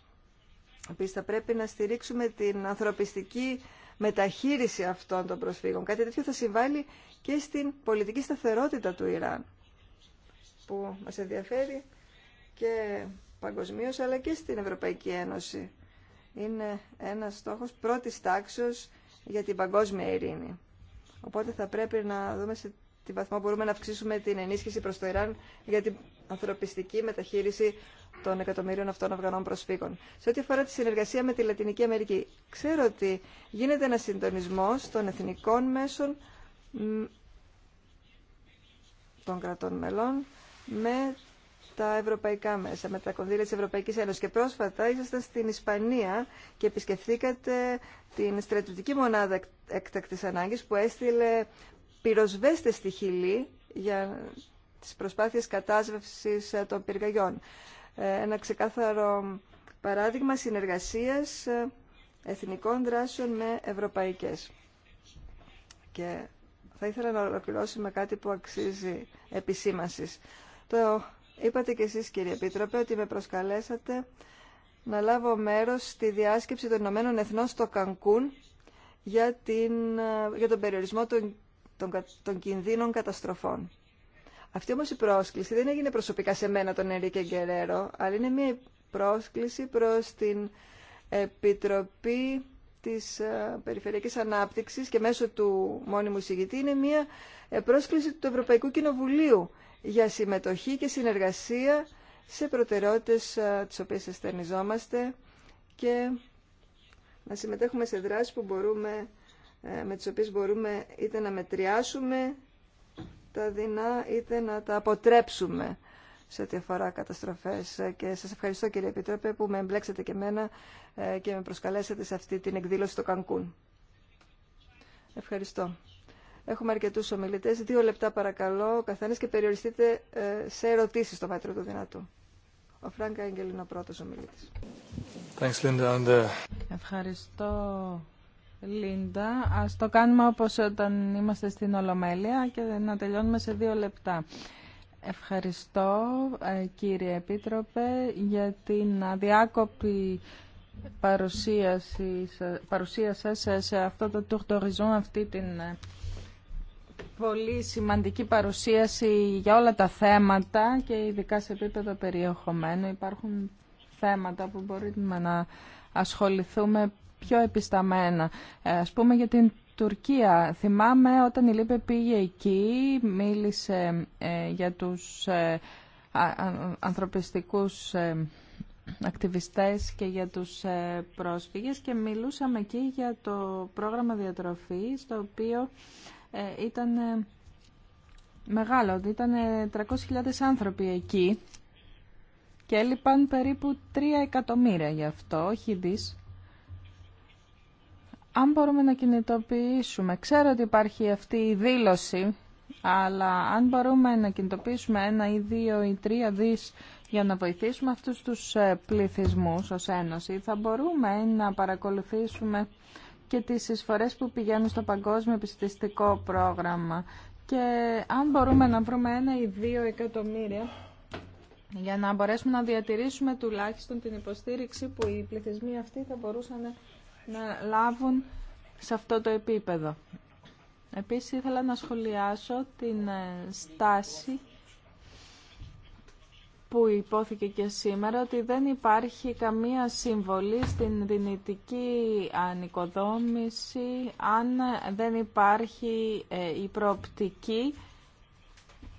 B: Επίσης θα πρέπει να στηρίξουμε την ανθρωπιστική μεταχείριση αυτών των προσφύγων. Κάτι τέτοιο θα συμβάλλει και στην πολιτική σταθερότητα του Ιράν που μας ενδιαφέρει και παγκοσμίω αλλά και στην Ευρωπαϊκή Ένωση είναι ένας στόχος πρώτης τάξης για την παγκόσμια ειρήνη. Οπότε θα πρέπει να δούμε σε τι βαθμό μπορούμε να αυξήσουμε την ενίσχυση προς το Ιράν για την ανθρωπιστική μεταχείριση των εκατομμύριων αυτών αυγανών προσφύγων. Σε ό,τι αφορά τη συνεργασία με τη Λατινική Αμερική, ξέρω ότι γίνεται ένα συντονισμό των εθνικών μέσων των κρατών μελών με τα ευρωπαϊκά μέσα, με τα κονδύλια τη Ευρωπαϊκή Ένωση. Και πρόσφατα ήσασταν στην Ισπανία και επισκεφθήκατε την στρατιωτική μονάδα έκτακτη ανάγκης που έστειλε πυροσβέστε στη Χιλή για τις προσπάθειες κατάσβευση ε, των πυρκαγιών. Ε, ένα ξεκάθαρο παράδειγμα συνεργασίας ε, εθνικών δράσεων με ευρωπαϊκές. Και θα ήθελα να ολοκληρώσω κάτι που αξίζει επισήμασης. Το Είπατε και εσείς κύριε Επίτροπε ότι με προσκαλέσατε να λάβω μέρος στη διάσκεψη των Ηνωμένων Εθνών στο Κανκούν για, την, για τον περιορισμό των, των, των κινδύνων καταστροφών. Αυτή όμως η πρόσκληση δεν έγινε προσωπικά σε μένα τον Ερίκε Γκερέρο, αλλά είναι μια πρόσκληση προς την Επιτροπή της ε, Περιφερειακής Ανάπτυξης και μέσω του μόνιμου συγητή είναι μια ε, πρόσκληση του Ευρωπαϊκού Κοινοβουλίου για συμμετοχή και συνεργασία σε προτεραιότητες τις οποίες εστερνιζόμαστε και να συμμετέχουμε σε δράσεις που μπορούμε, ε, με τις οποίες μπορούμε είτε να μετριάσουμε τα δεινά είτε να τα αποτρέψουμε σε ό,τι αφορά καταστροφές. Ε, και σας ευχαριστώ κύριε Επιτρόπε που με εμπλέξατε και μένα ε, και με προσκαλέσατε σε αυτή την εκδήλωση στο Κανκούν. Ευχαριστώ. Έχουμε αρκετού ομιλητέ. Δύο λεπτά παρακαλώ ο καθένα και περιοριστείτε ε, σε ερωτήσεις στο μέτρο του δυνατού. Ο Φράγκα Έγγελ είναι ο πρώτος ομιλητής.
E: Ε,
D: Ευχαριστώ, Λίντα. Α το κάνουμε όπω όταν είμαστε στην Ολομέλεια και να τελειώνουμε σε δύο λεπτά. Ευχαριστώ, ε, κύριε Επίτροπε, για την αδιάκοπη παρουσία σας σε αυτό το Tour αυτή την πολύ σημαντική παρουσίαση για όλα τα θέματα και ειδικά σε επίπεδο περιεχομένου. Υπάρχουν θέματα που μπορούμε να ασχοληθούμε πιο επισταμένα. Ε, ας πούμε για την Τουρκία. Θυμάμαι όταν η Λίπε πήγε εκεί, μίλησε ε, για τους ε, ανθρωπιστικούς ακτιβιστές και για τους πρόσφυγες και μιλούσαμε εκεί για το πρόγραμμα διατροφής το οποίο ε, ήταν ε, μεγάλο, ήταν 300.000 ε, άνθρωποι εκεί και έλειπαν περίπου 3 εκατομμύρια γι' αυτό, όχι δις. Αν μπορούμε να κινητοποιήσουμε, ξέρω ότι υπάρχει αυτή η δήλωση, αλλά αν μπορούμε να κινητοποιήσουμε ένα ή δύο ή τρία δις για να βοηθήσουμε αυτούς τους πληθυσμούς ως Ένωση, θα μπορούμε να παρακολουθήσουμε και τις εισφορές που πηγαίνουν στο παγκόσμιο επιστηστικό πρόγραμμα. Και αν μπορούμε να βρούμε ένα ή δύο εκατομμύρια για να μπορέσουμε να διατηρήσουμε τουλάχιστον την υποστήριξη που οι πληθυσμοί αυτοί θα μπορούσαν να λάβουν σε αυτό το επίπεδο. Επίσης ήθελα να σχολιάσω την ε, στάση που υπόθηκε και σήμερα ότι δεν υπάρχει καμία συμβολή στην δυνητική ανοικοδόμηση αν δεν υπάρχει ε, η προοπτική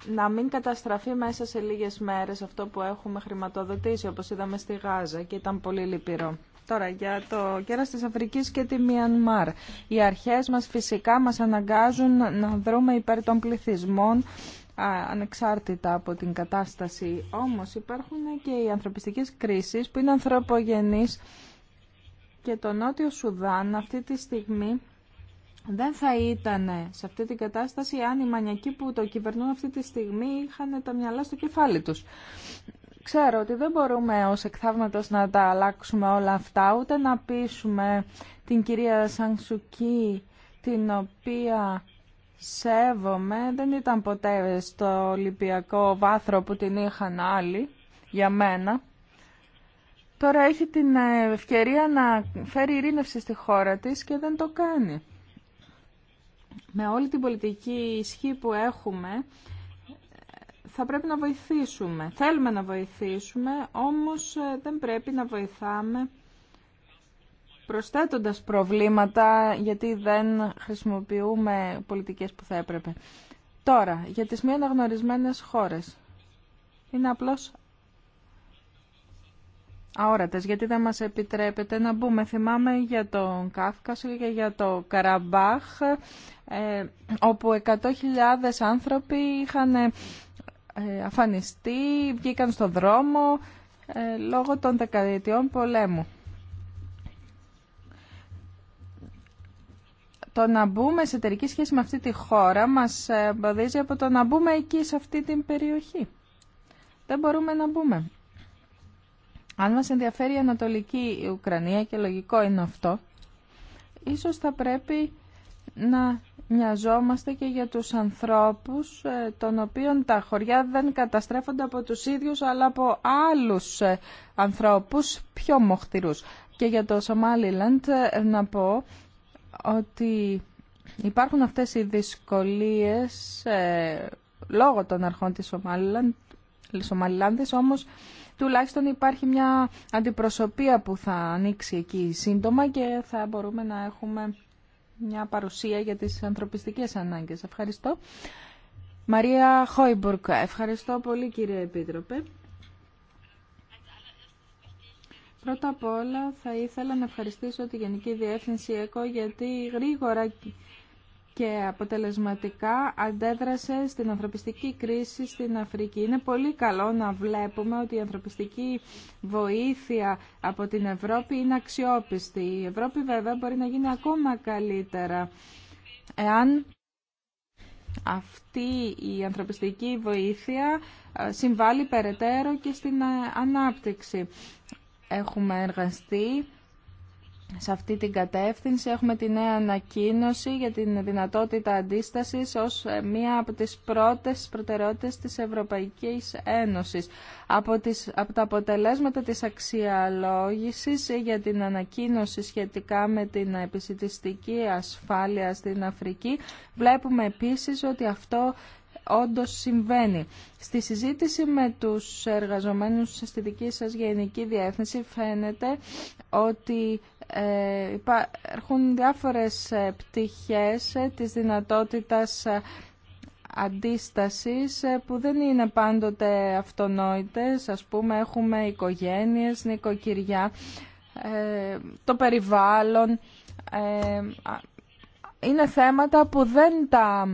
D: να μην καταστραφεί μέσα σε λίγες μέρες αυτό που έχουμε χρηματοδοτήσει όπως είδαμε στη Γάζα και ήταν πολύ λυπηρό. Τώρα για το κέρας της Αφρικής και τη Μιανμάρ. Οι αρχές μας φυσικά μας αναγκάζουν να δρούμε υπέρ των πληθυσμών ανεξάρτητα από την κατάσταση. Όμως υπάρχουν και οι ανθρωπιστικές κρίσεις που είναι ανθρωπογενείς και το Νότιο Σουδάν αυτή τη στιγμή δεν θα ήταν σε αυτή την κατάσταση αν οι μανιακοί που το κυβερνούν αυτή τη στιγμή είχαν τα μυαλά στο κεφάλι τους. Ξέρω ότι δεν μπορούμε ως εκθαύματος να τα αλλάξουμε όλα αυτά, ούτε να πείσουμε την κυρία Σανσουκή την οποία σέβομαι. Δεν ήταν ποτέ στο Ολυμπιακό βάθρο που την είχαν άλλοι για μένα. Τώρα έχει την ε, ευκαιρία να φέρει ειρήνευση στη χώρα της και δεν το κάνει. Με όλη την πολιτική ισχύ που έχουμε, θα πρέπει να βοηθήσουμε. Θέλουμε να βοηθήσουμε, όμως ε, δεν πρέπει να βοηθάμε προσθέτοντας προβλήματα γιατί δεν χρησιμοποιούμε πολιτικές που θα έπρεπε. Τώρα, για τις μη αναγνωρισμένες χώρες. Είναι απλώς αόρατες, γιατί δεν μας επιτρέπεται να μπούμε. Θυμάμαι για τον Κάφκασο και για το Καραμπάχ, ε, όπου 100.000 άνθρωποι είχαν ε, αφανιστεί, βγήκαν στο δρόμο ε, λόγω των δεκαετιών πολέμου. το να μπούμε σε εταιρική σχέση με αυτή τη χώρα μας εμποδίζει από το να μπούμε εκεί σε αυτή την περιοχή. Δεν μπορούμε να μπούμε. Αν μας ενδιαφέρει η Ανατολική Ουκρανία και λογικό είναι αυτό, ίσως θα πρέπει να μοιαζόμαστε και για τους ανθρώπους ε, των οποίων τα χωριά δεν καταστρέφονται από τους ίδιους αλλά από άλλους ε, ανθρώπους πιο μοχτηρούς. Και για το Σομάλιλαντ ε, να πω ότι υπάρχουν αυτές οι δυσκολίες ε, λόγω των αρχών της Σομαλιλάνδης, όμως τουλάχιστον υπάρχει μια αντιπροσωπεία που θα ανοίξει εκεί σύντομα και θα μπορούμε να έχουμε μια παρουσία για τις ανθρωπιστικές ανάγκες. Ευχαριστώ. Μαρία Χόιμπουρκ, ευχαριστώ πολύ κύριε Επίτροπε. Πρώτα απ' όλα θα ήθελα να ευχαριστήσω τη Γενική Διεύθυνση ΕΚΟ γιατί γρήγορα και αποτελεσματικά αντέδρασε στην ανθρωπιστική κρίση στην Αφρική. Είναι πολύ καλό να βλέπουμε ότι η ανθρωπιστική βοήθεια από την Ευρώπη είναι αξιόπιστη. Η Ευρώπη βέβαια μπορεί να γίνει ακόμα καλύτερα εάν αυτή η ανθρωπιστική βοήθεια ε, συμβάλλει περαιτέρω και στην ε, ανάπτυξη έχουμε εργαστεί σε αυτή την κατεύθυνση. Έχουμε τη νέα ανακοίνωση για την δυνατότητα αντίστασης ως ε, μία από τις πρώτες προτεραιότητες της Ευρωπαϊκής Ένωσης. Από, τις, από τα αποτελέσματα της αξιαλόγησης για την ανακοίνωση σχετικά με την επισητιστική ασφάλεια στην Αφρική βλέπουμε επίσης ότι αυτό όντως συμβαίνει. Στη συζήτηση με τους εργαζομένους στη δική σας γενική διεύθυνση φαίνεται ότι ε, υπάρχουν διάφορες ε, πτυχές ε, της δυνατότητας αντίστασης που δεν είναι πάντοτε αυτονόητες. Ας πούμε έχουμε οικογένειες, νοικοκυριά, το περιβάλλον. Είναι θέματα που δεν τα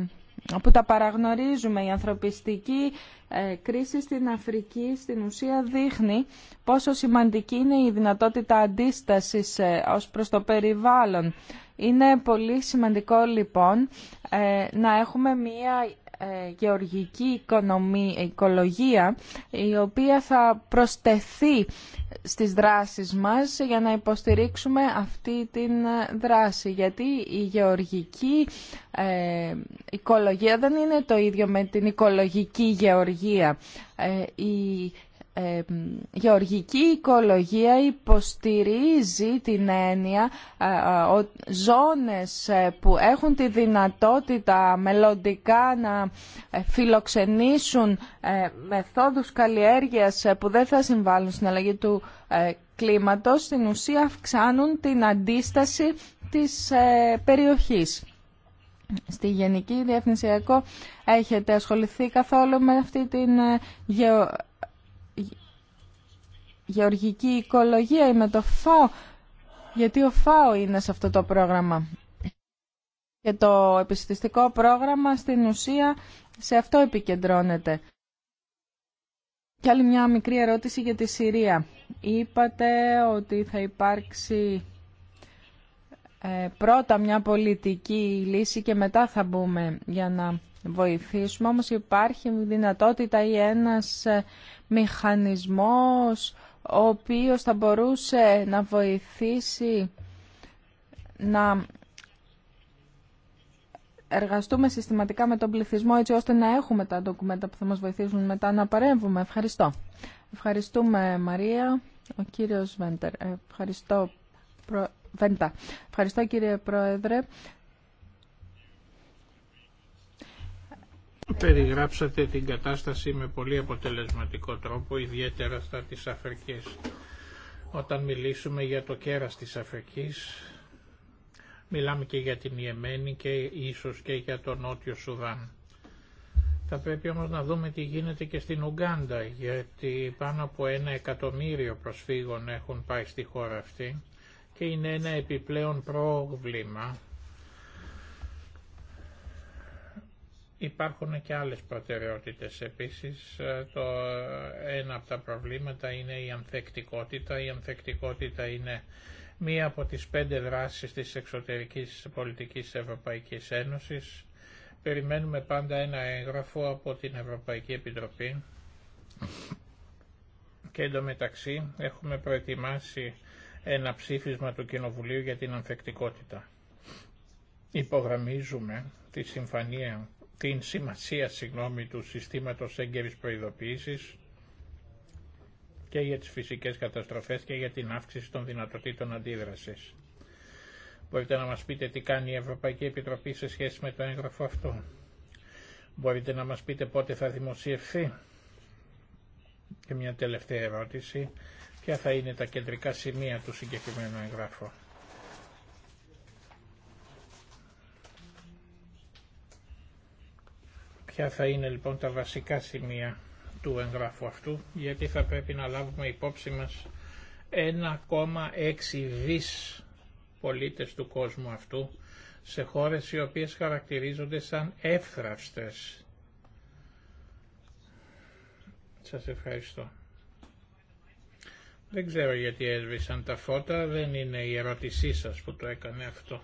D: που τα παραγνωρίζουμε. Η ανθρωπιστική ε, κρίση στην Αφρική στην ουσία δείχνει πόσο σημαντική είναι η δυνατότητα αντίστασης ε, ως προς το περιβάλλον. Είναι πολύ σημαντικό λοιπόν ε, να έχουμε μία ε, γεωργική οικολογία η οποία θα προστεθεί στις δράσεις μας για να υποστηρίξουμε αυτή την δράση. Γιατί η γεωργική ε, οικολογία δεν είναι το ίδιο με την οικολογική γεωργία. Ε, η γεωργική οικολογία υποστηρίζει την έννοια ε, ε, ζώνες ε, που έχουν τη δυνατότητα μελλοντικά να φιλοξενήσουν μεθόδους καλλιέργειας που δεν θα συμβάλλουν στην αλλαγή του κλίματος στην ουσία αυξάνουν την αντίσταση της περιοχής. Στη Γενική Διευθυνσιακό έχετε ασχοληθεί καθόλου με αυτή την γεωργική οικολογία ή με το ΦΑΟ, γιατί ο ΦΑΟ είναι σε αυτό το πρόγραμμα. Και το επιστηστικό πρόγραμμα στην ουσία σε αυτό επικεντρώνεται. Και άλλη μια μικρή ερώτηση για τη Συρία. Είπατε ότι θα υπάρξει ε, πρώτα μια πολιτική λύση και μετά θα μπούμε για να βοηθήσουμε. Όμως υπάρχει δυνατότητα ή ένας ε, μηχανισμός ο οποίος θα μπορούσε να βοηθήσει να εργαστούμε συστηματικά με τον πληθυσμό έτσι ώστε να έχουμε τα ντοκουμέντα που θα μας βοηθήσουν μετά να παρέμβουμε. Ευχαριστώ. Ευχαριστούμε Μαρία, ο κύριος Βέντερ. Ε, ευχαριστώ, Ευχαριστώ κύριε Πρόεδρε.
C: Περιγράψατε την κατάσταση με πολύ αποτελεσματικό τρόπο, ιδιαίτερα στα της Αφρικής. Όταν μιλήσουμε για το κέρας της Αφρικής, μιλάμε και για την Ιεμένη και ίσως και για τον Νότιο Σουδάν. Θα πρέπει όμως να δούμε τι γίνεται και στην Ουγκάντα, γιατί πάνω από ένα εκατομμύριο προσφύγων έχουν πάει στη χώρα αυτή και είναι ένα επιπλέον πρόβλημα Υπάρχουν και άλλες προτεραιότητες επίσης. Ε, το ε, ένα από τα προβλήματα είναι η ανθεκτικότητα. Η ανθεκτικότητα είναι μία από τις πέντε δράσεις της εξωτερικής πολιτικής Ευρωπαϊκής Ένωσης. Περιμένουμε πάντα ένα έγγραφο από την Ευρωπαϊκή Επιτροπή και εντωμεταξύ έχουμε προετοιμάσει ένα ψήφισμα του Κοινοβουλίου για την ανθεκτικότητα. Υπογραμμίζουμε τη συμφωνία την σημασία συγγνώμη, του συστήματος έγκαιρης προειδοποίησης και για τις φυσικές καταστροφές και για την αύξηση των δυνατοτήτων αντίδρασης. Μπορείτε να μας πείτε τι κάνει η Ευρωπαϊκή Επιτροπή σε σχέση με το έγγραφο αυτό. Μπορείτε να μας πείτε πότε θα δημοσιευθεί. Και μια τελευταία ερώτηση. Ποια θα είναι τα κεντρικά σημεία του συγκεκριμένου εγγράφου. Ποια θα είναι λοιπόν τα βασικά σημεία του εγγράφου αυτού, γιατί θα πρέπει να λάβουμε υπόψη μας 1,6 δις πολίτες του κόσμου αυτού σε χώρες οι οποίες χαρακτηρίζονται σαν εύθραυστες. Σας ευχαριστώ. Δεν ξέρω γιατί έσβησαν τα φώτα, δεν είναι η ερώτησή σας που το έκανε αυτό.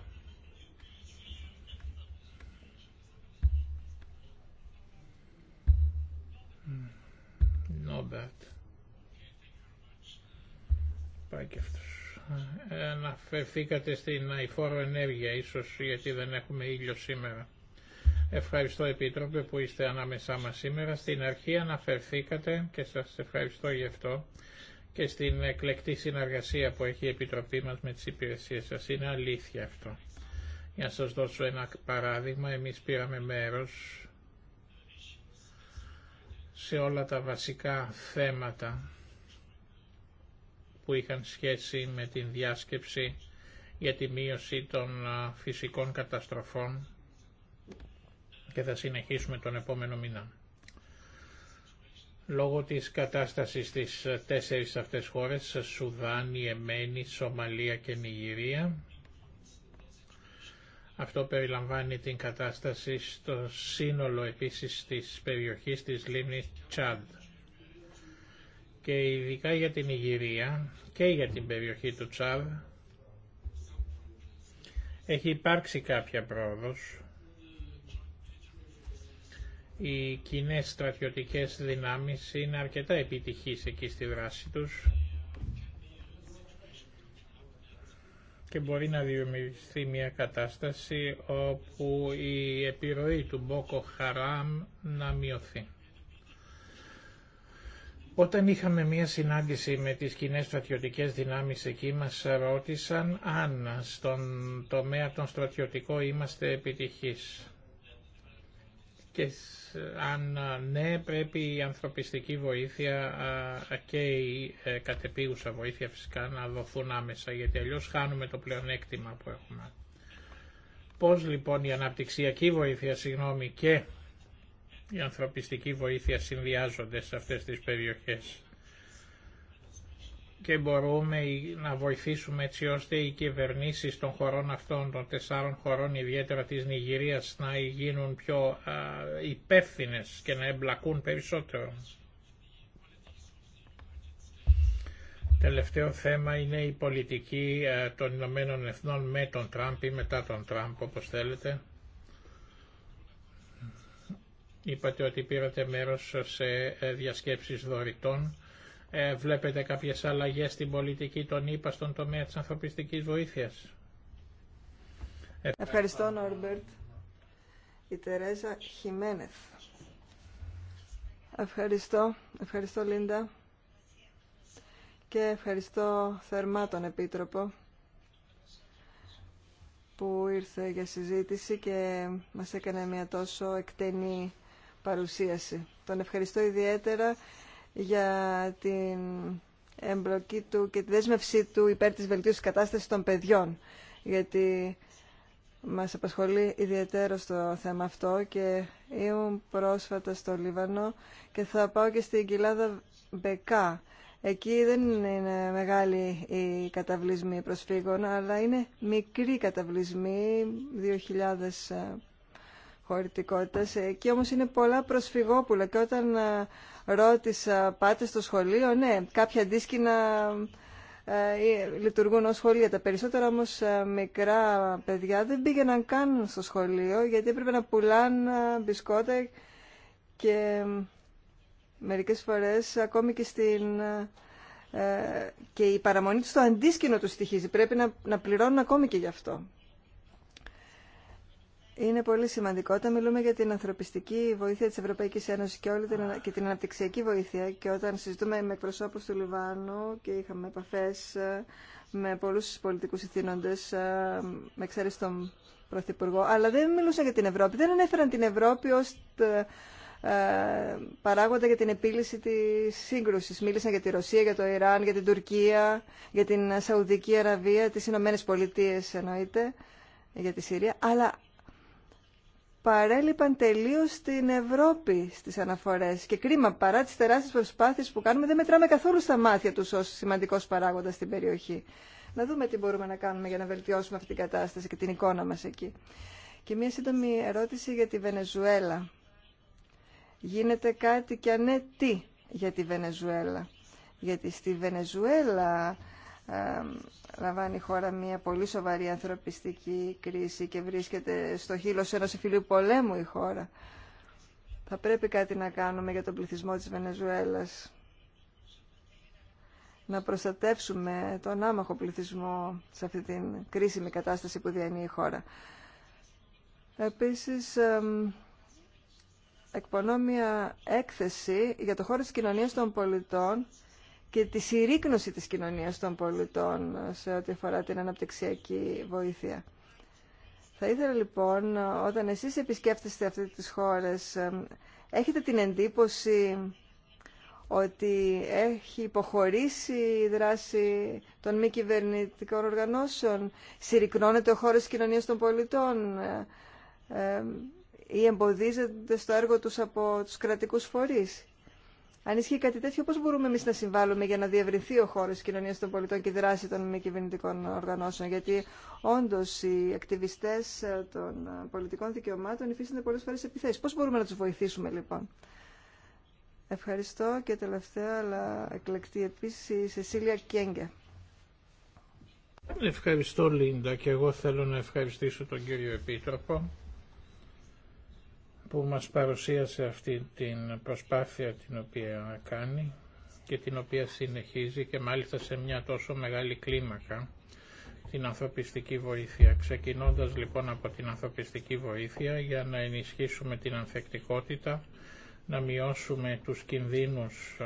C: Νόμπερτ. Πάει και αυτός. Αναφερθήκατε στην αηφόρο ενέργεια, ίσως γιατί δεν έχουμε ήλιο σήμερα. Ευχαριστώ Επίτροπε που είστε ανάμεσά μας σήμερα. Στην αρχή αναφερθήκατε και σας ευχαριστώ γι' αυτό και στην εκλεκτή συνεργασία που έχει η Επιτροπή μας με τις υπηρεσίες σας. Είναι αλήθεια αυτό. Για να σας δώσω ένα παράδειγμα, εμείς πήραμε μέρος σε όλα τα βασικά θέματα που είχαν σχέση με την διάσκεψη για τη μείωση των φυσικών καταστροφών και θα συνεχίσουμε τον επόμενο μήνα. Λόγω της κατάστασης της τέσσερις αυτές χώρες, Σουδάν, Ιεμένη, Σομαλία και Νιγηρία, αυτό περιλαμβάνει την κατάσταση στο σύνολο επίσης της περιοχής της λίμνης Τσάντ και ειδικά για την Ιγυρία και για την περιοχή του Τσάντ έχει υπάρξει κάποια πρόοδος. Οι κοινές στρατιωτικές δυνάμεις είναι αρκετά επιτυχείς εκεί στη δράση τους και μπορεί να δημιουργηθεί μια κατάσταση όπου η επιρροή του Μπόκο Χαράμ να μειωθεί. Όταν είχαμε μία συνάντηση με τις κοινέ στρατιωτικέ δυνάμεις εκεί μας ρώτησαν αν στον τομέα των στρατιωτικών είμαστε επιτυχείς και αν ναι πρέπει η ανθρωπιστική βοήθεια και η ε, κατεπίγουσα βοήθεια φυσικά να δοθούν άμεσα γιατί αλλιώς χάνουμε το πλεονέκτημα που έχουμε. Πώς λοιπόν η αναπτυξιακή βοήθεια συγγνώμη και η ανθρωπιστική βοήθεια συνδυάζονται σε αυτές τις περιοχές και μπορούμε να βοηθήσουμε έτσι ώστε οι κυβερνήσεις των χωρών αυτών, των τεσσάρων χωρών, ιδιαίτερα της Νιγηρίας, να γίνουν πιο υπεύθυνε και να εμπλακούν περισσότερο. Τελευταίο θέμα είναι η πολιτική των Ηνωμένων Εθνών με τον Τραμπ ή μετά τον Τραμπ, όπως θέλετε. Είπατε ότι πήρατε μέρος σε ε, διασκέψεις δωρητών ε, βλέπετε κάποιες αλλαγές στην πολιτική των ΗΠΑ στον τομέα της ανθρωπιστικής βοήθειας. Ευχαριστώ,
B: Νόρμπερτ. Η Τερέζα Χιμένεθ. Ευχαριστώ. Ευχαριστώ, Λίντα. Και ευχαριστώ θερμά τον Επίτροπο που ήρθε για συζήτηση και μας έκανε μια τόσο εκτενή παρουσίαση. Τον ευχαριστώ ιδιαίτερα για την εμπλοκή του και τη δέσμευσή του υπέρ της βελτίωσης κατάστασης των παιδιών. Γιατί μας απασχολεί ιδιαίτερο στο θέμα αυτό και ήμουν πρόσφατα στο Λίβανο και θα πάω και στην κοιλάδα Μπεκά. Εκεί δεν είναι μεγάλη η καταβλισμή προσφύγων, αλλά είναι μικρή καταβλισμή, 2.000 ε, χωρητικότητες Εκεί όμως είναι πολλά προσφυγόπουλα και όταν ε, ρώτησα πάτε στο σχολείο, ναι, κάποια αντίσκηνα ε, λειτουργούν ως σχολεία. Τα περισσότερα όμως ε, μικρά παιδιά δεν πήγαιναν καν στο σχολείο γιατί έπρεπε να πουλάνε μπισκότα και μερικές φορές ακόμη και στην... Ε, και η παραμονή του στο αντίσκηνο του στοιχίζει. Πρέπει να, να πληρώνουν ακόμη και γι' αυτό. Είναι πολύ σημαντικό όταν μιλούμε για την ανθρωπιστική βοήθεια τη Ευρωπαϊκή Ένωση και, όλη την, και την αναπτυξιακή βοήθεια και όταν συζητούμε με εκπροσώπους του Λιβάνου και είχαμε επαφέ ε, με πολλού πολιτικού ηθήνοντε, ε, με ξέρει τον Πρωθυπουργό, αλλά δεν μιλούσαν για την Ευρώπη. Δεν ανέφεραν την Ευρώπη ω ε, παράγοντα για την επίλυση τη σύγκρουση. Μίλησαν για τη Ρωσία, για το Ιράν, για την Τουρκία, για την Σαουδική Αραβία, τι Ηνωμένε Πολιτείε εννοείται, για τη Συρία, αλλά παρέλειπαν τελείως στην Ευρώπη στις αναφορές. Και κρίμα, παρά τις τεράστιες προσπάθειες που κάνουμε, δεν μετράμε καθόλου στα μάτια τους ω σημαντικός παράγοντας στην περιοχή. Να δούμε τι μπορούμε να κάνουμε για να βελτιώσουμε αυτή την κατάσταση και την εικόνα μας εκεί. Και μια σύντομη ερώτηση για τη Βενεζουέλα. Γίνεται κάτι και ανέ ναι, τι για τη Βενεζουέλα. Γιατί στη Βενεζουέλα ε, λαμβάνει η χώρα μια πολύ σοβαρή ανθρωπιστική κρίση και βρίσκεται στο σε ενός εμφυλίου πολέμου η χώρα. Θα πρέπει κάτι να κάνουμε για τον πληθυσμό της Βενεζουέλας. Να προστατεύσουμε τον άμαχο πληθυσμό σε αυτή την κρίσιμη κατάσταση που διανύει η χώρα. Επίσης, εκπονώ μια έκθεση για το χώρο της κοινωνίας των πολιτών και τη συρρήκνωση της κοινωνίας των πολιτών σε ό,τι αφορά την αναπτυξιακή βοήθεια. Θα ήθελα λοιπόν, όταν εσείς επισκέφτεστε αυτές τις χώρες, έχετε την εντύπωση ότι έχει υποχωρήσει η δράση των μη κυβερνητικών οργανώσεων, συρρυκνώνεται ο χώρος κοινωνίας των πολιτών ή εμποδίζεται στο έργο τους από τους κρατικούς φορείς. Αν ισχύει κάτι τέτοιο, πώ μπορούμε εμεί να συμβάλλουμε για να διευρυνθεί ο χώρο τη κοινωνία των πολιτών και η δράση των μη κυβερνητικών οργανώσεων. Γιατί όντω οι ακτιβιστέ ε, των ε, πολιτικών δικαιωμάτων υφίστανται πολλέ φορέ επιθέσει. Πώ μπορούμε να του βοηθήσουμε, λοιπόν. Ευχαριστώ και τελευταία, αλλά εκλεκτή επίση η Σεσίλια Κέγκε.
C: Ευχαριστώ Λίντα και εγώ θέλω να ευχαριστήσω τον κύριο Επίτροπο που μας παρουσίασε αυτή την προσπάθεια την οποία κάνει και την οποία συνεχίζει και μάλιστα σε μια τόσο μεγάλη κλίμακα την ανθρωπιστική βοήθεια. Ξεκινώντας λοιπόν από την ανθρωπιστική βοήθεια για να ενισχύσουμε την ανθεκτικότητα, να μειώσουμε τους κινδύνους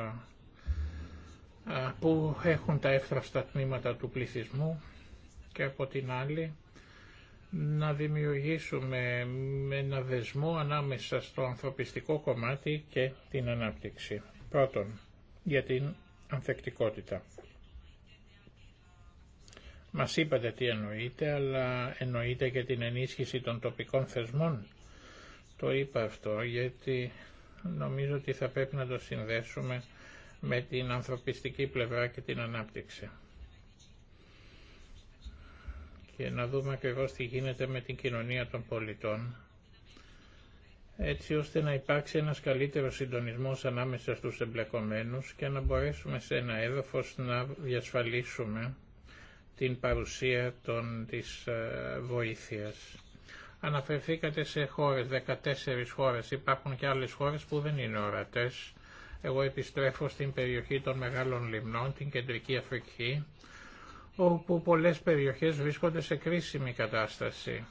C: που έχουν τα εύθραυστα τμήματα του πληθυσμού και από την άλλη να δημιουργήσουμε ένα δεσμό ανάμεσα στο ανθρωπιστικό κομμάτι και την ανάπτυξη. Πρώτον, για την ανθεκτικότητα. Μα είπατε τι εννοείται, αλλά εννοείται και την ενίσχυση των τοπικών θεσμών. Το είπα αυτό γιατί νομίζω ότι θα πρέπει να το συνδέσουμε με την ανθρωπιστική πλευρά και την ανάπτυξη και να δούμε ακριβώς τι γίνεται με την κοινωνία των πολιτών έτσι ώστε να υπάρξει ένας καλύτερος συντονισμός ανάμεσα στους εμπλεκομένους και να μπορέσουμε σε ένα έδαφος να διασφαλίσουμε την παρουσία των, της ε, βοήθειας. Αναφερθήκατε σε χώρες, 14 χώρες, υπάρχουν και άλλες χώρες που δεν είναι ορατές. Εγώ επιστρέφω στην περιοχή των Μεγάλων Λιμνών, την Κεντρική Αφρική, όπου πολλές περιοχές βρίσκονται σε κρίσιμη κατάσταση.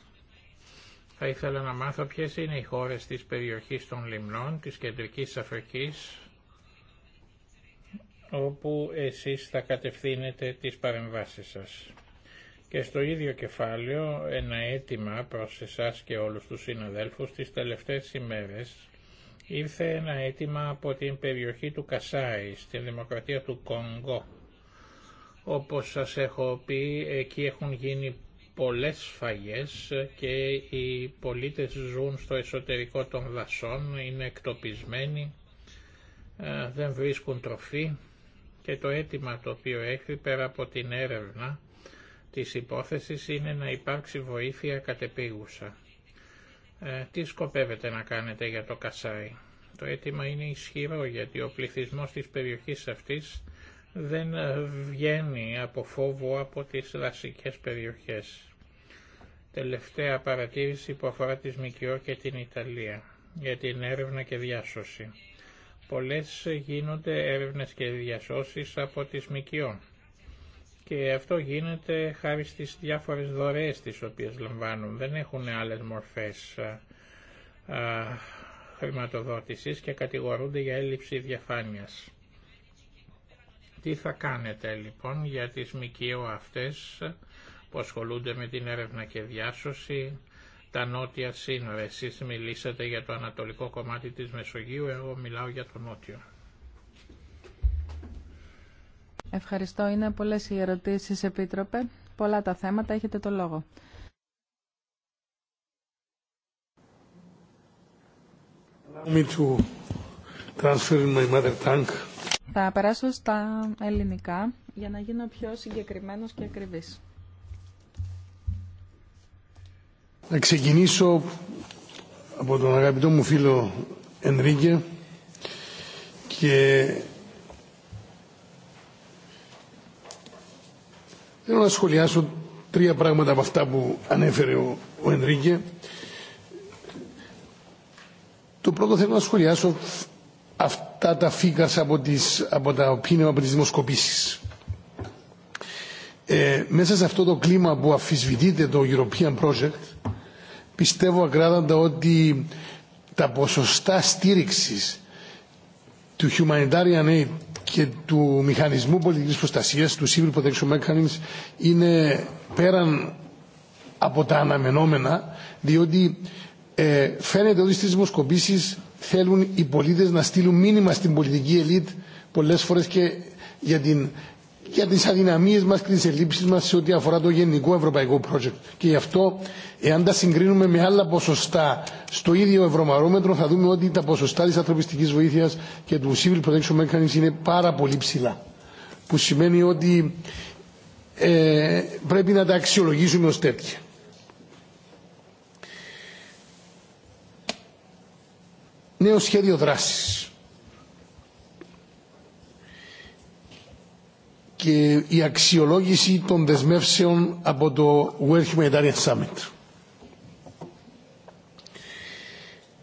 C: Θα ήθελα να μάθω ποιες είναι οι χώρες της περιοχής των λιμνών, της κεντρικής Αφρικής, όπου εσείς θα κατευθύνετε τις παρεμβάσεις σας. Και στο ίδιο κεφάλαιο ένα αίτημα προς εσάς και όλους τους συναδέλφους τις τελευταίες ημέρες ήρθε ένα αίτημα από την περιοχή του Κασάη, στην Δημοκρατία του Κόγκο. Όπως σας έχω πει, εκεί έχουν γίνει πολλές σφαγές και οι πολίτες ζουν στο εσωτερικό των δασών, είναι εκτοπισμένοι, ε, δεν βρίσκουν τροφή και το αίτημα το οποίο έχει πέρα από την έρευνα της υπόθεσης είναι να υπάρξει βοήθεια κατεπίγουσα. Ε, τι σκοπεύετε να κάνετε για το Κασάι. Το αίτημα είναι ισχυρό γιατί ο πληθυσμός της περιοχής αυτής δεν ε, βγαίνει από φόβο από τις δασικές περιοχές. Τελευταία παρατήρηση που αφορά τις ΜΚΟ και την Ιταλία για την έρευνα και διάσωση. Πολλές γίνονται έρευνες και διασώσεις από τις ΜΚΟ και αυτό γίνεται χάρη στις διάφορες δωρεές τις οποίες λαμβάνουν. Δεν έχουν άλλες μορφές ε, ε, χρηματοδότησης και κατηγορούνται για έλλειψη διαφάνειας. Τι θα κάνετε λοιπόν για τις ΜΚΟ αυτές που ασχολούνται με την έρευνα και διάσωση, τα νότια σύνορα. Εσείς μιλήσατε για το ανατολικό κομμάτι της Μεσογείου, εγώ μιλάω για το νότιο.
D: Ευχαριστώ. Είναι πολλές οι ερωτήσεις, Επίτροπε. Πολλά τα θέματα. Έχετε το λόγο. Θα περάσω στα ελληνικά για να γίνω πιο συγκεκριμένος και ακριβής.
E: Να ξεκινήσω από τον αγαπητό μου φίλο Ενρίγκε και θέλω να σχολιάσω τρία πράγματα από αυτά που ανέφερε ο, ο Το πρώτο θέλω να σχολιάσω αυτό τα φύγας από, τις, από τα πίνεμα από τις δημοσκοπήσεις. Ε, μέσα σε αυτό το κλίμα που αφισβητείται το European Project πιστεύω ακράδαντα ότι τα ποσοστά στήριξης του Humanitarian Aid και του Μηχανισμού Πολιτικής Προστασίας, του Civil Protection Mechanism, είναι πέραν από τα αναμενόμενα, διότι ε, φαίνεται ότι στις δημοσκοπήσεις θέλουν οι πολίτες να στείλουν μήνυμα στην πολιτική ελίτ πολλές φορές και για, την, για τις αδυναμίες μας και τις ελλείψεις μας σε ό,τι αφορά το γενικό ευρωπαϊκό project. Και γι' αυτό, εάν τα συγκρίνουμε με άλλα ποσοστά στο ίδιο ευρωμαρόμετρο, θα δούμε ότι τα ποσοστά της ανθρωπιστικής βοήθειας και του Civil Protection Mechanism είναι πάρα πολύ ψηλά. Που σημαίνει ότι ε, πρέπει να τα αξιολογήσουμε ως τέτοια. νέο σχέδιο δράσης. και η αξιολόγηση των δεσμεύσεων από το World Humanitarian Summit.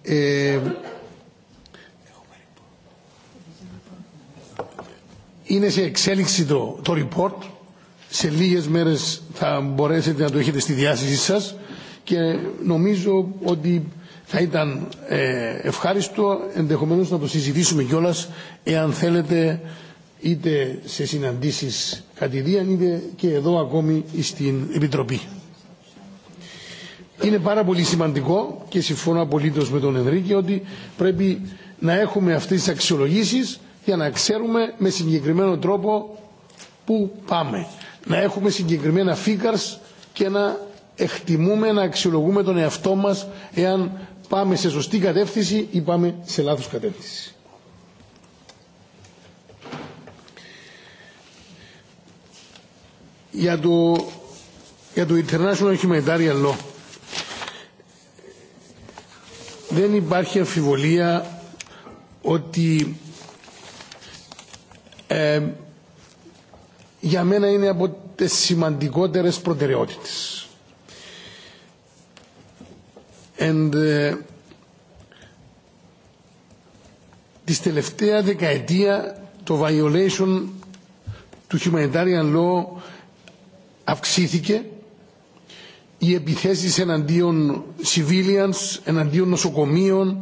E: Ε, είναι σε εξέλιξη το, το report. Σε λίγες μέρες θα μπορέσετε να το έχετε στη διάθεσή σας και νομίζω ότι θα ήταν ε, ευχάριστο ενδεχομένως να το συζητήσουμε κιόλα εάν θέλετε είτε σε συναντήσεις κατηδίαν είτε και εδώ ακόμη στην Επιτροπή. Είναι πάρα πολύ σημαντικό και συμφωνώ απολύτω με τον Ενρίκη ότι πρέπει να έχουμε αυτές τις αξιολογήσεις για να ξέρουμε με συγκεκριμένο τρόπο πού πάμε. Να έχουμε συγκεκριμένα φίκαρς και να εκτιμούμε, να αξιολογούμε τον εαυτό μας εάν πάμε σε σωστή κατεύθυνση ή πάμε σε λάθος κατεύθυνση. Για το, για το International Humanitarian Law δεν υπάρχει αμφιβολία ότι ε, για μένα είναι από τις σημαντικότερες προτεραιότητες And τη ε, τελευταία δεκαετία το violation του humanitarian law αυξήθηκε οι επιθέσεις εναντίον civilians, εναντίον νοσοκομείων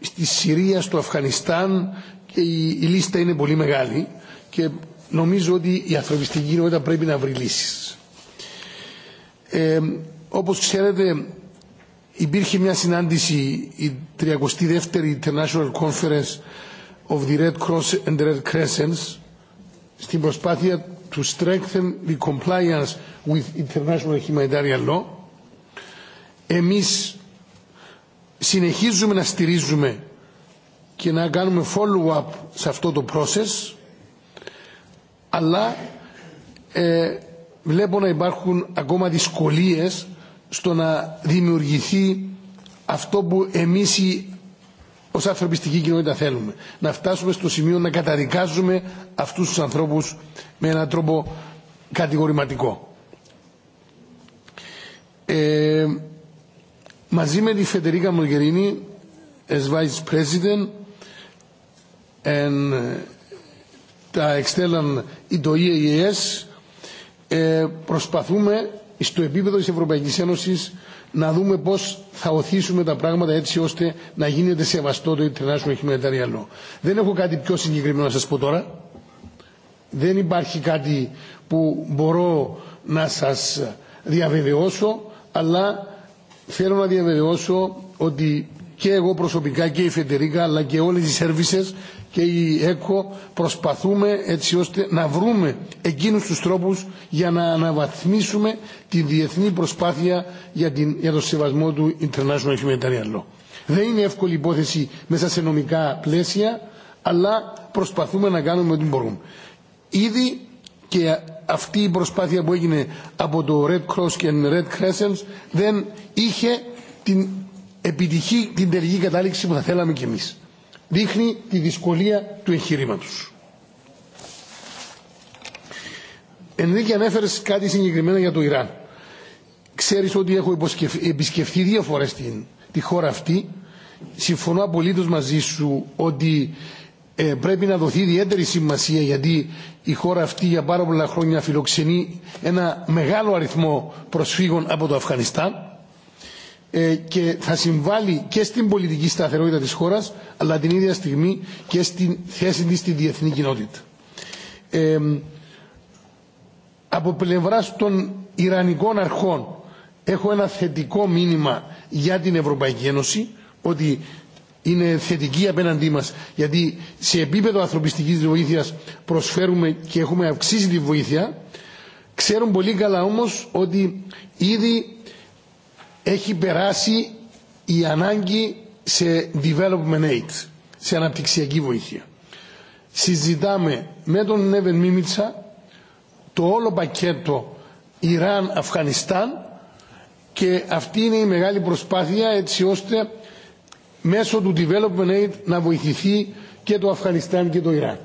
E: στη Συρία, στο Αφγανιστάν και η, λίστα είναι πολύ μεγάλη και νομίζω ότι η ανθρωπιστική κοινότητα πρέπει να βρει λύσεις. Ε, όπως ξέρετε Υπήρχε μια συνάντηση, η 32η International Conference of the Red Cross and the Red Crescents, στην προσπάθεια to strengthen the compliance with international humanitarian law. Εμείς συνεχίζουμε να στηρίζουμε και να κάνουμε follow-up σε αυτό το process, αλλά βλέπω να υπάρχουν ακόμα δυσκολίες στο να δημιουργηθεί αυτό που εμείς οι, ως ανθρωπιστική κοινότητα θέλουμε. Να φτάσουμε στο σημείο να καταδικάζουμε αυτούς τους ανθρώπους με έναν τρόπο κατηγορηματικό. Ε, μαζί με τη Φεντερίκα Μολγερίνη as Vice President and ε, τα εξτέλαν το EAS ε, προσπαθούμε στο επίπεδο της Ευρωπαϊκής Ένωσης να δούμε πώς θα οθήσουμε τα πράγματα έτσι ώστε να γίνεται σεβαστό το international humanitarian law. Δεν έχω κάτι πιο συγκεκριμένο να σας πω τώρα. Δεν υπάρχει κάτι που μπορώ να σας διαβεβαιώσω αλλά θέλω να διαβεβαιώσω ότι και εγώ προσωπικά και η Φεντερίκα αλλά και όλες οι σερβίσες και η ΕΚΟ προσπαθούμε έτσι ώστε να βρούμε εκείνους τους τρόπους για να αναβαθμίσουμε τη διεθνή προσπάθεια για, την, το σεβασμό του International Humanitarian Law. Δεν είναι εύκολη υπόθεση μέσα σε νομικά πλαίσια αλλά προσπαθούμε να κάνουμε ό,τι μπορούμε. Ήδη και αυτή η προσπάθεια που έγινε από το Red Cross και Red Crescent δεν είχε την επιτυχεί την τελική κατάληξη που θα θέλαμε κι εμείς. Δείχνει τη δυσκολία του εγχειρήματο. Ενδίκη ανέφερε κάτι συγκεκριμένα για το Ιράν. Ξέρεις ότι έχω επισκεφθεί δύο φορές την, τη χώρα αυτή. Συμφωνώ απολύτως μαζί σου ότι ε, πρέπει να δοθεί ιδιαίτερη σημασία γιατί η χώρα αυτή για πάρα πολλά χρόνια φιλοξενεί ένα μεγάλο αριθμό προσφύγων από το Αφγανιστάν ε, και θα συμβάλλει και στην πολιτική σταθερότητα της χώρας αλλά την ίδια στιγμή και στην θέση της στη διεθνή κοινότητα. Ε, από πλευράς των Ιρανικών αρχών έχω ένα θετικό μήνυμα για την Ευρωπαϊκή Ένωση ότι είναι θετική απέναντί μας γιατί σε επίπεδο ανθρωπιστικής βοήθειας προσφέρουμε και έχουμε αυξήσει τη βοήθεια ξέρουν πολύ καλά όμως ότι ήδη έχει περάσει η ανάγκη σε development aid, σε αναπτυξιακή βοήθεια. Συζητάμε με τον Νέβεν Μίμιτσα το όλο πακέτο Ιράν-Αφγανιστάν και αυτή είναι η μεγάλη προσπάθεια έτσι ώστε μέσω του development aid να βοηθηθεί και το Αφγανιστάν και το Ιράν.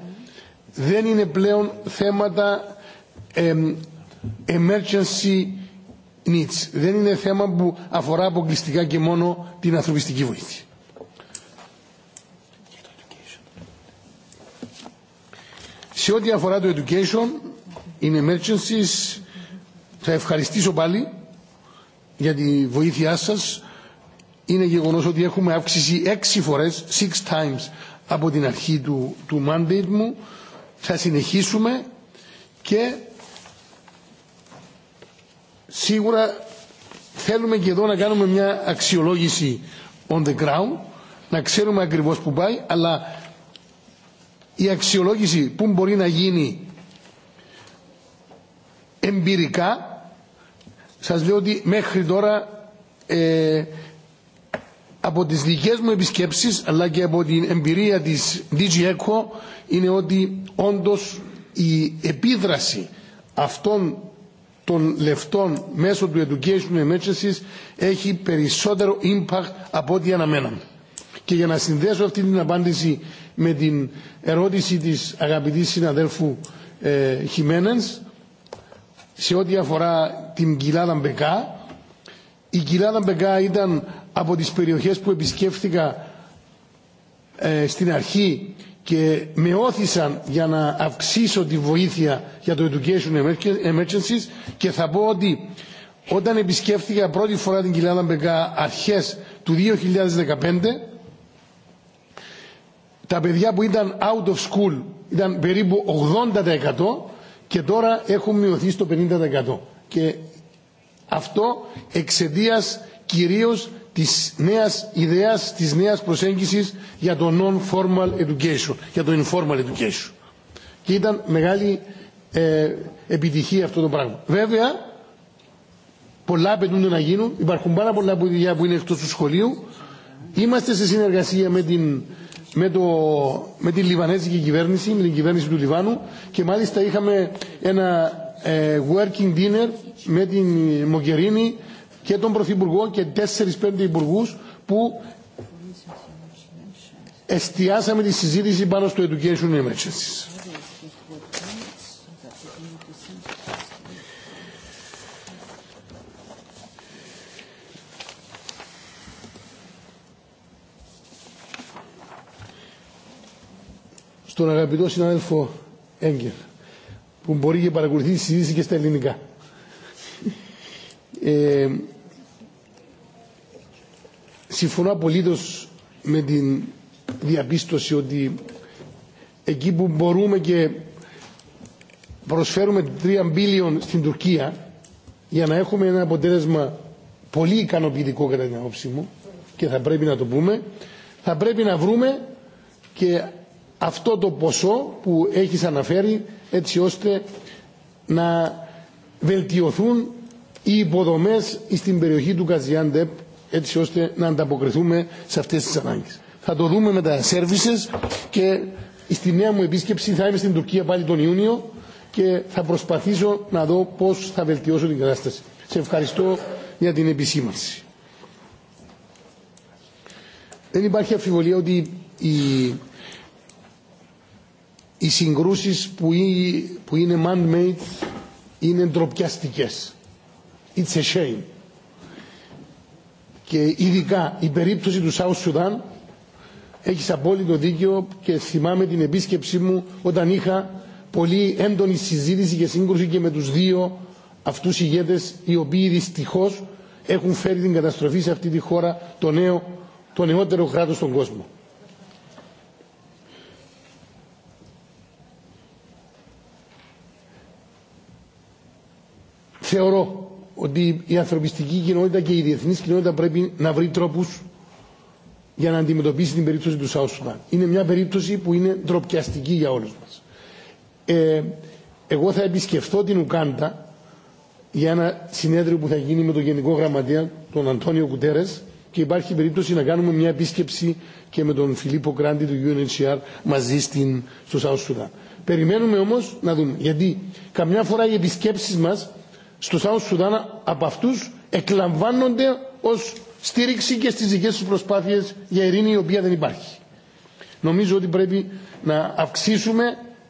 E: Δεν είναι πλέον θέματα emergency δεν είναι θέμα που αφορά αποκλειστικά και μόνο την ανθρωπιστική βοήθεια. Σε ό,τι αφορά το education, in emergencies, θα ευχαριστήσω πάλι για τη βοήθειά σας. Είναι γεγονός ότι έχουμε αύξηση έξι φορές, six times, από την αρχή του, του mandate μου. Θα συνεχίσουμε και σίγουρα θέλουμε και εδώ να κάνουμε μια αξιολόγηση on the ground, να ξέρουμε ακριβώς που πάει, αλλά η αξιολόγηση που μπορεί να γίνει εμπειρικά, σας λέω ότι μέχρι τώρα ε, από τις δικές μου επισκέψεις αλλά και από την εμπειρία της DG ECHO είναι ότι όντως η επίδραση αυτών των λεφτών μέσω του Education Emergency έχει περισσότερο impact από ό,τι αναμέναμε. Και για να συνδέσω αυτή την απάντηση με την ερώτηση της αγαπητής συναδέλφου ε, σε ό,τι αφορά την κοιλάδα Μπεκά η κοιλάδα Μπεκά ήταν από τις περιοχές που επισκέφθηκα ε, στην αρχή και με όθησαν για να αυξήσω τη βοήθεια για το Education Emergencies και θα πω ότι όταν επισκέφθηκα πρώτη φορά την κοιλάδα Μπεκά αρχές του 2015 τα παιδιά που ήταν out of school ήταν περίπου 80% και τώρα έχουν μειωθεί στο 50%. Και αυτό εξαιτίας κυρίως της νέας ιδέας, της νέας προσέγγισης για το non-formal education, για το informal education. Και ήταν μεγάλη ε, επιτυχία αυτό το πράγμα. Βέβαια, πολλά απαιτούνται να γίνουν, υπάρχουν πάρα πολλά παιδιά που είναι εκτός του σχολείου. Είμαστε σε συνεργασία με την, με, το, με την Λιβανέζικη κυβέρνηση, με την κυβέρνηση του Λιβάνου και μάλιστα είχαμε ένα ε, working dinner με την Μογκερίνη και τον Πρωθυπουργό και τέσσερις πέντε υπουργού που εστιάσαμε τη συζήτηση πάνω στο education Emergency. Στον αγαπητό συνάδελφο Έγκερ, που μπορεί και παρακολουθεί τη συζήτηση και στα ελληνικά. Ε, Συμφωνώ απολύτω με την διαπίστωση ότι εκεί που μπορούμε και προσφέρουμε 3 μπίλιον στην Τουρκία για να έχουμε ένα αποτέλεσμα πολύ ικανοποιητικό κατά την άποψή μου και θα πρέπει να το πούμε θα πρέπει να βρούμε και αυτό το ποσό που έχεις αναφέρει έτσι ώστε να βελτιωθούν οι υποδομές στην περιοχή του Καζιάντεπ έτσι ώστε να ανταποκριθούμε σε αυτές τις ανάγκες. Θα το δούμε με τα services και στη νέα μου επίσκεψη θα είμαι στην Τουρκία πάλι τον Ιούνιο και θα προσπαθήσω να δω πώς θα βελτιώσω την κατάσταση. Σε ευχαριστώ για την επισήμανση. Δεν υπάρχει αφιβολία ότι οι, οι συγκρούσεις που, που είναι man-made είναι ντροπιαστικές. It's a shame και ειδικά η περίπτωση του Σάου Σουδάν έχει απόλυτο δίκιο και θυμάμαι την επίσκεψή μου όταν είχα πολύ έντονη συζήτηση και σύγκρουση και με τους δύο αυτούς ηγέτες οι οποίοι δυστυχώ έχουν φέρει την καταστροφή σε αυτή τη χώρα το, νέο, το νεότερο κράτος στον κόσμο. Θεωρώ ότι η ανθρωπιστική κοινότητα και η διεθνής κοινότητα πρέπει να βρει τρόπους για να αντιμετωπίσει την περίπτωση του Σάου Σουδάν. Είναι μια περίπτωση που είναι ντροπιαστική για όλους μας. Ε, εγώ θα επισκεφθώ την Ουκάντα για ένα συνέδριο που θα γίνει με τον Γενικό Γραμματέα, τον Αντώνιο Κουτέρες, και υπάρχει περίπτωση να κάνουμε μια επίσκεψη και με τον Φιλίππο Κράντι του UNHCR μαζί στην, στο Σάου Σουδάν. Περιμένουμε όμως να δούμε. Γιατί καμιά φορά οι επισκέψεις μας στους South Σουδάνα, από αυτούς εκλαμβάνονται ως στήριξη και στις δικές τους προσπάθειες για ειρήνη η οποία δεν υπάρχει. Νομίζω ότι πρέπει να αυξήσουμε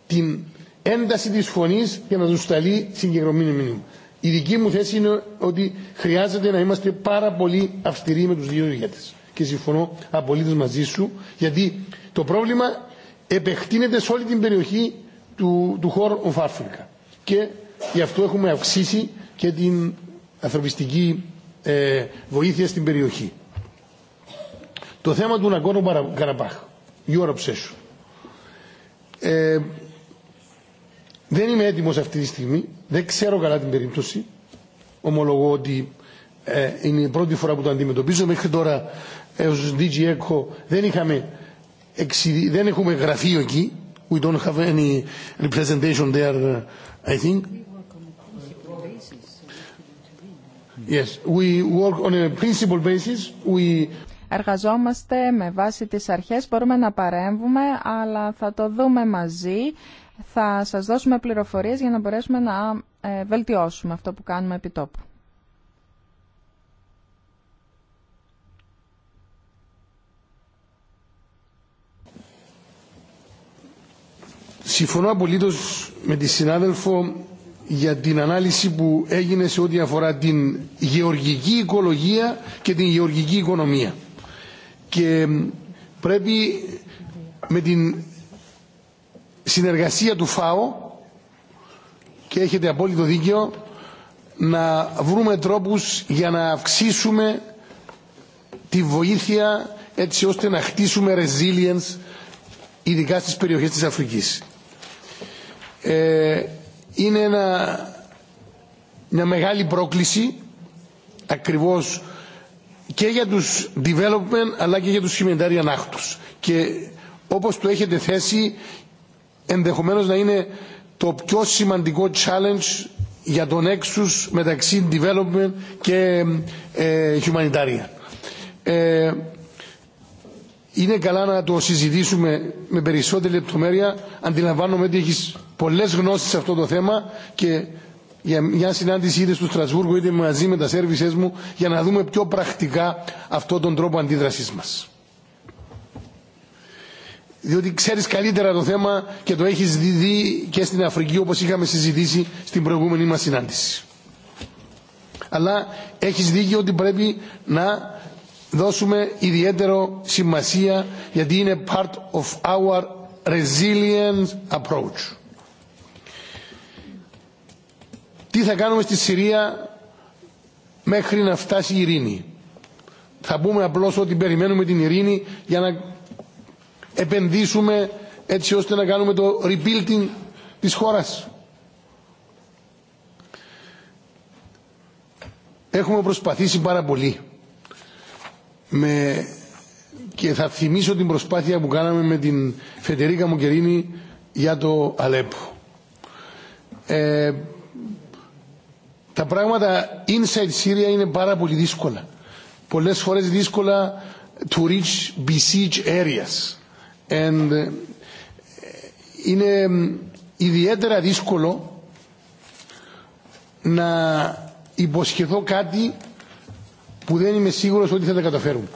E: την ένταση της φωνής για να του σταλεί συγκεκριμένο μήνυμα. Η δική μου θέση είναι ότι χρειάζεται να είμαστε πάρα πολύ αυστηροί με τους δύο ηγέτες. Και συμφωνώ απολύτως μαζί σου, γιατί το πρόβλημα επεκτείνεται σε όλη την περιοχή του, του χώρου Φάρφρικα. Και Γι' αυτό έχουμε αυξήσει και την ανθρωπιστική ε, βοήθεια στην περιοχή. Το θέμα του Ναγκόνο Καραμπάχ, your obsession. Ε, δεν είμαι έτοιμος αυτή τη στιγμή, δεν ξέρω καλά την περίπτωση. Ομολογώ ότι ε, είναι η πρώτη φορά που το αντιμετωπίζω. Μέχρι τώρα ως DG ECHO δεν, είχαμε, δεν έχουμε γραφείο εκεί. We don't have any representation there, I think. Εργαζόμαστε με
D: βάση τις αρχές, μπορούμε να παρέμβουμε, αλλά θα το δούμε μαζί. Θα σας δώσουμε πληροφορίες για να μπορέσουμε να ε, βελτιώσουμε αυτό που κάνουμε επί τόπου.
E: Συμφωνώ απολύτως με τη συνάδελφο για την ανάλυση που έγινε σε ό,τι αφορά την γεωργική οικολογία και την γεωργική οικονομία. Και πρέπει με την συνεργασία του ΦΑΟ και έχετε απόλυτο δίκαιο να βρούμε τρόπους για να αυξήσουμε τη βοήθεια έτσι ώστε να χτίσουμε resilience ειδικά στις περιοχές της Αφρικής. Ε, είναι ένα, μια μεγάλη πρόκληση ακριβώς και για τους development αλλά και για τους humanitarian actors. Και όπως το έχετε θέσει ενδεχομένως να είναι το πιο σημαντικό challenge για τον έξους μεταξύ development και ε, humanitarian. Ε, είναι καλά να το συζητήσουμε με περισσότερη λεπτομέρεια. Αντιλαμβάνομαι ότι έχεις πολλές γνώσεις σε αυτό το θέμα και για μια συνάντηση είτε στο Στρασβούργο είτε μαζί με τα σέρβισέ μου για να δούμε πιο πρακτικά αυτόν τον τρόπο αντίδρασής μας. Διότι ξέρεις καλύτερα το θέμα και το έχεις δει και στην Αφρική όπω είχαμε συζητήσει στην προηγούμενη μα συνάντηση. Αλλά έχεις δίκιο ότι πρέπει να δώσουμε ιδιαίτερο σημασία γιατί είναι part of our resilient approach. Τι θα κάνουμε στη Συρία μέχρι να φτάσει η ειρήνη. Θα πούμε απλώς ότι περιμένουμε την ειρήνη για να επενδύσουμε έτσι ώστε να κάνουμε το rebuilding της χώρας. Έχουμε προσπαθήσει πάρα πολύ με... και θα θυμίσω την προσπάθεια που κάναμε με την Φετερίκα Μοκερίνη για το Αλέπο. Ε, τα πράγματα inside Syria είναι πάρα πολύ δύσκολα. Πολλές φορές δύσκολα to reach besieged areas. And, ε, είναι ιδιαίτερα δύσκολο να υποσχεθώ κάτι που δεν είμαι σίγουρος ότι θα τα καταφέρουν.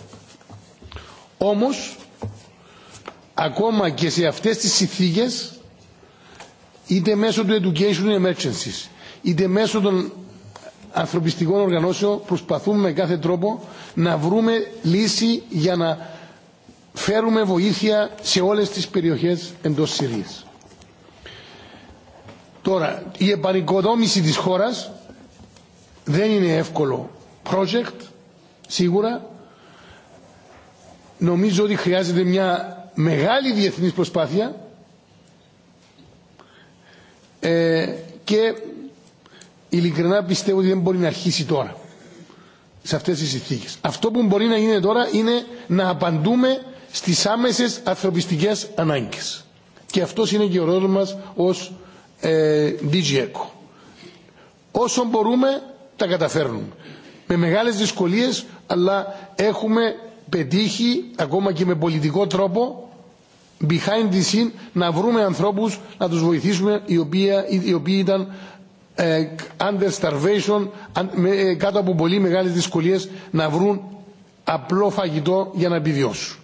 E: Όμως, ακόμα και σε αυτές τις συνθήκες, είτε μέσω του Education Emergencies, είτε μέσω των ανθρωπιστικών οργανώσεων, προσπαθούμε με κάθε τρόπο να βρούμε λύση για να φέρουμε βοήθεια σε όλες τις περιοχές εντός Συρίας. Τώρα, η επανοικοδόμηση της χώρας δεν είναι εύκολο project, σίγουρα. Νομίζω ότι χρειάζεται μια μεγάλη διεθνής προσπάθεια ε, και ειλικρινά πιστεύω ότι δεν μπορεί να αρχίσει τώρα σε αυτές τις συνθήκες. Αυτό που μπορεί να γίνει τώρα είναι να απαντούμε στις άμεσες ανθρωπιστικές ανάγκες. Και αυτό είναι και ο ρόλος μας ως ε, Όσο μπορούμε τα καταφέρνουμε με μεγάλες δυσκολίες αλλά έχουμε πετύχει ακόμα και με πολιτικό τρόπο behind the scene να βρούμε ανθρώπους να τους βοηθήσουμε οι οποίοι, οι οποίοι ήταν ε, under starvation ε, κάτω από πολύ μεγάλες δυσκολίες να βρουν απλό φαγητό για να επιβιώσουν.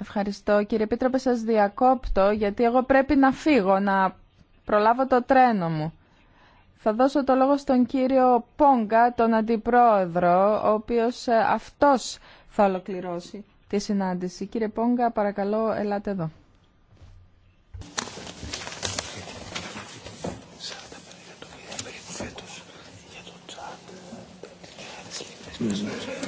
D: Ευχαριστώ. Κύριε Επίτροπε, σας διακόπτω, γιατί εγώ πρέπει να φύγω, να προλάβω το τρένο μου. Θα δώσω το λόγο στον κύριο Πόγκα, τον Αντιπρόεδρο, ο οποίος ε, αυτός θα ολοκληρώσει τη συνάντηση. Κύριε Πόγκα, παρακαλώ, ελάτε εδώ.
A: Mm.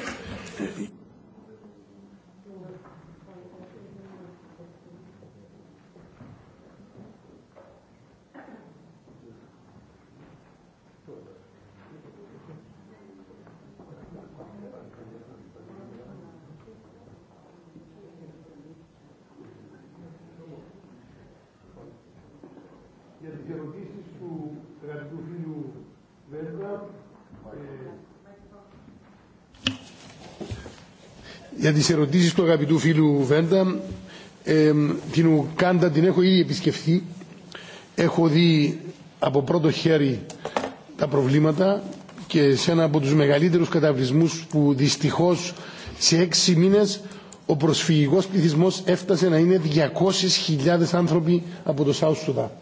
E: Για τις ερωτήσεις του αγαπητού φίλου Βέντα, ε, την Ουκάντα την έχω ήδη επισκεφθεί. Έχω δει από πρώτο χέρι τα προβλήματα και σε ένα από τους μεγαλύτερους καταβλισμούς που δυστυχώς σε έξι μήνες ο προσφυγικός πληθυσμός έφτασε να είναι 200.000 άνθρωποι από το Σάουστοδα.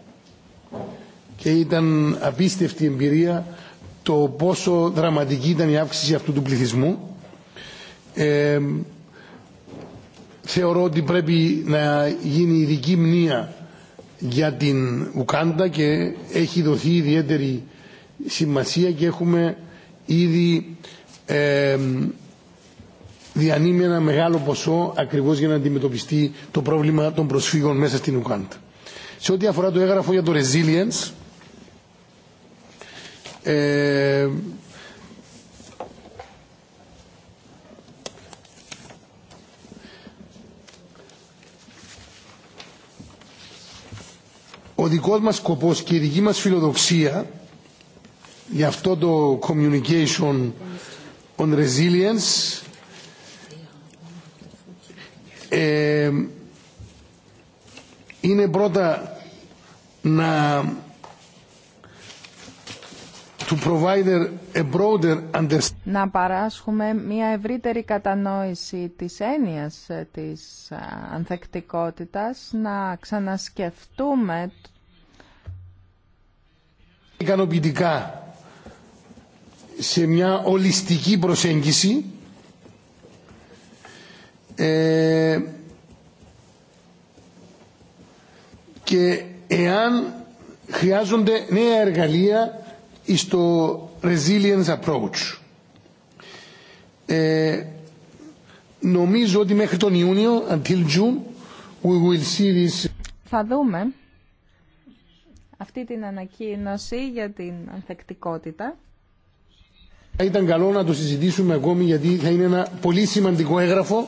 E: Και ήταν απίστευτη εμπειρία το πόσο δραματική ήταν η αύξηση αυτού του πληθυσμού. Ε, θεωρώ ότι πρέπει να γίνει ειδική μνήα για την Ουκάντα και έχει δοθεί ιδιαίτερη σημασία και έχουμε ήδη ε, διανύμει ένα μεγάλο ποσό ακριβώς για να αντιμετωπιστεί το πρόβλημα των προσφύγων μέσα στην Ουκάντα. Σε ό,τι αφορά το έγγραφο για το resilience, ε, ο δικός μας σκοπός και η δική μας φιλοδοξία για αυτό το communication on resilience ε, είναι πρώτα να
D: να παράσχουμε μια ευρύτερη κατανόηση της έννοιας ε, της ε, ανθεκτικότητας, να ξανασκεφτούμε
E: ικανοποιητικά σε μια ολιστική προσέγγιση ε, και εάν χρειάζονται νέα εργαλεία στο resilience approach. Ε, νομίζω ότι μέχρι τον Ιούνιο, until June, we will see this. Θα δούμε
D: αυτή την ανακοίνωση για την ανθεκτικότητα.
E: Θα ήταν καλό να το συζητήσουμε ακόμη γιατί θα είναι ένα πολύ σημαντικό έγγραφο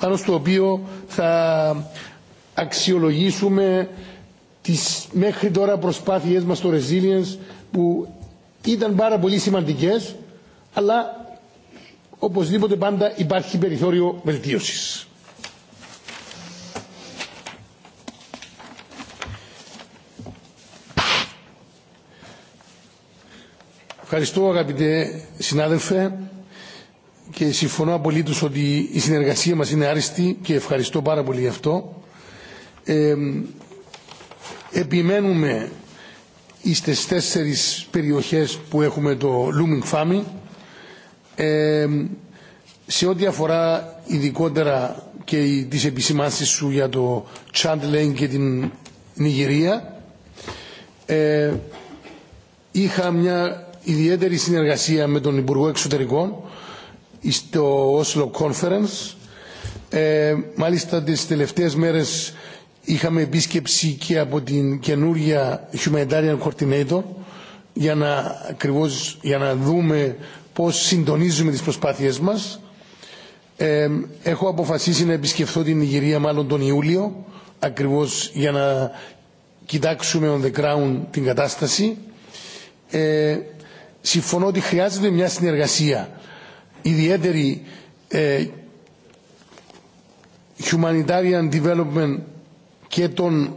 E: πάνω στο οποίο θα αξιολογήσουμε τις μέχρι τώρα προσπάθειές μας στο Resilience που ήταν πάρα πολύ σημαντικέ, αλλά οπωσδήποτε πάντα υπάρχει περιθώριο βελτίωση. Ευχαριστώ αγαπητέ συνάδελφε και συμφωνώ απολύτως ότι η συνεργασία μας είναι άριστη και ευχαριστώ πάρα πολύ γι' αυτό. Ε, επιμένουμε στις τέσσερις περιοχές που έχουμε το Looming Family. Ε, σε ό,τι αφορά ειδικότερα και τις επισημάνσεις σου για το Lane και την Νιγηρία ε, είχα μια ιδιαίτερη συνεργασία με τον Υπουργό Εξωτερικών στο Oslo Conference ε, μάλιστα τις τελευταίες μέρες Είχαμε επίσκεψη και από την καινούργια Humanitarian Coordinator για να, ακριβώς, για να δούμε πώς συντονίζουμε τις προσπάθειές μας. Ε, έχω αποφασίσει να επισκεφθώ την Ιγυρία μάλλον τον Ιούλιο ακριβώς για να κοιτάξουμε on the ground την κατάσταση. Ε, συμφωνώ ότι χρειάζεται μια συνεργασία ιδιαίτερη ε, Humanitarian Development και των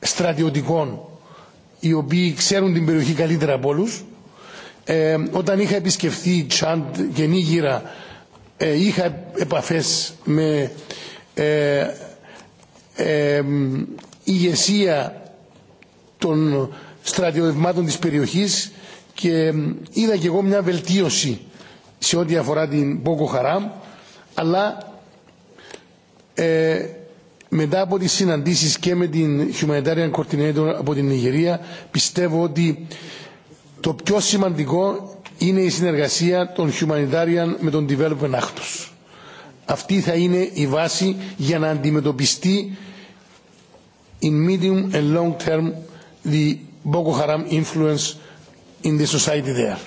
E: στρατιωτικών οι οποίοι ξέρουν την περιοχή καλύτερα από όλους. Ε, όταν είχα επισκεφθεί Τσάντ και Νίγηρα ε, είχα επαφές με ε, ηγεσία των στρατιωτευμάτων της περιοχής και είδα και εγώ μια βελτίωση σε ό,τι αφορά την Πόκο Χαράμ αλλά μετά από τις συναντήσεις και με την Humanitarian Coordinator από την Νιγηρία πιστεύω ότι το πιο σημαντικό είναι η συνεργασία των Humanitarian με τον Development Actors. Αυτή θα είναι η βάση για να αντιμετωπιστεί in medium and long term the Boko Haram influence in the society there.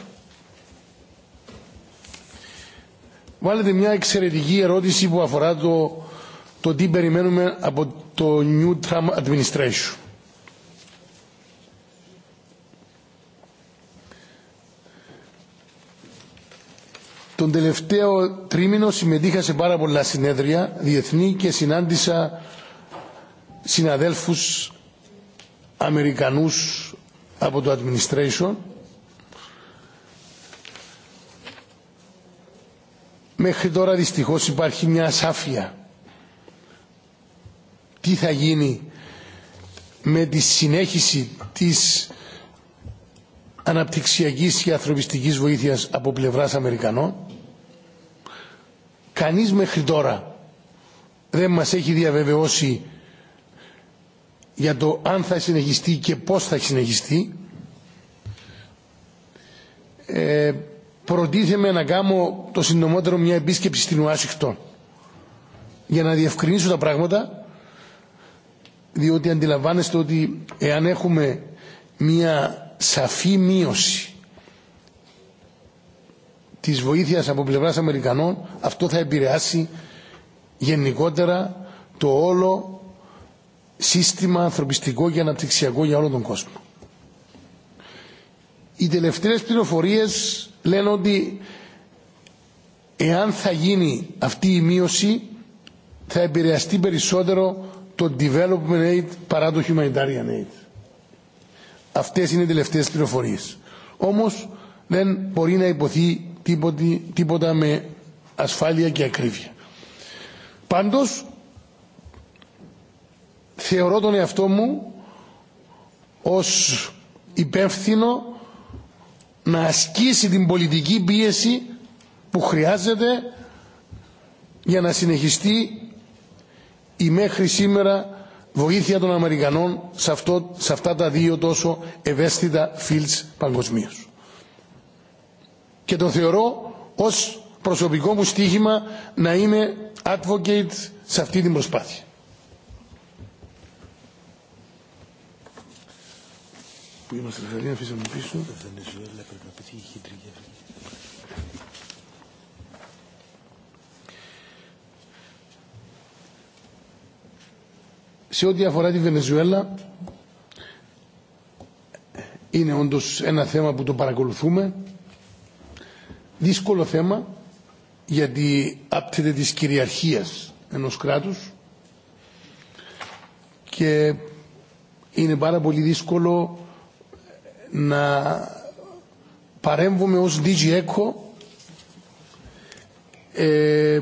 E: Βάλετε μια εξαιρετική ερώτηση που αφορά το το τι περιμένουμε από το New Trump Administration. Τον τελευταίο τρίμηνο συμμετείχα σε πάρα πολλά συνέδρια διεθνή και συνάντησα συναδέλφους Αμερικανούς από το administration μέχρι τώρα δυστυχώς υπάρχει μια σάφια τι θα γίνει με τη συνέχιση της αναπτυξιακής και ανθρωπιστικής βοήθειας από πλευράς Αμερικανών. Κανείς μέχρι τώρα δεν μας έχει διαβεβαιώσει για το αν θα συνεχιστεί και πώς θα συνεχιστεί. Ε, προτίθεμαι να κάνω το συντομότερο μια επίσκεψη στην Ουάσιγκτον για να διευκρινίσω τα πράγματα διότι αντιλαμβάνεστε ότι εάν έχουμε μία σαφή μείωση της βοήθειας από πλευράς Αμερικανών αυτό θα επηρεάσει γενικότερα το όλο σύστημα ανθρωπιστικό και αναπτυξιακό για όλο τον κόσμο. Οι τελευταίες πληροφορίες λένε ότι εάν θα γίνει αυτή η μείωση θα επηρεαστεί περισσότερο το development aid παρά το humanitarian aid. Αυτές είναι οι τελευταίες πληροφορίες. Όμως δεν μπορεί να υποθεί τίποτα με ασφάλεια και ακρίβεια. Πάντως θεωρώ τον εαυτό μου ως υπεύθυνο να ασκήσει την πολιτική πίεση που χρειάζεται για να συνεχιστεί η μέχρι σήμερα βοήθεια των Αμερικανών σε, αυτό, σε αυτά τα δύο τόσο ευαίσθητα φίλτς παγκοσμίω. Και τον θεωρώ ως προσωπικό μου στίχημα να είμαι advocate σε αυτή την προσπάθεια. Σε ό,τι αφορά τη Βενεζουέλα, είναι όντως ένα θέμα που το παρακολουθούμε. Δύσκολο θέμα, γιατί άπτεται της κυριαρχίας ενός κράτους και είναι πάρα πολύ δύσκολο να παρέμβουμε ως DG ECHO ε,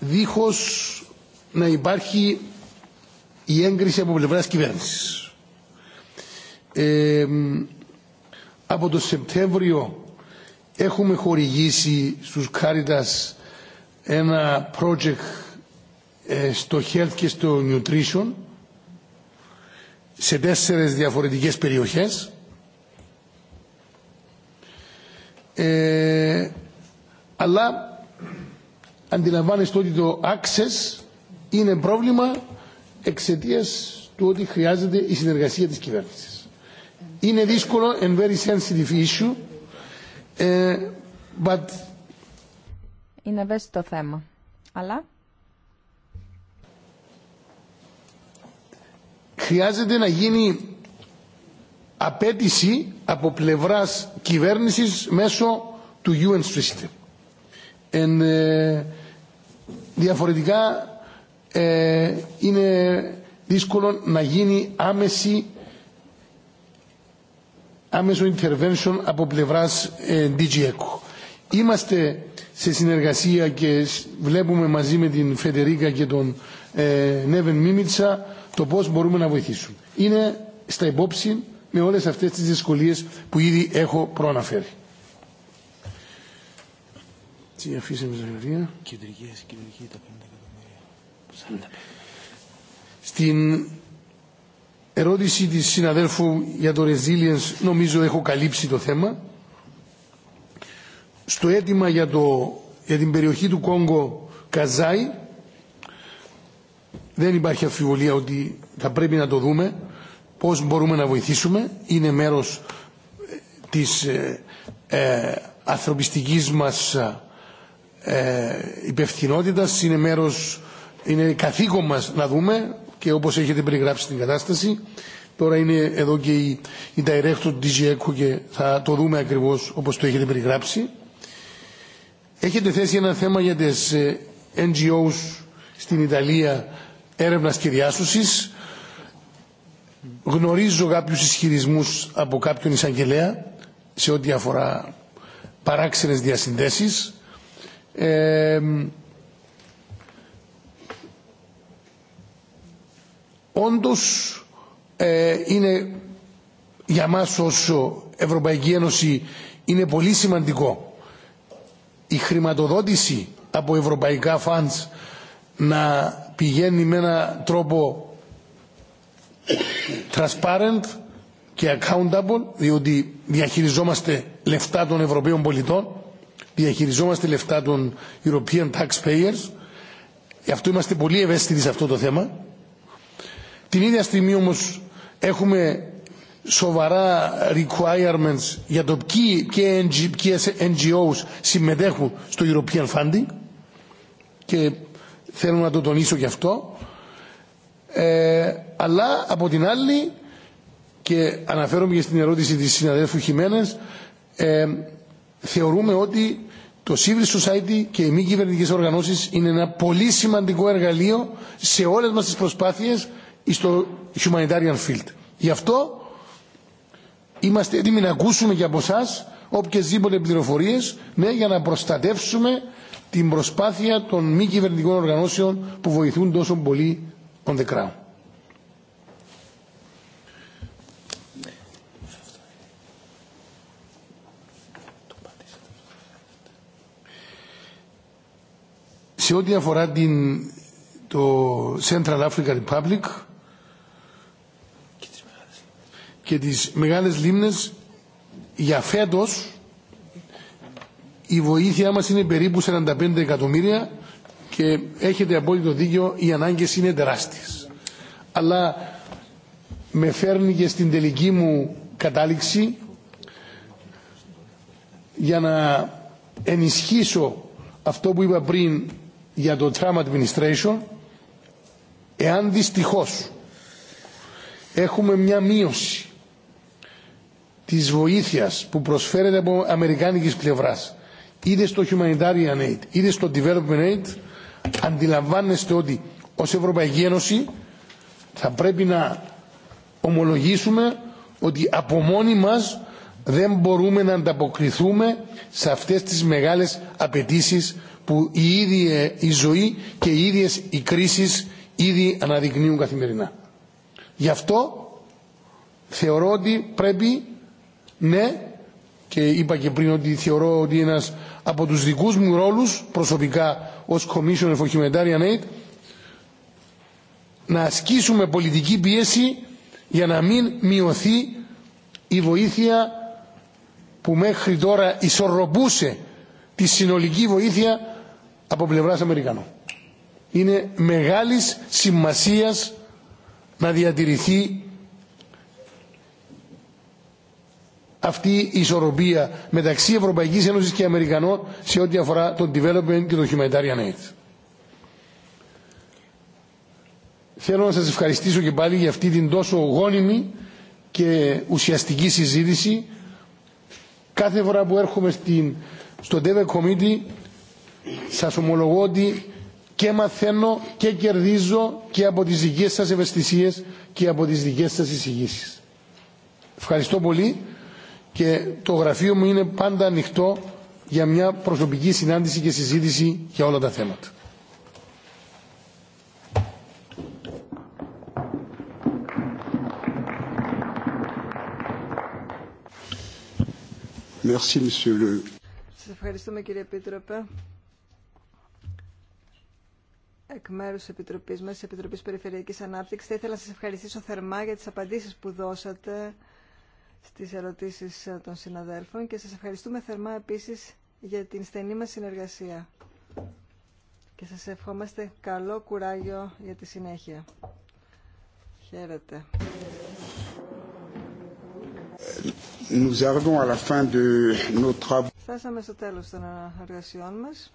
E: δίχως να υπάρχει η έγκριση από πλευρά κυβέρνηση. Ε, από το Σεπτέμβριο έχουμε χορηγήσει στους Κάριτας ένα project ε, στο health και στο nutrition σε τέσσερες διαφορετικές περιοχές. Ε, αλλά αντιλαμβάνεστε ότι το access είναι πρόβλημα εξαιτία του ότι χρειάζεται η συνεργασία της κυβέρνησης. Είναι δύσκολο and very sensitive issue, ε, but...
D: Είναι ευαίσθητο θέμα, αλλά...
E: Χρειάζεται να γίνει απέτηση από πλευράς κυβέρνησης μέσω του UN System. Ε, διαφορετικά ε, είναι δύσκολο να γίνει άμεση άμεσο intervention από πλευράς ε, Είμαστε σε συνεργασία και βλέπουμε μαζί με την Φεντερίκα και τον ε, Νέβεν Μίμητσα το πώς μπορούμε να βοηθήσουμε. Είναι στα υπόψη με όλες αυτές τις δυσκολίες που ήδη έχω προαναφέρει. Τι αφήσαμε στην ερώτηση της συναδέλφου για το resilience νομίζω έχω καλύψει το θέμα. Στο αίτημα για, το, για την περιοχή του Κόγκο Καζάι δεν υπάρχει αφιβολία ότι θα πρέπει να το δούμε πώς μπορούμε να βοηθήσουμε. Είναι μέρος ε, της ε, ε, ανθρωπιστικής μας ε, ε, υπευθυνότητας, είναι μέρος είναι καθήκον μας να δούμε και όπως έχετε περιγράψει την κατάσταση. Τώρα είναι εδώ και η, η director του και θα το δούμε ακριβώς όπως το έχετε περιγράψει. Έχετε θέσει ένα θέμα για τις ε, NGOs στην Ιταλία έρευνας και διάσωσης. Γνωρίζω κάποιους ισχυρισμούς από κάποιον εισαγγελέα σε ό,τι αφορά παράξενες διασυνδέσεις. Ε, όντως ε, είναι για μας ως Ευρωπαϊκή Ένωση είναι πολύ σημαντικό η χρηματοδότηση από ευρωπαϊκά funds να πηγαίνει με ένα τρόπο transparent και accountable διότι διαχειριζόμαστε λεφτά των Ευρωπαίων πολιτών διαχειριζόμαστε λεφτά των European taxpayers γι' αυτό είμαστε πολύ ευαίσθητοι σε αυτό το θέμα την ίδια στιγμή όμως έχουμε σοβαρά requirements για το ποιοι NGOs συμμετέχουν στο European Funding και θέλω να το τονίσω γι' αυτό ε, αλλά από την άλλη και αναφέρομαι και στην ερώτηση της συναδέλφου Χιμένες ε, θεωρούμε ότι το Civil Society και οι μη κυβερνητικέ οργανώσεις είναι ένα πολύ σημαντικό εργαλείο σε όλες μας τις προσπάθειες στο humanitarian field. Γι' αυτό είμαστε έτοιμοι να ακούσουμε και από εσά οποιασδήποτε πληροφορίε ναι, για να προστατεύσουμε την προσπάθεια των μη κυβερνητικών οργανώσεων που βοηθούν τόσο πολύ on the ground. Σε ό,τι αφορά την, το Central African Republic, και τις μεγάλες λίμνες για φέτος η βοήθειά μας είναι περίπου 45 εκατομμύρια και έχετε απόλυτο δίκιο οι ανάγκες είναι τεράστιες. Αλλά με φέρνει και στην τελική μου κατάληξη για να ενισχύσω αυτό που είπα πριν για το Trump Administration εάν δυστυχώς έχουμε μια μείωση της βοήθειας που προσφέρεται από αμερικάνικης πλευράς είτε στο humanitarian aid είτε στο development aid αντιλαμβάνεστε ότι ως Ευρωπαϊκή Ένωση θα πρέπει να ομολογήσουμε ότι από μόνοι μας δεν μπορούμε να ανταποκριθούμε σε αυτές τις μεγάλες απαιτήσει που η ίδια η ζωή και οι ίδιες οι κρίσεις ήδη αναδεικνύουν καθημερινά. Γι' αυτό θεωρώ ότι πρέπει ναι και είπα και πριν ότι θεωρώ ότι ένας από τους δικούς μου ρόλους προσωπικά ως Commissioner for Humanitarian Aid να ασκήσουμε πολιτική πίεση για να μην μειωθεί η βοήθεια που μέχρι τώρα ισορροπούσε τη συνολική βοήθεια από πλευράς Αμερικανών. Είναι μεγάλης σημασίας να διατηρηθεί αυτή η ισορροπία μεταξύ Ευρωπαϊκής Ένωσης και Αμερικανών σε ό,τι αφορά το development και το humanitarian aid. Θέλω να σας ευχαριστήσω και πάλι για αυτή την τόσο γόνιμη και ουσιαστική συζήτηση. Κάθε φορά που έρχομαι στην, στο DEVE Committee σας ομολογώ ότι και μαθαίνω και κερδίζω και από τις δικές σας ευαισθησίες και από τις δικές σας εισηγήσεις. Ευχαριστώ πολύ και το γραφείο μου είναι πάντα ανοιχτό για μια προσωπική συνάντηση και συζήτηση για όλα τα θέματα.
C: Merci,
B: Σας ευχαριστούμε κύριε Επίτροπε. Εκ μέρου τη Επιτροπή μα, τη Επιτροπή Περιφερειακή Ανάπτυξη, θα ήθελα να σα ευχαριστήσω θερμά για τι απαντήσει που δώσατε στις ερωτήσεις ε, των συναδέλφων και σας ευχαριστούμε θερμά επίσης για την στενή μας συνεργασία και σας ευχόμαστε καλό κουράγιο για τη συνέχεια. Χαίρετε.
E: Nous arrivons
B: στο τέλος των εργασιών μας.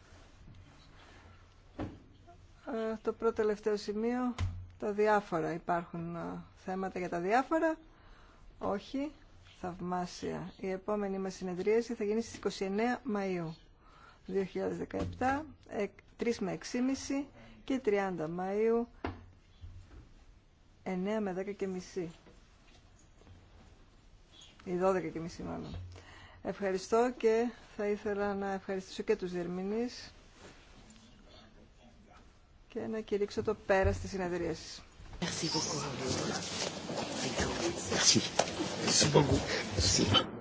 B: Ε, το πρώτο τελευταίο σημείο, τα διάφορα. Υπάρχουν ε, θέματα για τα διάφορα. Όχι θαυμάσια. Η επόμενη μας συνεδρίαση θα γίνει στις 29 Μαΐου 2017, 3 με 6.30 και 30 Μαΐου 9 με 10 και μισή. Ή 12 και μισή μάλλον. Ευχαριστώ και θα ήθελα να ευχαριστήσω και τους διερμηνείς και να κηρύξω το πέρα στη συνεδρίαση.
A: Merci beaucoup. Σα πω